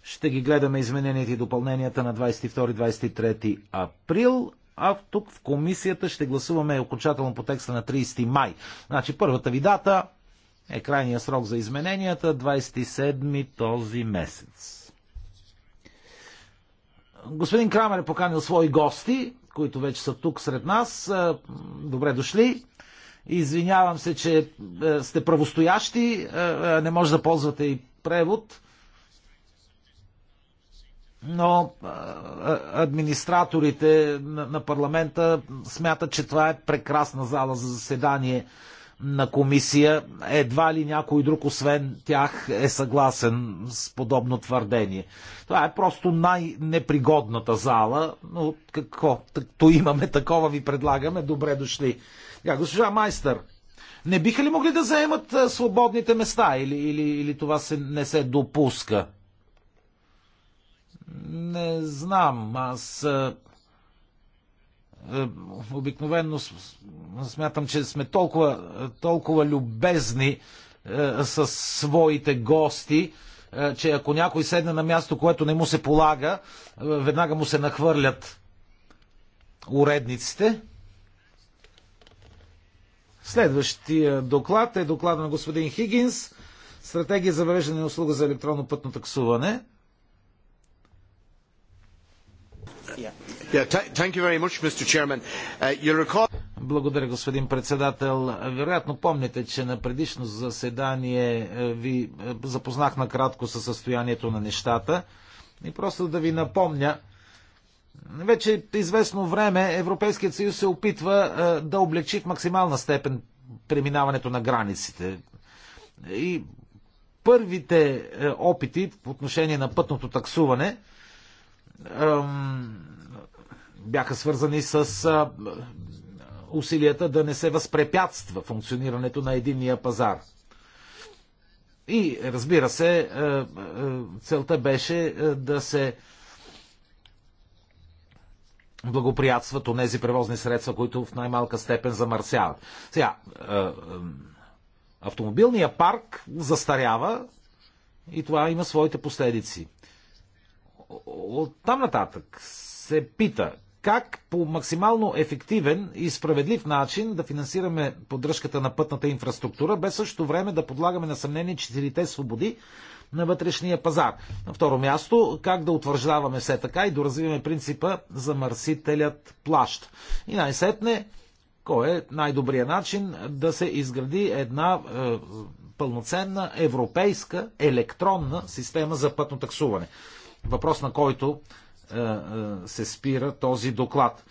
Ще ги гледаме измененията и допълненията на 22-23 април, а тук в комисията ще гласуваме окончателно по текста на 30 май. Значи първата ви дата е крайния срок за измененията, 27 този месец. Господин Крамер е поканил свои гости, които вече са тук сред нас. Добре дошли. Извинявам се, че е, сте правостоящи, е, е, не може да ползвате и превод но администраторите на парламента смятат, че това е прекрасна зала за заседание на комисия. Едва ли някой друг, освен тях, е съгласен с подобно твърдение. Това е просто най-непригодната зала, но какво? То имаме такова, ви предлагаме. Добре дошли. Я, госпожа Майстър, не биха ли могли да заемат свободните места или, или, или това се, не се допуска? Не знам. Аз е, е, обикновенно смятам, че сме толкова, толкова любезни е, с своите гости, че ако някой седне на място, което не му се полага, веднага му се нахвърлят уредниците. Следващия доклад е доклада на господин Хигинс. Стратегия за въвеждане на услуга за електронно пътно таксуване. Uh, Благодаря, господин председател. Вероятно помните, че на предишно заседание е, ви е, запознах накратко със състоянието на нещата. И просто да ви напомня, вече известно време Европейският съюз се опитва е, да облегчи в максимална степен преминаването на границите. И първите опити в отношение на пътното таксуване – бяха свързани с усилията да не се възпрепятства функционирането на единния пазар. И разбира се, целта беше да се благоприятстват онези превозни средства, които в най-малка степен замърсяват. Сега, автомобилният парк застарява и това има своите последици. От там нататък се пита как по максимално ефективен и справедлив начин да финансираме поддръжката на пътната инфраструктура, без същото време да подлагаме на съмнение четирите свободи на вътрешния пазар. На второ място, как да утвърждаваме все така и доразвиваме принципа замърсителят плащ. И най-сетне, кой е най-добрият начин да се изгради една е, пълноценна европейска електронна система за пътно таксуване въпрос на който е, е, се спира този доклад.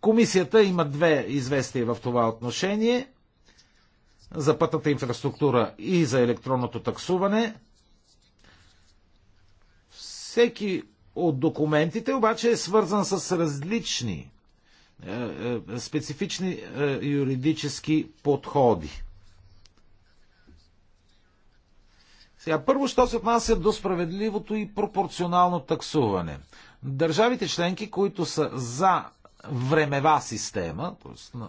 Комисията има две известия в това отношение за пътната инфраструктура и за електронното таксуване. Всеки от документите обаче е свързан с различни е, специфични юридически подходи. Сега, първо, що се отнася до справедливото и пропорционално таксуване. Държавите членки, които са за времева система, т.е. На,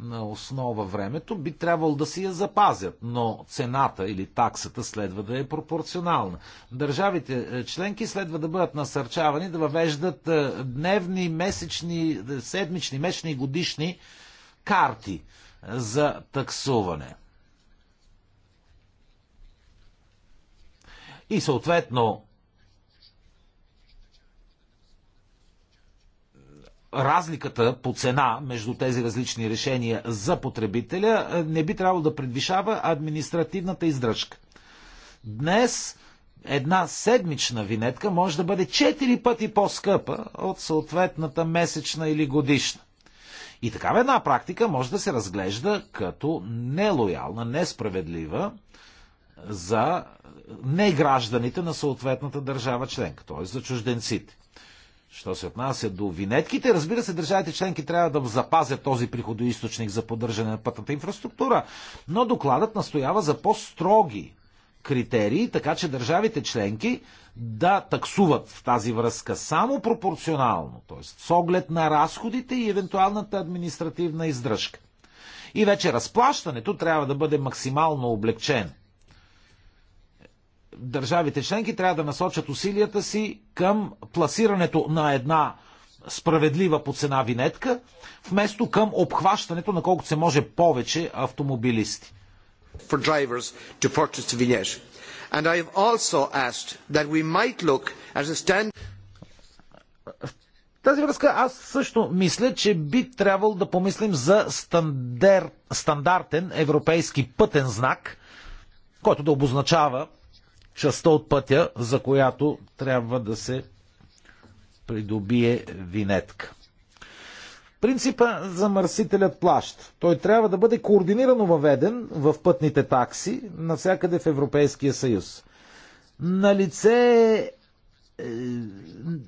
на основа времето, би трябвало да си я запазят, но цената или таксата следва да е пропорционална. Държавите е, членки следва да бъдат насърчавани да въвеждат е, дневни, месечни, е, седмични, месечни и годишни карти за таксуване И съответно разликата по цена между тези различни решения за потребителя е, не би трябвало да предвишава административната издръжка. Днес една седмична винетка може да бъде 4 пъти по-скъпа от съответната месечна или годишна. И такава една практика може да се разглежда като нелоялна, несправедлива за негражданите на съответната държава членка, т.е. за чужденците. Що се отнася до винетките, разбира се, държавите членки трябва да запазят този приходоисточник за поддържане на пътната инфраструктура, но докладът настоява за по-строги критерии, така че държавите членки да таксуват в тази връзка само пропорционално, т.е. с оглед на разходите и евентуалната административна издръжка. И вече разплащането трябва да бъде максимално облегчено държавите членки трябва да насочат усилията си към пласирането на една справедлива по цена винетка, вместо към обхващането на колкото се може повече автомобилисти. For drivers to purchase vignette. And I have also asked that we might look at a stand... В тази връзка аз също мисля, че би трябвало да помислим за стандер... стандартен европейски пътен знак, който да обозначава частта от пътя, за която трябва да се придобие винетка. Принципа за мърсителят плащ Той трябва да бъде координирано въведен в пътните такси навсякъде в Европейския съюз. На лице е,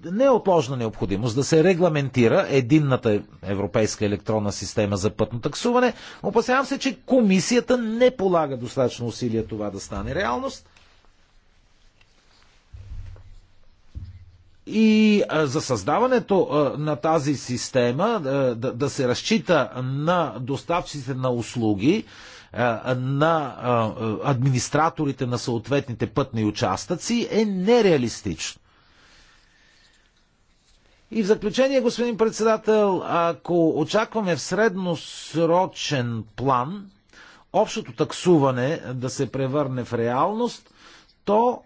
неотложна е необходимост да се регламентира единната европейска електронна система за пътно таксуване. Опасявам се, че комисията не полага достатъчно усилия това да стане реалност. И а, за създаването а, на тази система а, да, да се разчита на доставчиците на услуги, а, на а, администраторите на съответните пътни участъци е нереалистично. И в заключение, господин председател, ако очакваме в средносрочен план общото таксуване да се превърне в реалност, то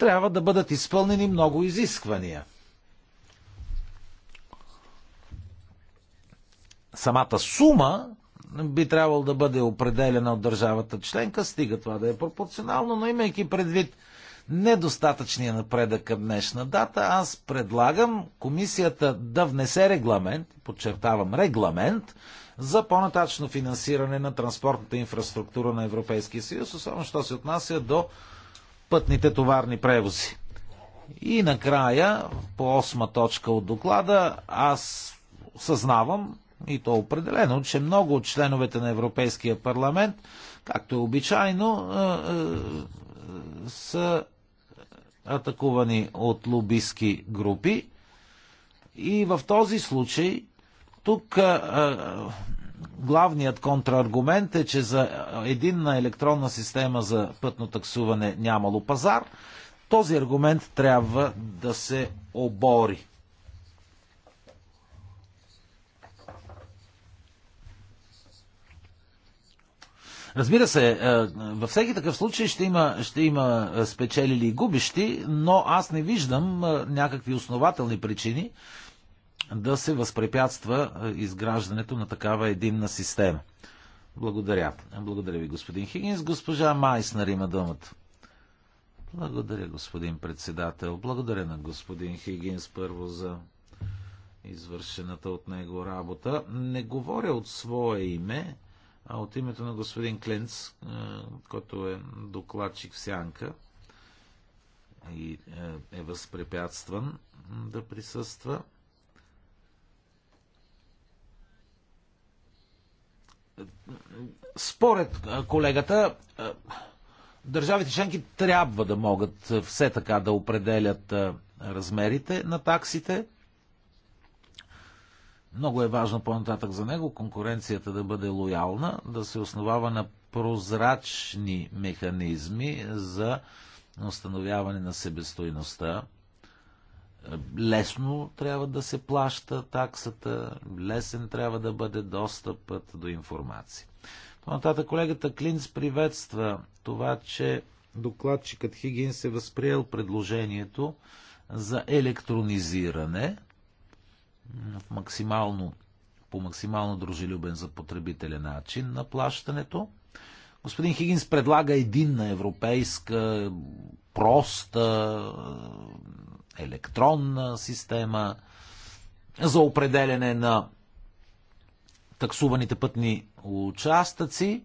трябва да бъдат изпълнени много изисквания. Самата сума би трябвало да бъде определена от държавата членка, стига това да е пропорционално, но имайки предвид недостатъчния напредък към днешна дата, аз предлагам комисията да внесе регламент, подчертавам регламент, за по-натачно финансиране на транспортната инфраструктура на Европейския съюз, особено що се отнася до пътните товарни превози. И накрая, по осма точка от доклада, аз съзнавам, и то определено, че много от членовете на Европейския парламент, както е обичайно, е, е, са атакувани от лобистки групи. И в този случай тук е, главният контраргумент е, че за единна електронна система за пътно таксуване нямало пазар. Този аргумент трябва да се обори. Разбира се, е, във всеки такъв случай ще има, ще има спечелили и губещи, но аз не виждам е, някакви основателни причини да се възпрепятства изграждането на такава единна система. Благодаря. Благодаря ви, господин Хигинс. Госпожа Майснар има думата. Благодаря, господин председател. Благодаря на господин Хигинс първо за извършената от него работа. Не говоря от свое име, а от името на господин Кленц, който е докладчик в Сянка и е възпрепятстван да присъства. Според колегата, държавите членки трябва да могат все така да определят размерите на таксите. Много е важно по-нататък за него конкуренцията да бъде лоялна, да се основава на прозрачни механизми за установяване на себестойността лесно трябва да се плаща таксата, лесен трябва да бъде достъпът до информация. Понататък колегата Клинц приветства това, че докладчикът Хигин се възприел предложението за електронизиране в максимално, по максимално дружелюбен за потребителя начин на плащането. Господин Хигинс предлага единна европейска, проста, електронна система за определене на таксуваните пътни участъци.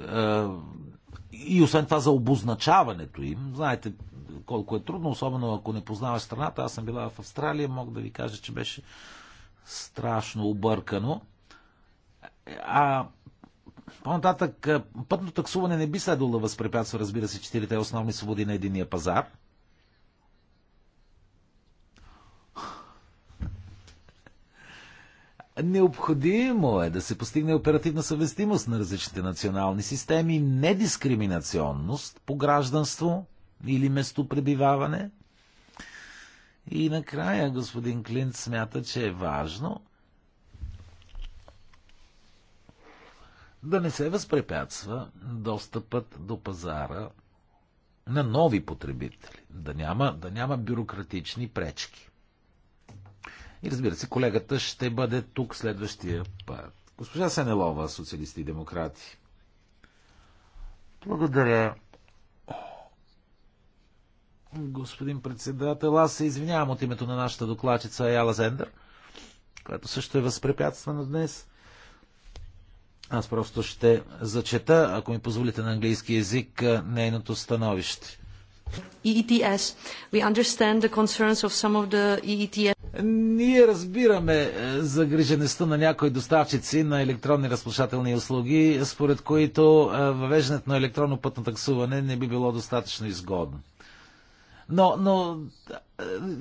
Е, и освен това за обозначаването им, знаете колко е трудно, особено ако не познаваш страната. Аз съм била в Австралия, мога да ви кажа, че беше страшно объркано. А по-нататък, е, пътно таксуване не би следвало да възпрепятства, разбира се, четирите основни свободи на единия пазар. Необходимо е да се постигне оперативна съвестимост на различните национални системи, недискриминационност по гражданство или местопребиваване. И накрая господин Клинт смята, че е важно да не се възпрепятства достъпът до пазара на нови потребители, да няма, да няма бюрократични пречки. И разбира се, колегата ще бъде тук следващия път. Госпожа Сенелова, социалисти и демократи. Благодаря. Господин председател, аз се извинявам от името на нашата докладчица Яла Зендер, която също е възпрепятствана днес. Аз просто ще зачета, ако ми позволите на английски язик, нейното становище. EETS. We understand the concerns of some of the EETS. Ние разбираме е, загрижеността на някои доставчици на електронни разплащателни услуги, според които е, въвеждането на електронно пътно таксуване не би било достатъчно изгодно. Но, но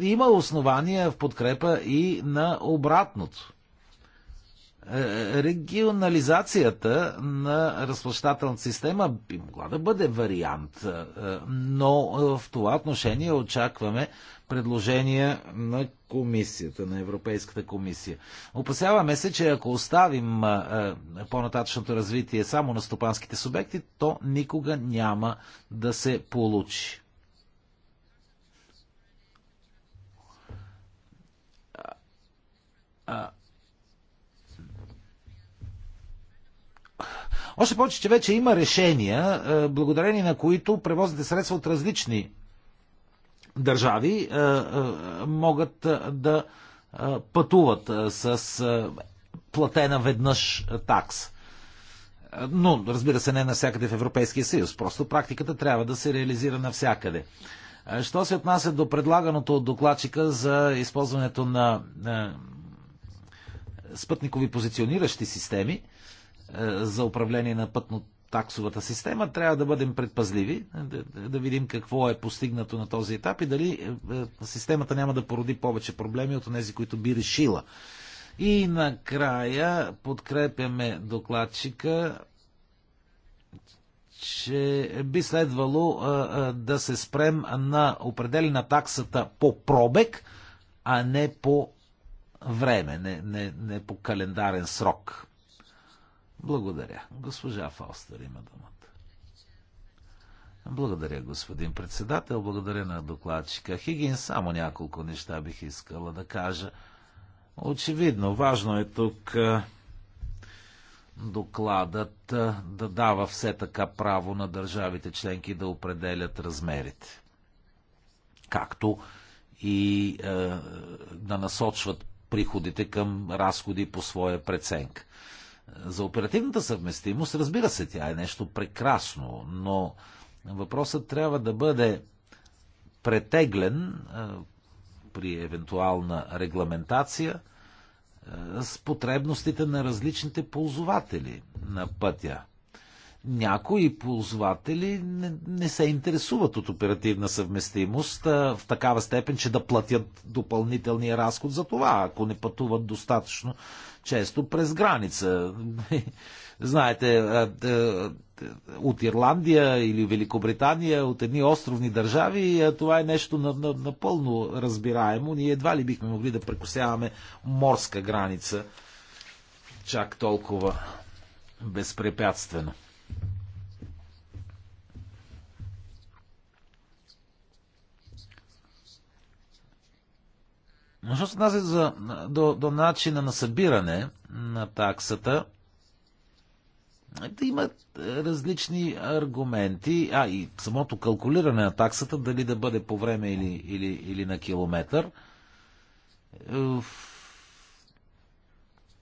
е, има основания в подкрепа и на обратното е, регионализацията на разплащателната система би могла да бъде вариант, е, е, но в това отношение очакваме предложения на комисията, на Европейската комисия. Опасяваме се, че ако оставим по-нататъчното развитие само на стопанските субекти, то никога няма да се получи. А, Още повече, че вече има решения, е, благодарение на които превозните средства от различни държави е, е, могат да пътуват с платена веднъж такс. Но, разбира се, не навсякъде в Европейския съюз. Просто практиката трябва да се реализира навсякъде. Що се отнася до предлаганото от докладчика за използването на спътникови позициониращи системи, е, за управление на пътно таксовата система, трябва да бъдем предпазливи, да, да видим какво е постигнато на този етап и дали е, е, системата няма да породи повече проблеми от тези, които би решила. И накрая подкрепяме докладчика, че би следвало да се спрем на определена таксата по пробег, а не по време, не, не, не по календарен срок. Благодаря. Госпожа Фалстър има думата. Благодаря, господин председател. Благодаря на докладчика Хигин. Само няколко неща бих искала да кажа. Очевидно, важно е тук е, докладът е, да дава все така право на държавите членки да определят размерите. Както и е, е да насочват приходите към разходи по своя преценка. За оперативната съвместимост, разбира се, тя е нещо прекрасно, но въпросът трябва да бъде претеглен е, при евентуална регламентация е, с потребностите на различните ползватели на пътя. Някои ползватели не, не се интересуват от оперативна съвместимост а, е, в такава степен, че да платят допълнителния разход за това, ако не пътуват достатъчно често през граница. <laughs> Знаете, от Ирландия или Великобритания, от едни островни държави, това е нещо напълно разбираемо. Ние едва ли бихме могли да прекусяваме морска граница чак толкова безпрепятствено. Що се отнася за, до, до начина на събиране на таксата, да имат различни аргументи, а и самото калкулиране на таксата, дали да бъде по време или, или, или на километър.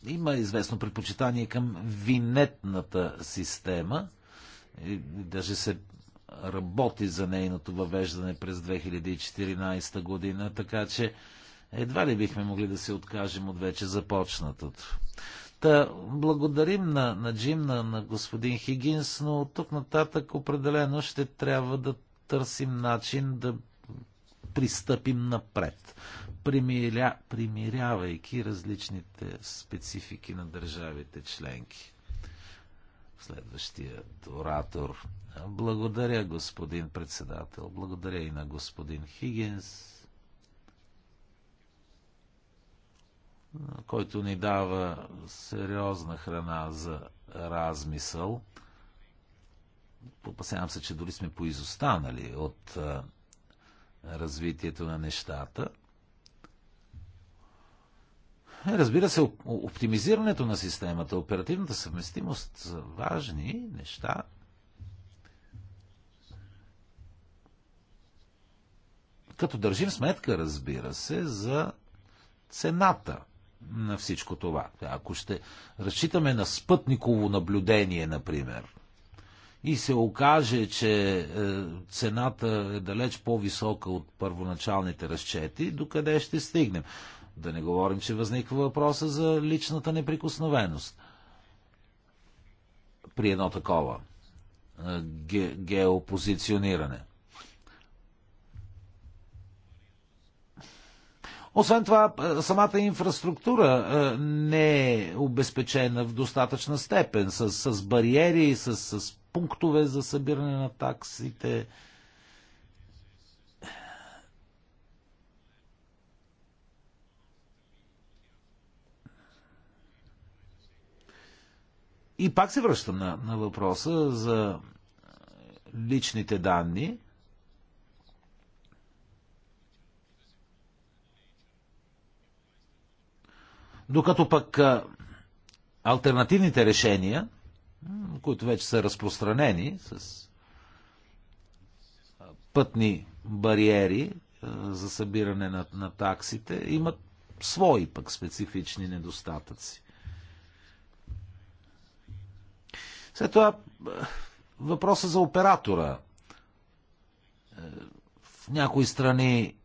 Има известно предпочитание към винетната система. Даже се работи за нейното въвеждане през 2014 година, така че едва ли бихме могли да се откажем от вече започнатото. Та, благодарим на, на Джим, на, на господин Хигинс, но от тук нататък определено ще трябва да търсим начин да пристъпим напред, примиря, примирявайки различните специфики на държавите членки. Следващият оратор. Благодаря, господин председател. Благодаря и на господин Хигинс. който ни дава сериозна храна за размисъл. Попасявам се, че дори сме поизостанали от развитието на нещата. Е, разбира се, оптимизирането на системата, оперативната съвместимост са важни неща. Като държим сметка, разбира се, за цената на всичко това. Ако ще разчитаме на спътниково наблюдение, например, и се окаже, че е, цената е далеч по-висока от първоначалните разчети, докъде ще стигнем? Да не говорим, че възниква въпроса за личната неприкосновеност при едно такова е, ге- геопозициониране. Освен това, е, самата инфраструктура е, не е обезпечена в достатъчна степен с, с бариери, с, с пунктове за събиране на таксите. И пак се връщам на, на въпроса за личните данни – Докато пък альтернативните решения, които вече са разпространени с пътни бариери за събиране на, на таксите, имат свои пък специфични недостатъци. След това въпроса за оператора. Е, в някои страни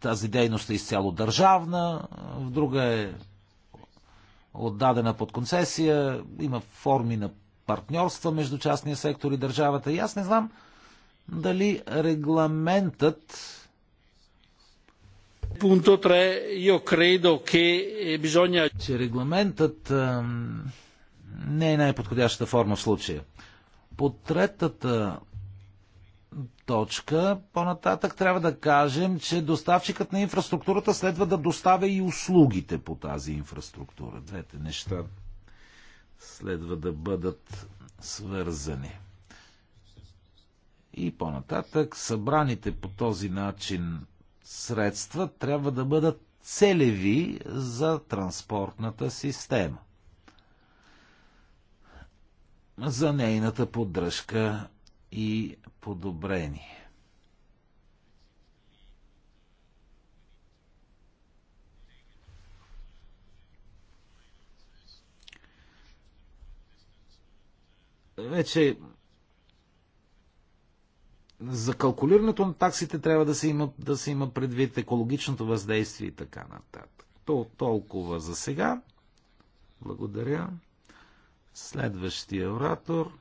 тази дейност е изцяло държавна, в друга е отдадена под концесия, има форми на партньорства между частния сектор и държавата. И аз не знам дали регламентът Пункто 3, io credo che е, bisogna... Че регламентът не е най-подходящата форма в случая. По третата точка по-нататък трябва да кажем, че доставчикът на инфраструктурата следва да доставя и услугите по тази инфраструктура. Двете неща следва да бъдат свързани. И по-нататък събраните по този начин средства трябва да бъдат целеви за транспортната система. За нейната поддръжка и подобрени. Вече за калкулирането на таксите трябва да се има, да се има предвид екологичното въздействие и така нататък. То толкова за сега. Благодаря. Следващия оратор.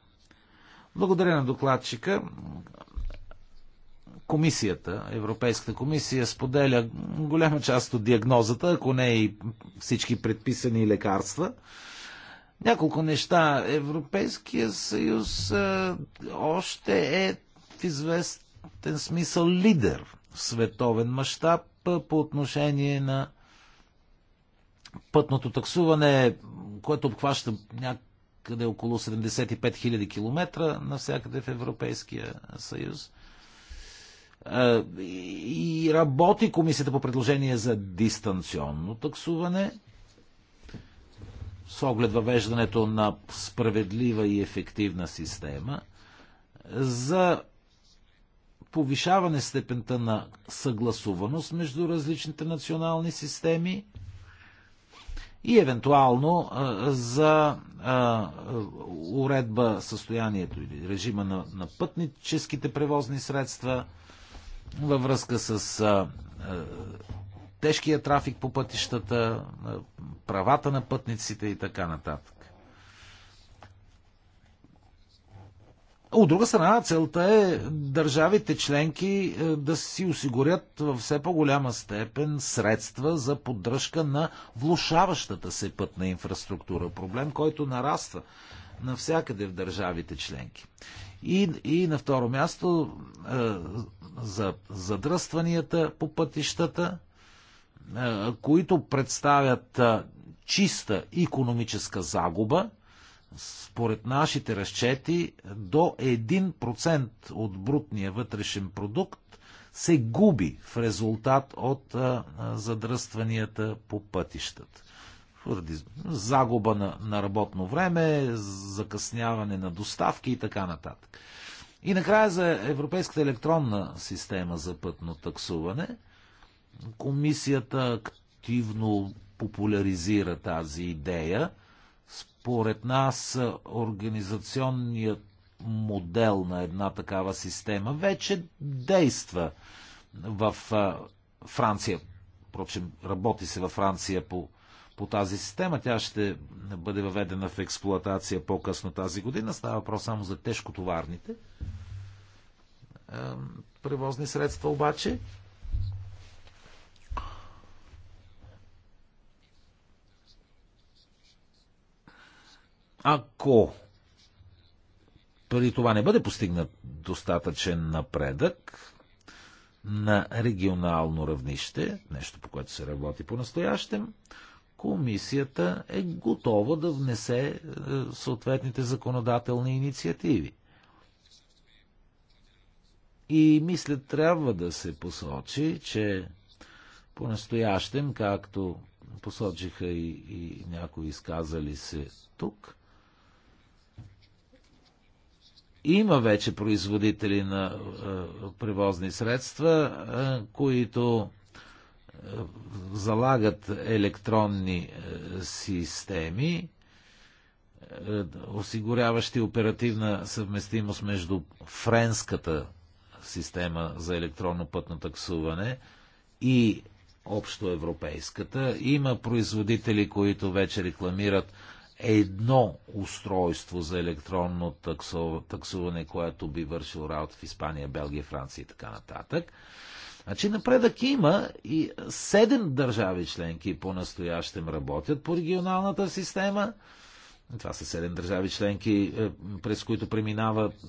Благодаря на докладчика. Комисията, Европейската комисия, споделя голяма част от диагнозата, ако не и всички предписани лекарства. Няколко неща. Европейския съюз а, още е в известен смисъл лидер в световен мащаб по отношение на пътното таксуване, което обхваща някакъв някъде около 75 000 км навсякъде в Европейския съюз. И работи комисията по предложение за дистанционно таксуване с оглед въвеждането на справедлива и ефективна система за повишаване степента на съгласуваност между различните национални системи и евентуално за уредба състоянието или режима на, на пътническите превозни средства във връзка с а, а, тежкия трафик по пътищата, а, правата на пътниците и така нататък. От друга страна, целта е държавите членки е, да си осигурят в все по-голяма степен средства за поддръжка на влушаващата се пътна инфраструктура. Проблем, който нараства навсякъде в държавите членки. И, и на второ място е, за задръстванията по пътищата, е, които представят е, чиста економическа загуба според нашите разчети, до 1% от брутния вътрешен продукт се губи в резултат от задръстванията по пътищата. Поради загуба на, на работно време, закъсняване на доставки и така нататък. И накрая за Европейската електронна система за пътно таксуване. Комисията активно популяризира тази идея – според нас е, организационният модел на една такава система вече действа в е, Франция. Впрочем, работи се във Франция по, по тази система. Тя ще бъде въведена в експлуатация по-късно тази година. Става въпрос само за тежкотоварните е, превозни средства обаче. Ако преди това не бъде постигнат достатъчен напредък на регионално равнище, нещо по което се работи по-настоящем, комисията е готова да внесе е, съответните законодателни инициативи. И мисля, трябва да се посочи, че по-настоящем, както посочиха и, и някои изказали се тук, Има вече производители на е, превозни средства, е, които е, залагат електронни системи, осигуряващи оперативна съвместимост между френската система за електронно пътно таксуване и общоевропейската. Има производители, които вече рекламират едно устройство за електронно таксуване, което би вършил работа в Испания, Белгия, Франция и така нататък. Значи напредък има и седем държави членки по-настоящем работят по регионалната система. Това са седем държави членки, е, през които преминава е,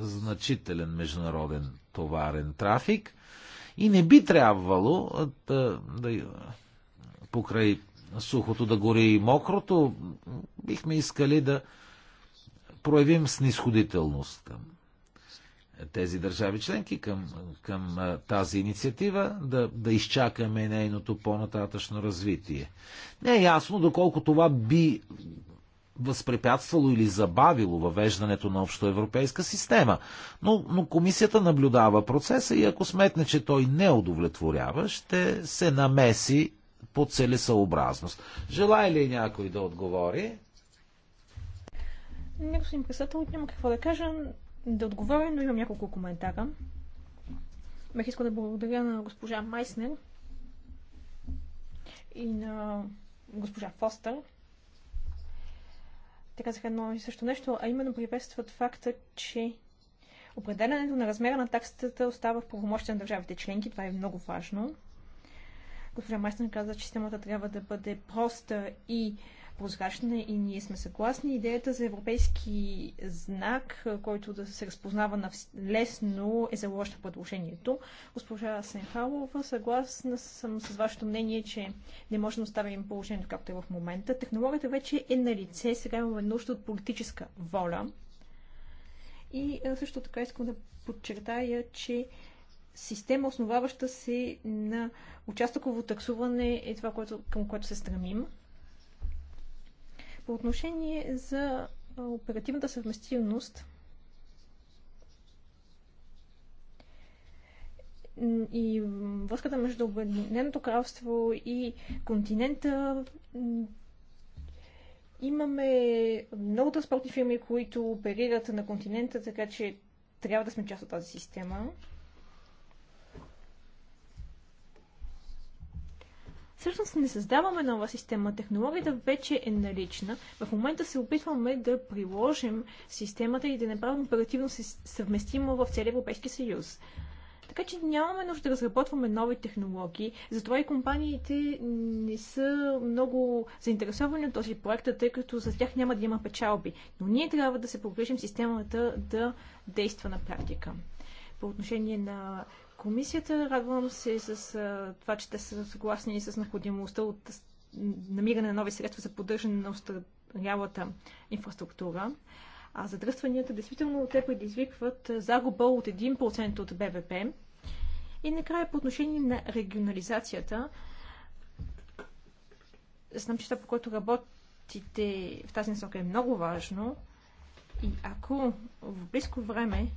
значителен международен товарен трафик. И не би трябвало е, да, да, покрай сухото да гори и мокрото, бихме искали да проявим снисходителност към тези държави членки, към, към тази инициатива, да, да изчакаме нейното по-нататъчно развитие. Не е ясно доколко това би възпрепятствало или забавило въвеждането на общоевропейска система. Но, но комисията наблюдава процеса и ако сметне, че той не удовлетворява, ще се намеси по целесъобразност. Желая ли някой да отговори? Не, господин председател, няма какво да кажа. Да отговоря, но имам няколко коментара. Бех искал да благодаря на госпожа Майснер и на госпожа Фостър. Те казаха едно и също нещо, а именно приветстват факта, че определенето на размера на таксата остава в правомощите на държавите членки. Това е много важно. Госпожа Майстън каза, че системата трябва да бъде проста и прозрачна и ние сме съгласни. Идеята за европейски знак, който да се разпознава лесно, е заложена в предложението. Госпожа Сенхалова, съгласна съм с вашето мнение, че не може да оставим положението както е в момента. Технологията вече е на лице, сега имаме нужда от политическа воля. И също така искам да подчертая, че система, основаваща се на участъково таксуване е това, което, към което се стремим. По отношение за оперативната съвместимост и връзката между Обединеното кралство и континента имаме много транспортни фирми, които оперират на континента, така че трябва да сме част от тази система. Всъщност не създаваме нова система. Технологията вече е налична. В момента се опитваме да приложим системата и да направим оперативно съвместимо в целия Европейски съюз. Така че нямаме нужда да разработваме нови технологии. Затова и компаниите не са много заинтересовани от този проект, тъй като за тях няма да има печалби. Но ние трябва да се погрежим системата да действа на практика. По отношение на комисията. Радвам се с а, това, че те са съгласни и с необходимостта от намиране на нови средства за поддържане на остарялата инфраструктура. А задръстванията действително те предизвикват загуба от 1% от БВП. И накрая по отношение на регионализацията, знам, че това, по което работите в тази насока е много важно. И ако в близко време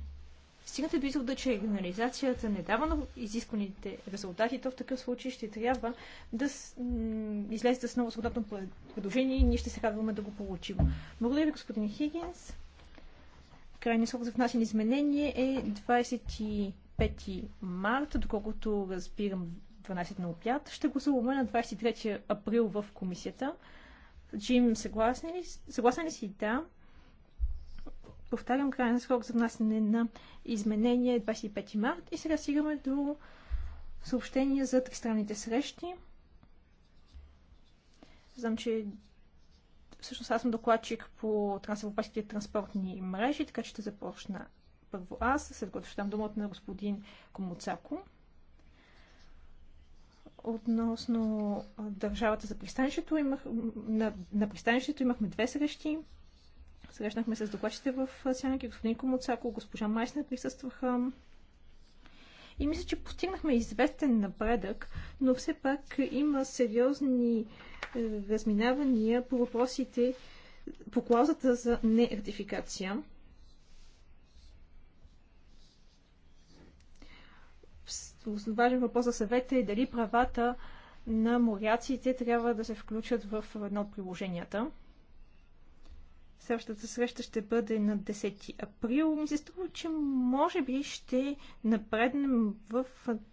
стигнете до извода, че регионализацията не дава на изискваните резултати, то в такъв случай ще трябва да излезете с ново свободно предложение и ние ще се радваме да го получим. Благодаря ви, господин Хигинс. Крайният срок за внасяне изменение е 25 марта, доколкото разбирам 12 на обяд. Ще гласуваме на 23 април в комисията. Джим, съгласен ли, съгласен ли си? Да. Повтарям, крайен срок за внасяне на изменения е 25 март и сега стигаме до съобщения за тристранните срещи. Знам, че всъщност аз съм докладчик по трансевропейските транспортни мрежи, така че ще започна първо аз, след което ще дам думата на господин Комуцако. Относно държавата за пристанището, имах, на, на пристанището имахме две срещи. Срещнахме с докладчите в Сянък и господин Комуцако, госпожа Майсна присъстваха. И мисля, че постигнахме известен напредък, но все пак има сериозни е, разминавания по въпросите по клаузата за нератификация. Важен въпрос за съвета е дали правата на моряците трябва да се включат в едно от приложенията. Следващата среща ще бъде на 10 април. Ми се струва, че може би ще напреднем в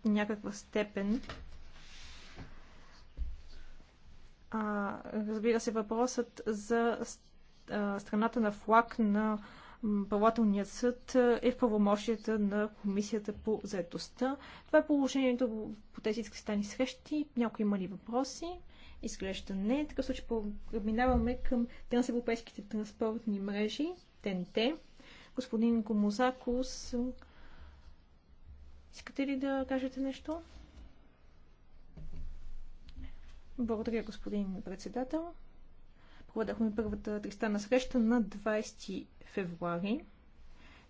някаква степен. А, разбира се, въпросът за страната на флаг на Палателният съд е в правомощията на Комисията по заедостта. Това е положението по тези стани срещи. Някой има ли въпроси? Изглежда не. Така случай преминаваме към трансевропейските транспортни мрежи, ТНТ. Господин Гомозакос, искате ли да кажете нещо? Благодаря, господин председател. Проведахме първата тристана среща на 20 февруари.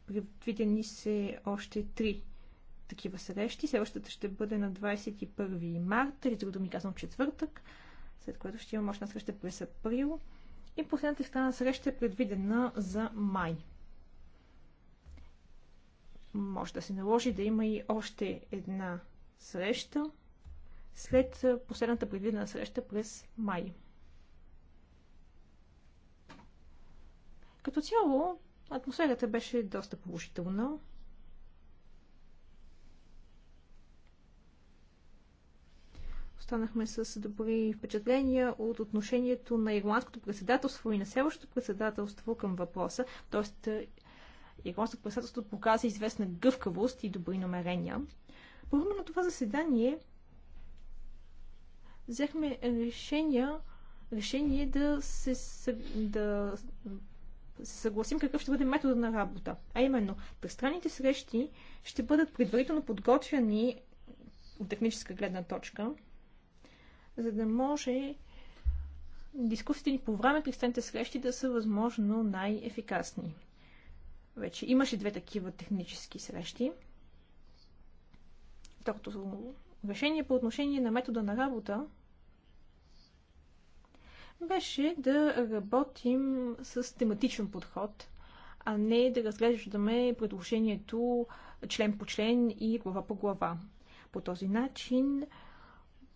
Предвидени се още три такива срещи. Следващата ще бъде на 21 марта, или друго ми казвам четвъртък след което ще имаме мощна среща през април. И последната страна среща е предвидена за май. Може да се наложи да има и още една среща след последната предвидена среща през май. Като цяло, атмосферата беше доста положителна. останахме с добри впечатления от отношението на ирландското председателство и на следващото председателство към въпроса. Тоест, е, ирландското председателство показа известна гъвкавост и добри намерения. По време на това заседание взехме решение, решение да се, да се съгласим какъв ще бъде метода на работа. А именно, тристранните срещи ще бъдат предварително подготвени от техническа гледна точка за да може дискусиите ни по време тристранните срещи да са възможно най-ефикасни. Вече имаше две такива технически срещи. Второто решение по отношение на метода на работа беше да работим с тематичен подход, а не да разглеждаме предложението член по член и глава по глава. По този начин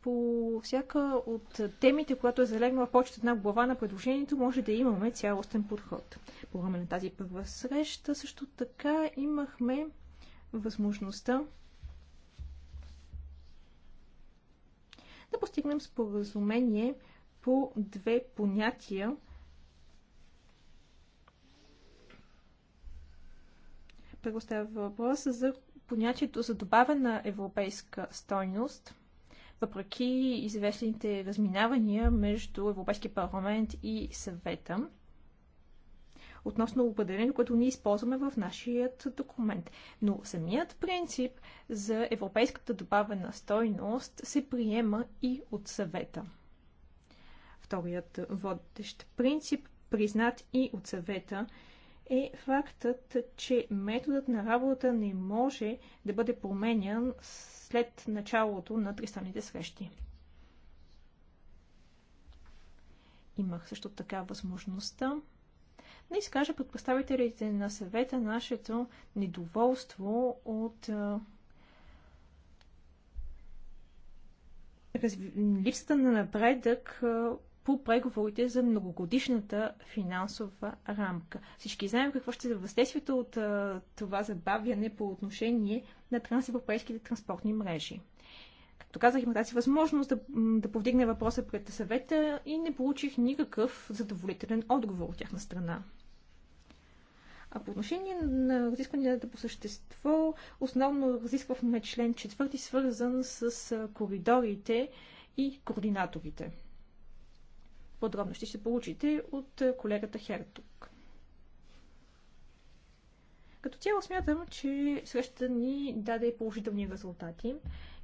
по всяка от темите, която е залегнала в почта една глава на предложението, може да имаме цялостен подход. По време на тази първа среща също така имахме възможността да постигнем споразумение по две понятия, Първо става въпрос за понятието за добавена европейска стойност – въпреки известните разминавания между Европейския парламент и съвета относно определение, което ние използваме в нашият документ. Но самият принцип за европейската добавена стойност се приема и от съвета. Вторият водещ принцип, признат и от съвета, е фактът, че методът на работа не може да бъде променян след началото на тристранните срещи. Имах също така възможността да изкажа пред представителите на съвета нашето недоволство от липсата на напредък по преговорите за многогодишната финансова рамка. Всички знаем какво ще е въздействието от а, това забавяне по отношение на трансевропейските транспортни мрежи. Както казах, има тази възможност да, да повдигне въпроса пред съвета и не получих никакъв задоволителен отговор от тяхна страна. А по отношение на разискванията по същество, основно разисквахме член 4, свързан с коридорите и координаторите подробности ще получите от е, колегата Хертук. Като цяло смятам, че срещата ни даде положителни резултати.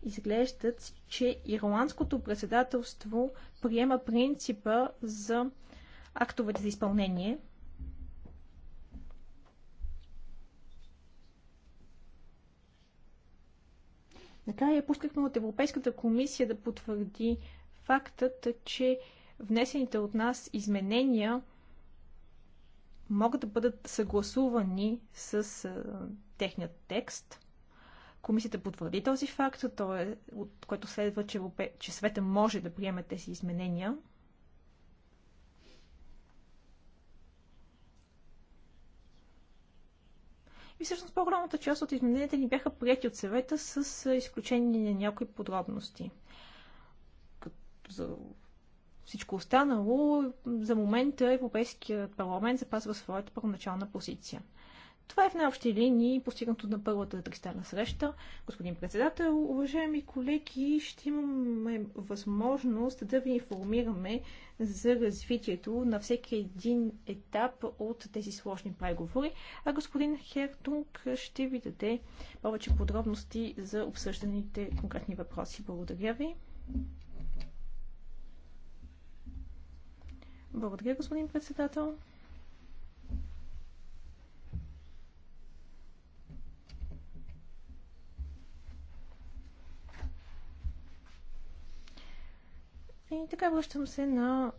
Изглеждат, че ирландското председателство приема принципа за актовете за изпълнение. Накрая пускахме от Европейската комисия да потвърди фактът, че внесените от нас изменения могат да бъдат съгласувани с а, техният текст. Комисията потвърди този факт, то е, от което следва, че, въпе, че света може да приеме тези изменения. И всъщност по-голямата част от измененията ни бяха прияти от съвета с изключение на някои подробности. Като за всичко останало, за момента Европейският парламент запазва своята първоначална позиция. Това е в най-общи линии постигнато на първата тристранна среща. Господин председател, уважаеми колеги, ще имаме възможност да ви информираме за развитието на всеки един етап от тези сложни преговори, а господин Хертунг ще ви даде повече подробности за обсъжданите конкретни въпроси. Благодаря ви. Благодаря, господин председател. И така връщам се на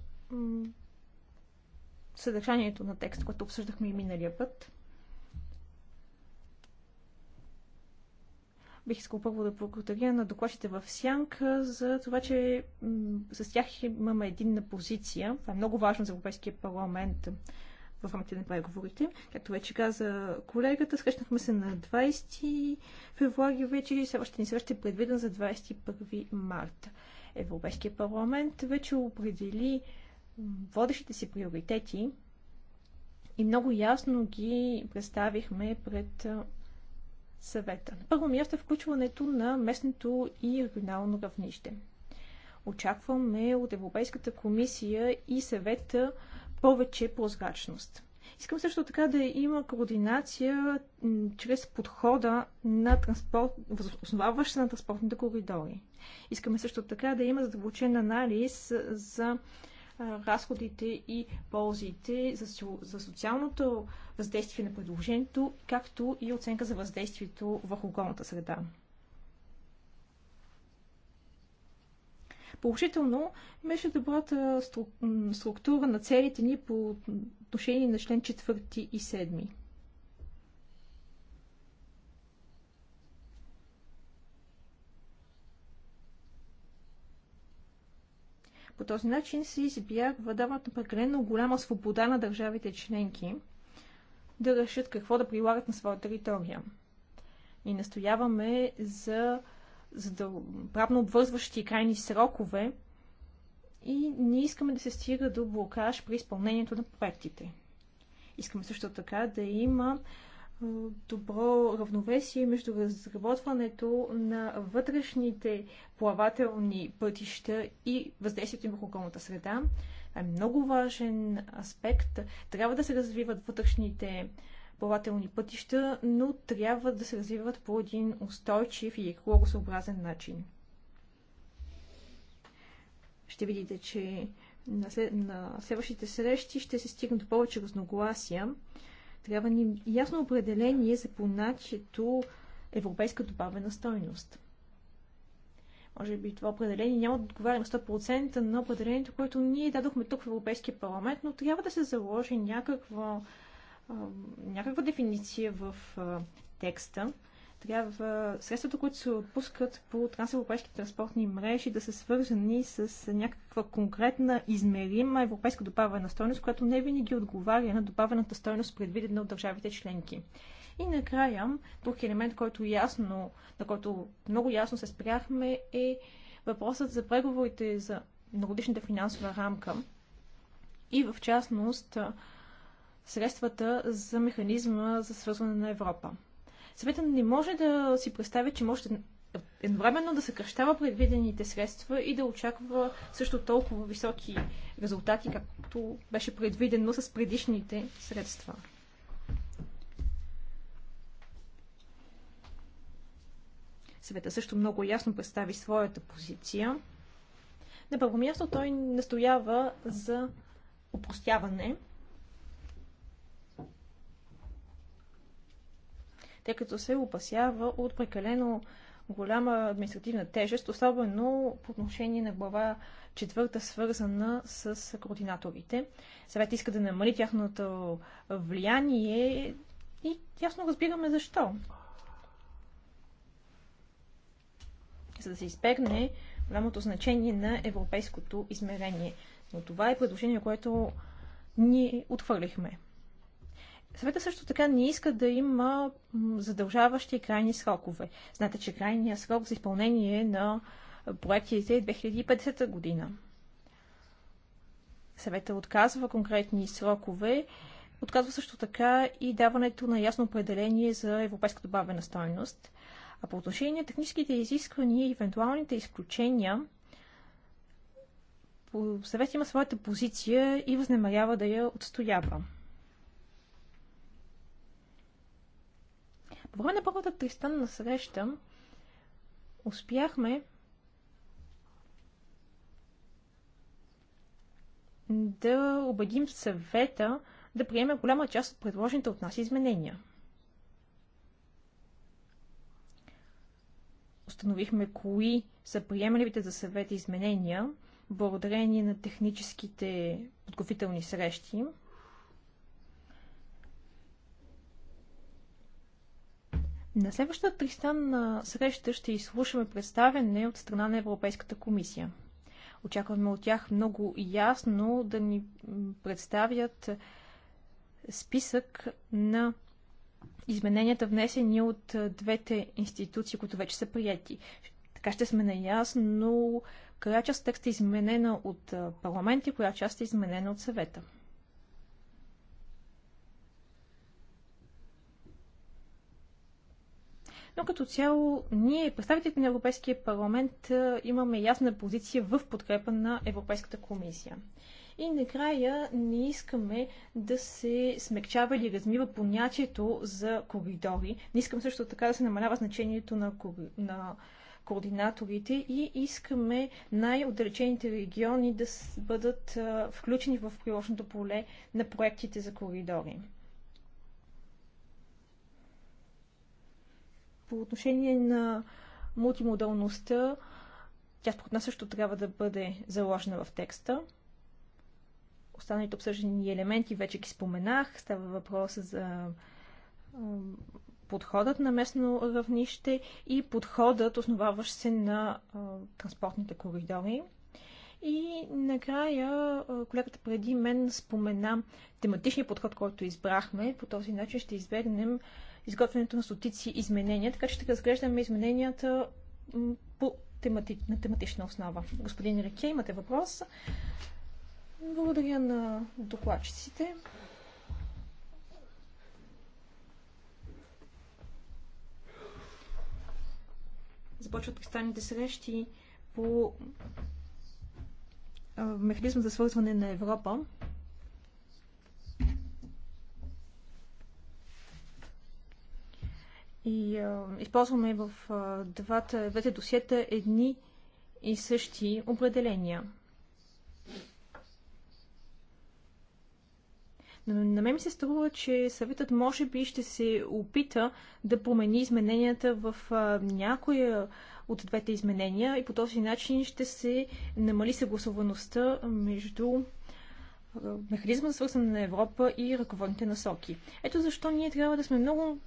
съдържанието на текст, което обсъждахме и миналия път. Бих искал първо да благодаря на докладчите в Сянка за това, че с тях имаме единна позиция. Това е много важно за Европейския парламент в рамките на преговорите. Както вече каза колегата, срещнахме се на 20 февруари вече и следващата ни среща е предвиден за 21 марта. Европейския парламент вече определи водещите си приоритети и много ясно ги представихме пред съвета. На първо място е включването на местното и регионално равнище. Очакваме от Европейската комисия и съвета повече прозрачност. Искам също така да има координация чрез подхода на транспорт, основаващ на транспортните коридори. Искаме също така да има задълбочен анализ за разходите и ползите за, за социалното въздействие на предложението, както и оценка за въздействието върху околната среда. Положително беше добрата структура на целите ни по отношение на член 4 и 7. По този начин се избягва дават прекалено голяма свобода на държавите членки да решат какво да прилагат на своя територия. И настояваме за, за да, правно обвързващи крайни срокове и не искаме да се стига до блокаж при изпълнението на проектите. Искаме също така да има добро равновесие между разработването на вътрешните плавателни пътища и въздействието им върху околната среда. Е много важен аспект. Трябва да се развиват вътрешните плавателни пътища, но трябва да се развиват по един устойчив и екологосъобразен начин. Ще видите, че на, на следващите срещи ще се стигне до повече разногласия трябва ни ясно определение за поначето европейска добавена стойност. Може би това определение няма да отговаря на 100% на определението, което ние дадохме тук в Европейския парламент, но трябва да се заложи някаква, някаква дефиниция в текста, трябва средствата, които се отпускат по трансевропейските транспортни мрежи да са свързани с някаква конкретна измерима европейска добавена стойност, която не винаги отговаря на добавената стойност, предвидена от държавите членки. И накрая, друг елемент, който ясно, на който много ясно се спряхме, е въпросът за преговорите за многодишната финансова рамка и в частност средствата за механизма за свързване на Европа. Съветът не може да си представи, че може едновременно да съкръщава предвидените средства и да очаква също толкова високи резултати, както беше предвидено с предишните средства. Съвета също много ясно представи своята позиция. На първо място той настоява за опростяване тъй като се опасява от прекалено голяма административна тежест, особено по отношение на глава четвърта, свързана с координаторите. Съвет иска да намали тяхното влияние и ясно разбираме защо. За да се избегне голямото значение на европейското измерение. Но това е предложение, което ние отхвърлихме. Съвета също така не иска да има задължаващи крайни срокове. Знаете, че крайният срок за изпълнение на проектите е 2050 година. Съвета отказва конкретни срокове, отказва също така и даването на ясно определение за европейска добавена стойност. А по отношение на техническите изисквания и евентуалните изключения, съвет има своята позиция и възнамерява да я отстоява. По време на първата тристанна среща успяхме да убедим съвета да приеме голяма част от предложените от нас изменения. Установихме кои са приемливите за съвета изменения, благодарение на техническите подготвителни срещи – На следващата на среща ще изслушаме представене от страна на Европейската комисия. Очакваме от тях много ясно да ни представят списък на измененията внесени от двете институции, които вече са прияти. Така ще сме наясно коя част текста е изменена от парламент и коя част е изменена от съвета. но като цяло ние, представителите на Европейския парламент, имаме ясна позиция в подкрепа на Европейската комисия. И накрая не искаме да се смекчава или размива понятието за коридори. Не искам също така да се намалява значението на, на координаторите и искаме най-отдалечените региони да бъдат а, включени в приложното поле на проектите за коридори. по отношение на мултимодалността, тя според нас също трябва да бъде заложена в текста. Останалите обсъждани елементи вече ги споменах. Става въпрос за подходът на местно равнище и подходът, основаващ се на транспортните коридори. И накрая колегата преди мен спомена тематичния подход, който избрахме. По този начин ще избегнем изготвянето на стотици изменения, така че ще разглеждаме измененията по темати... на тематична основа. Господин Реке, имате въпрос. Благодаря на докладчиците. Започват кристалните срещи по механизма за свързване на Европа. и а, използваме в а, двата, двете досиета едни и същи определения. Но на мен ми се струва, че съветът може би ще се опита да промени измененията в а, някоя от двете изменения и по този начин ще се намали съгласуваността между механизма за свързване на Европа и ръководните насоки. Ето защо ние трябва да сме много,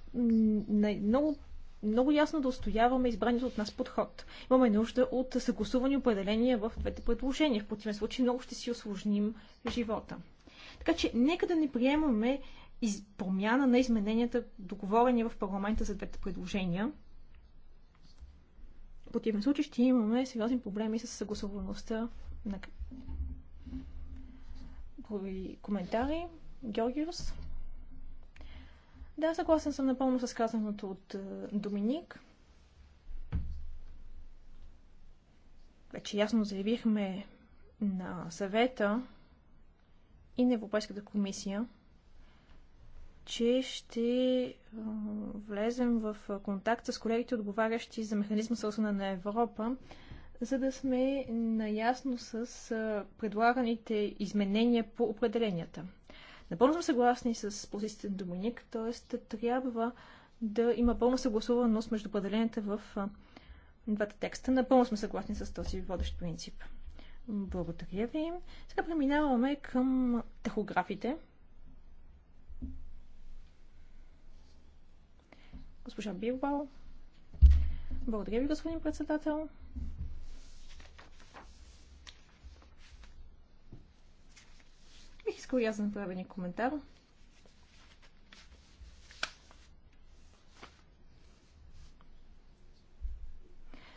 много много ясно да устояваме избраният от нас подход. Имаме нужда от съгласувани определения в двете предложения. В противен случай много ще си осложним живота. Така че нека да не приемаме из... промяна на измененията, договорени в парламента за двете предложения. В противен случай ще имаме сериозни проблеми с съгласуваността на коментари? Георгиус? Да, съгласен съм напълно с казаното от е, Доминик. Вече ясно заявихме на съвета и на Европейската комисия, че ще е, влезем в е, контакт с колегите, отговарящи за механизма свързана на Европа, за да сме наясно с предлаганите изменения по определенията. Напълно съм съгласни с позицията на Доминик, т.е. трябва да има пълна съгласуваност между определенията в двата текста. Напълно сме съгласни с този водещ принцип. Благодаря ви. Сега преминаваме към тахографите. Госпожа Бирбал. Благодаря ви, господин председател. искал и аз да направя един коментар.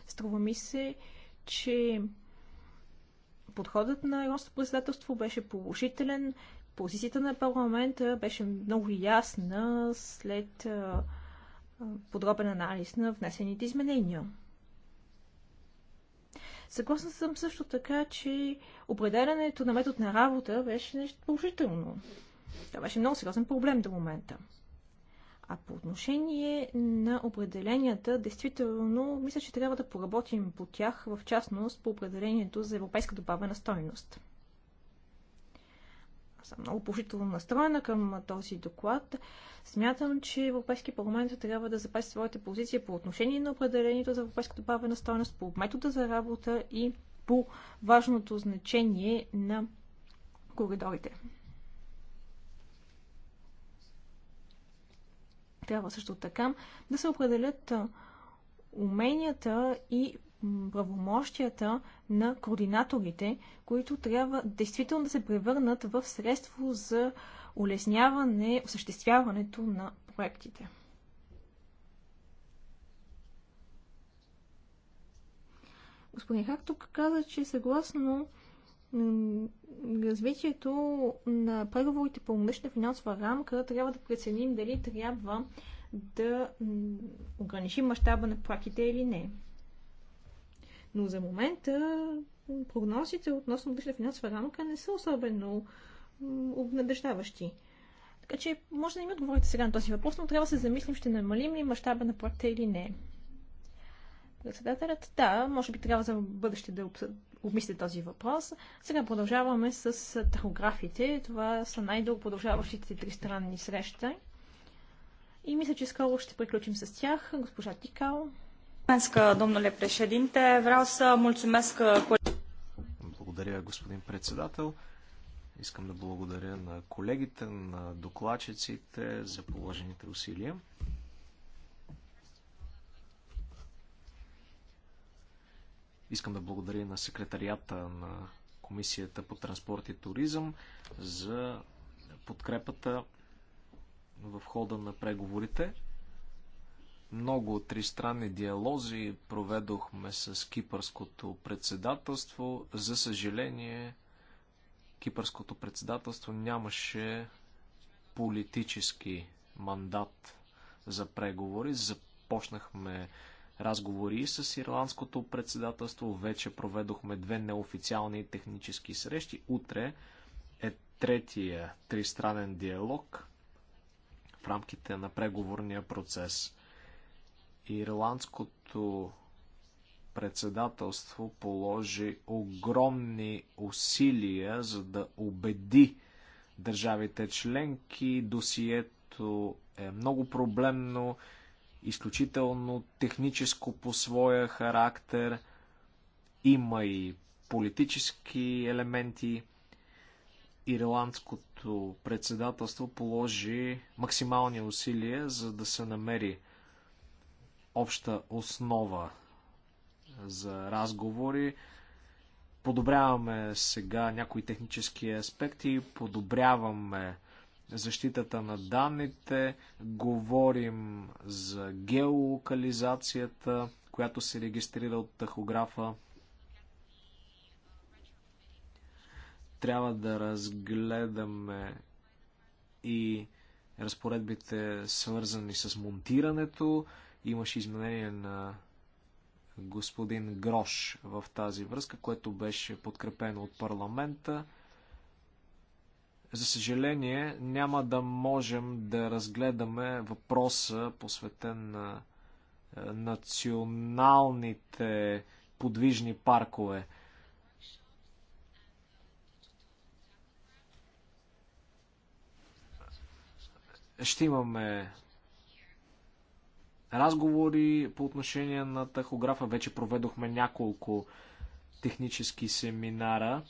Струва ми се, че подходът на Иронското председателство беше положителен. Позицията на парламента беше много ясна след подробен анализ на внесените изменения. Съгласна съм също така, че определянето на метод на работа беше нещо положително. Това беше много сериозен проблем до момента. А по отношение на определенията, действително, мисля, че трябва да поработим по тях, в частност по определението за европейска добавена стойност съм много положително настроена към този доклад. Смятам, че Европейски парламент трябва да запази своята позиция по отношение на определението за европейска добавена стоеност, по метода за работа и по важното значение на коридорите. Трябва също така да се определят уменията и правомощията на координаторите, които трябва действително да се превърнат в средство за улесняване осъществяването на проектите. Господин Хартук каза, че съгласно развитието на преговорите по мъжна финансова рамка трябва да преценим дали трябва да ограничим мащаба на праките или не. Но за момента прогнозите относно годишна финансова рамка не са особено обнадеждаващи. Така че може да не ми отговорите сега на този въпрос, но трябва да се замислим, ще намалим ли мащаба на проекта или не. Председателят, да, може би трябва за бъдеще да обмисли този въпрос. Сега продължаваме с тахографите. Това са най-дълго продължаващите тристранни срещи. И мисля, че скоро ще приключим с тях. Госпожа Тикал. Domnule președinte, vreau să mulțumesc... Благодаря, господин председател. Искам да благодаря на колегите, на докладчиците за положените усилия. Искам да благодаря на секретарията на Комисията по транспорт и туризъм за подкрепата в хода на преговорите. Много тристранни диалози проведохме с кипърското председателство. За съжаление, кипърското председателство нямаше политически мандат за преговори. Започнахме разговори с ирландското председателство. Вече проведохме две неофициални технически срещи. Утре е третия тристранен диалог в рамките на преговорния процес. Ирландското председателство положи огромни усилия, за да убеди държавите членки. Досието е много проблемно, изключително техническо по своя характер. Има и политически елементи. Ирландското председателство положи максимални усилия, за да се намери обща основа за разговори. Подобряваме сега някои технически аспекти, подобряваме защитата на данните, говорим за геолокализацията, която се регистрира от тахографа. Трябва да разгледаме и разпоредбите свързани с монтирането Имаше изменение на господин Грош в тази връзка, което беше подкрепено от парламента. За съжаление, няма да можем да разгледаме въпроса, посветен на е, националните подвижни паркове. Ще имаме разговори по отношение на тахографа. Вече проведохме няколко технически семинара.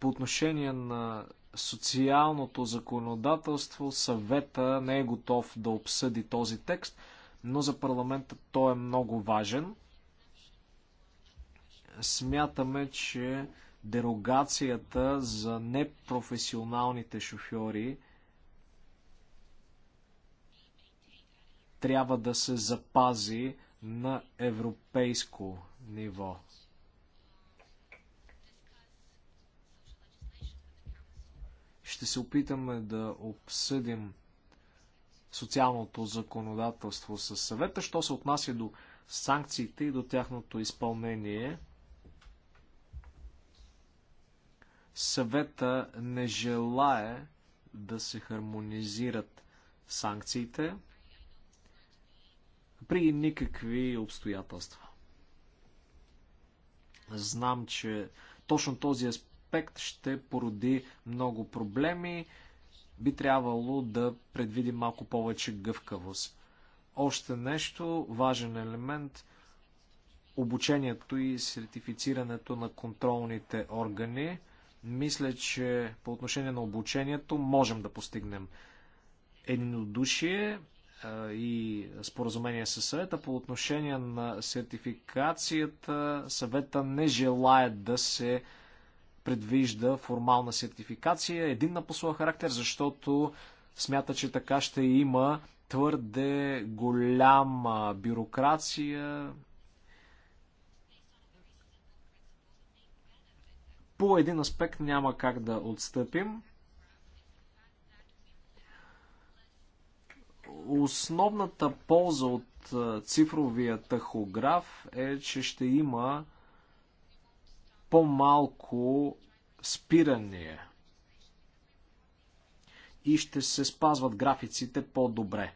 По отношение на социалното законодателство, съвета не е готов да обсъди този текст, но за парламента той е много важен. Смятаме, че дерогацията за непрофесионалните шофьори трябва да се запази на европейско ниво. Ще се опитаме да обсъдим социалното законодателство със съвета, що се отнася до санкциите и до тяхното изпълнение. Съвета не желае да се хармонизират санкциите при никакви обстоятелства. Знам, че точно този аспект ще породи много проблеми. Би трябвало да предвидим малко повече гъвкавост. Още нещо, важен елемент обучението и сертифицирането на контролните органи. Мисля, че по отношение на обучението можем да постигнем единодушие и споразумение с съвета. По отношение на сертификацията, съвета не желая да се предвижда формална сертификация, един по своя характер, защото смята, че така ще има твърде голяма бюрокрация. По един аспект няма как да отстъпим. Основната полза от цифровия тахограф е, че ще има по-малко спиране и ще се спазват графиците по-добре.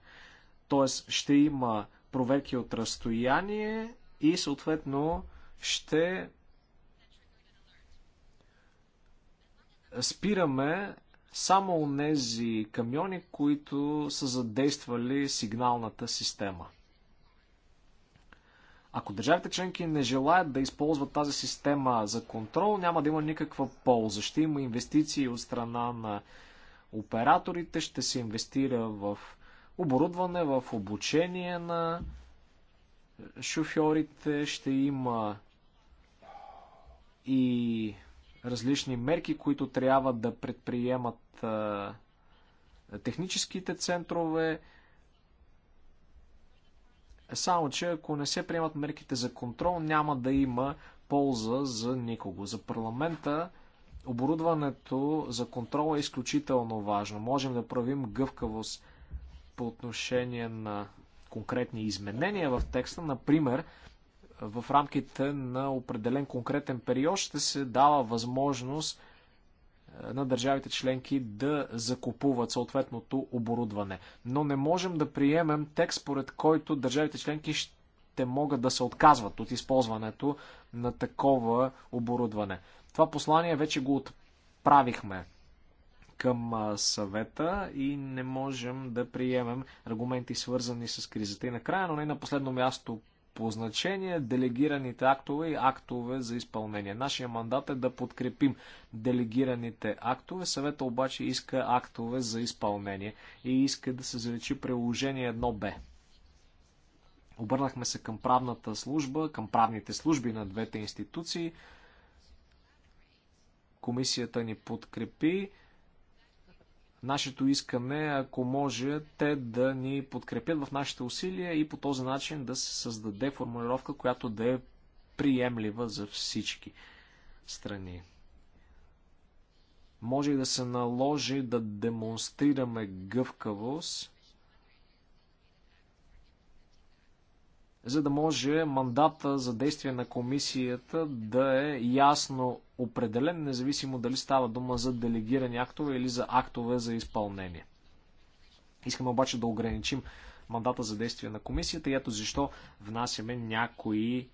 Тоест ще има проверки от разстояние и съответно ще спираме само нези камиони, които са задействали сигналната система. Ако държавите членки не желаят да използват тази система за контрол, няма да има никаква полза. Ще има инвестиции от страна на операторите, ще се инвестира в оборудване, в обучение на шофьорите, ще има и различни мерки, които трябва да предприемат техническите центрове. Само, че ако не се приемат мерките за контрол, няма да има полза за никого. За парламента оборудването за контрол е изключително важно. Можем да правим гъвкавост по отношение на конкретни изменения в текста. Например, в рамките на определен конкретен период ще се дава възможност е, на държавите членки да закупуват съответното оборудване. Но не можем да приемем текст, според който държавите членки ще могат да се отказват от използването на такова оборудване. Това послание вече го отправихме към съвета и не можем да приемем аргументи свързани с кризата. И накрая, но не на последно място по значение делегираните актове и актове за изпълнение. Нашия мандат е да подкрепим делегираните актове. Съвета обаче иска актове за изпълнение и иска да се заличи приложение 1Б. Обърнахме се към правната служба, към правните служби на двете институции. Комисията ни подкрепи нашето искане, ако може, те да ни подкрепят в нашите усилия и по този начин да се създаде формулировка, която да е приемлива за всички страни. Може и да се наложи да демонстрираме гъвкавост, за да може мандата за действие на комисията да е ясно определен, независимо дали става дума за делегирани актове или за актове за изпълнение. Искаме обаче да ограничим мандата за действие на комисията и ето защо внасяме някои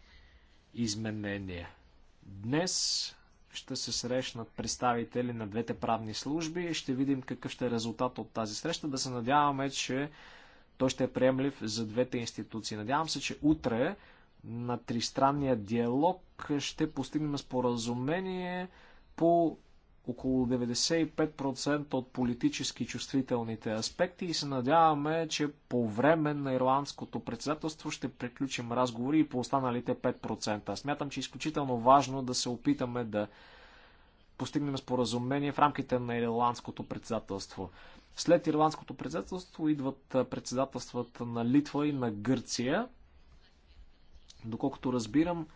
изменения. Днес ще се срещнат представители на двете правни служби. и Ще видим какъв ще е резултат от тази среща. Да се надяваме, че той ще е приемлив за двете институции. Надявам се, че утре на тристранния диалог ще постигнем споразумение по около 95% от политически чувствителните аспекти и се надяваме, че по време на ирландското председателство ще приключим разговори и по останалите 5%. Смятам, че е изключително важно да се опитаме да постигнем споразумение в рамките на ирландското председателство. След ирландското председателство идват председателствата на Литва и на Гърция. Доколкото разбирам,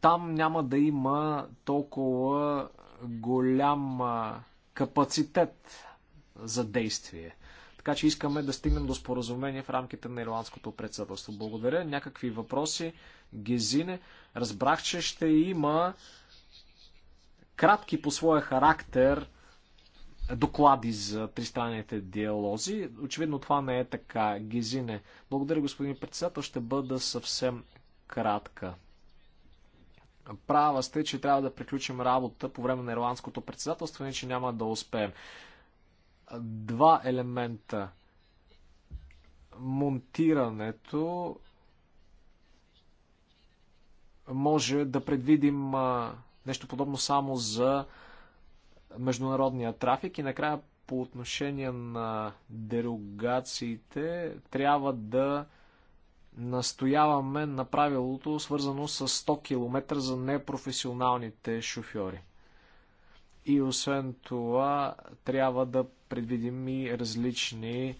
там няма да има толкова голям капацитет за действие. Така че искаме да стигнем до споразумение в рамките на ирландското председателство. Благодаря. Някакви въпроси? Гезине, разбрах, че ще има кратки по своя характер доклади за тристранните диалози. Очевидно това не е така. Гезине. Благодаря, господин председател. Ще бъда съвсем кратка. Права сте, че трябва да приключим работа по време на ирландското председателство, иначе няма да успеем. Два елемента. Монтирането може да предвидим нещо подобно само за международния трафик и накрая по отношение на дерогациите трябва да настояваме на правилото свързано с 100 км за непрофесионалните шофьори. И освен това трябва да предвидим и различни е,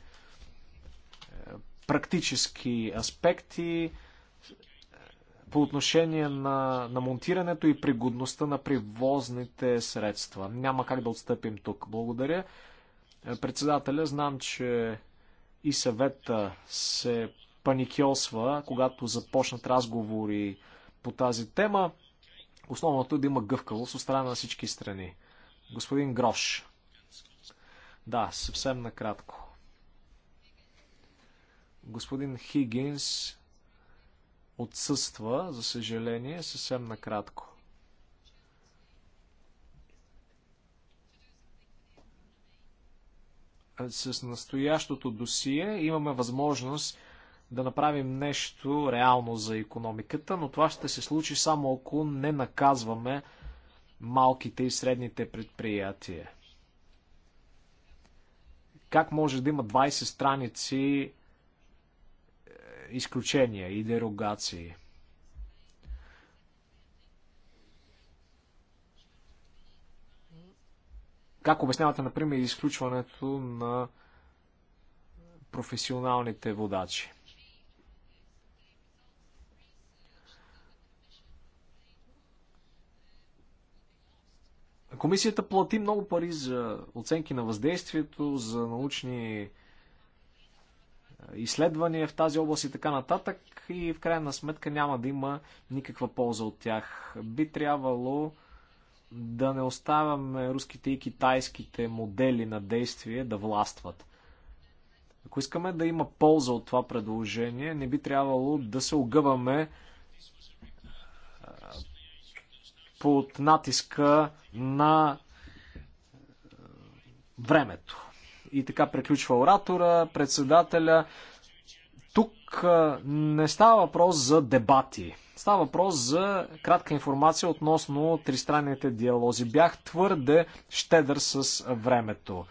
практически аспекти, по отношение на, на монтирането и пригодността на превозните средства. Няма как да отстъпим тук. Благодаря. Е, председателя, знам, че и съвета се паникьосва, когато започнат разговори по тази тема. Основното е да има гъвкавост от страна на всички страни. Господин Грош. Да, съвсем накратко. Господин Хигинс отсъства, за съжаление, съвсем накратко. С настоящото досие имаме възможност да направим нещо реално за економиката, но това ще се случи само ако не наказваме малките и средните предприятия. Как може да има 20 страници изключения и дерогации. Как обяснявате, например, изключването на професионалните водачи? Комисията плати много пари за оценки на въздействието, за научни изследвания в тази област и така нататък и в крайна сметка няма да има никаква полза от тях. Би трябвало да не оставяме руските и китайските модели на действие да властват. Ако искаме да има полза от това предложение, не би трябвало да се огъваме под натиска на времето. И така приключва оратора, председателя. Тук не става въпрос за дебати. Става въпрос за кратка информация относно тристранните диалози. Бях твърде щедър с времето.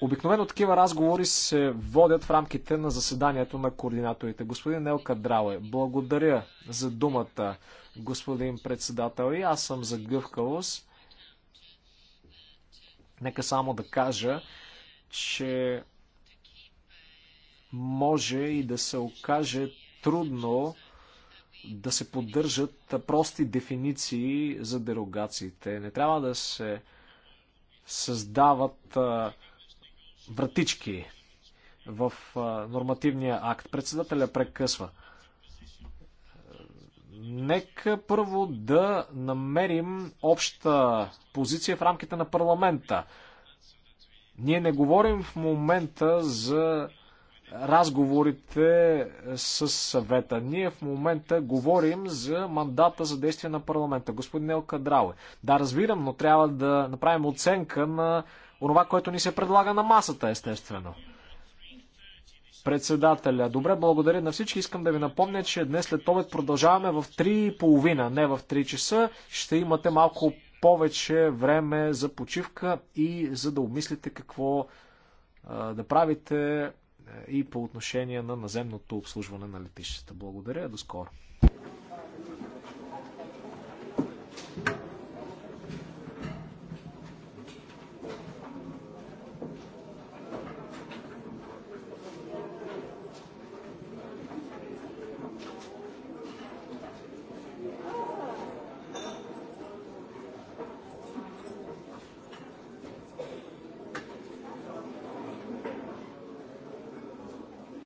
Обикновено такива разговори се водят в рамките на заседанието на координаторите. Господин Елка Драуе, благодаря за думата, господин председател. И аз съм за гъвкавост. Нека само да кажа, че може и да се окаже трудно да се поддържат прости дефиниции за дерогациите. Не трябва да се създават вратички в нормативния акт. Председателя прекъсва. Нека първо да намерим обща позиция в рамките на парламента. Ние не говорим в момента за разговорите с съвета. Ние в момента говорим за мандата за действие на парламента. Господин Елка Драуе. Да, разбирам, но трябва да направим оценка на онова, което ни се предлага на масата, естествено. Председателя. Добре, благодаря на всички. Искам да ви напомня, че днес след обед продължаваме в 3.30, не в 3 часа. Ще имате малко повече време за почивка и за да обмислите какво да правите е, и по отношение на наземното обслужване на летищата. Благодаря, до скоро!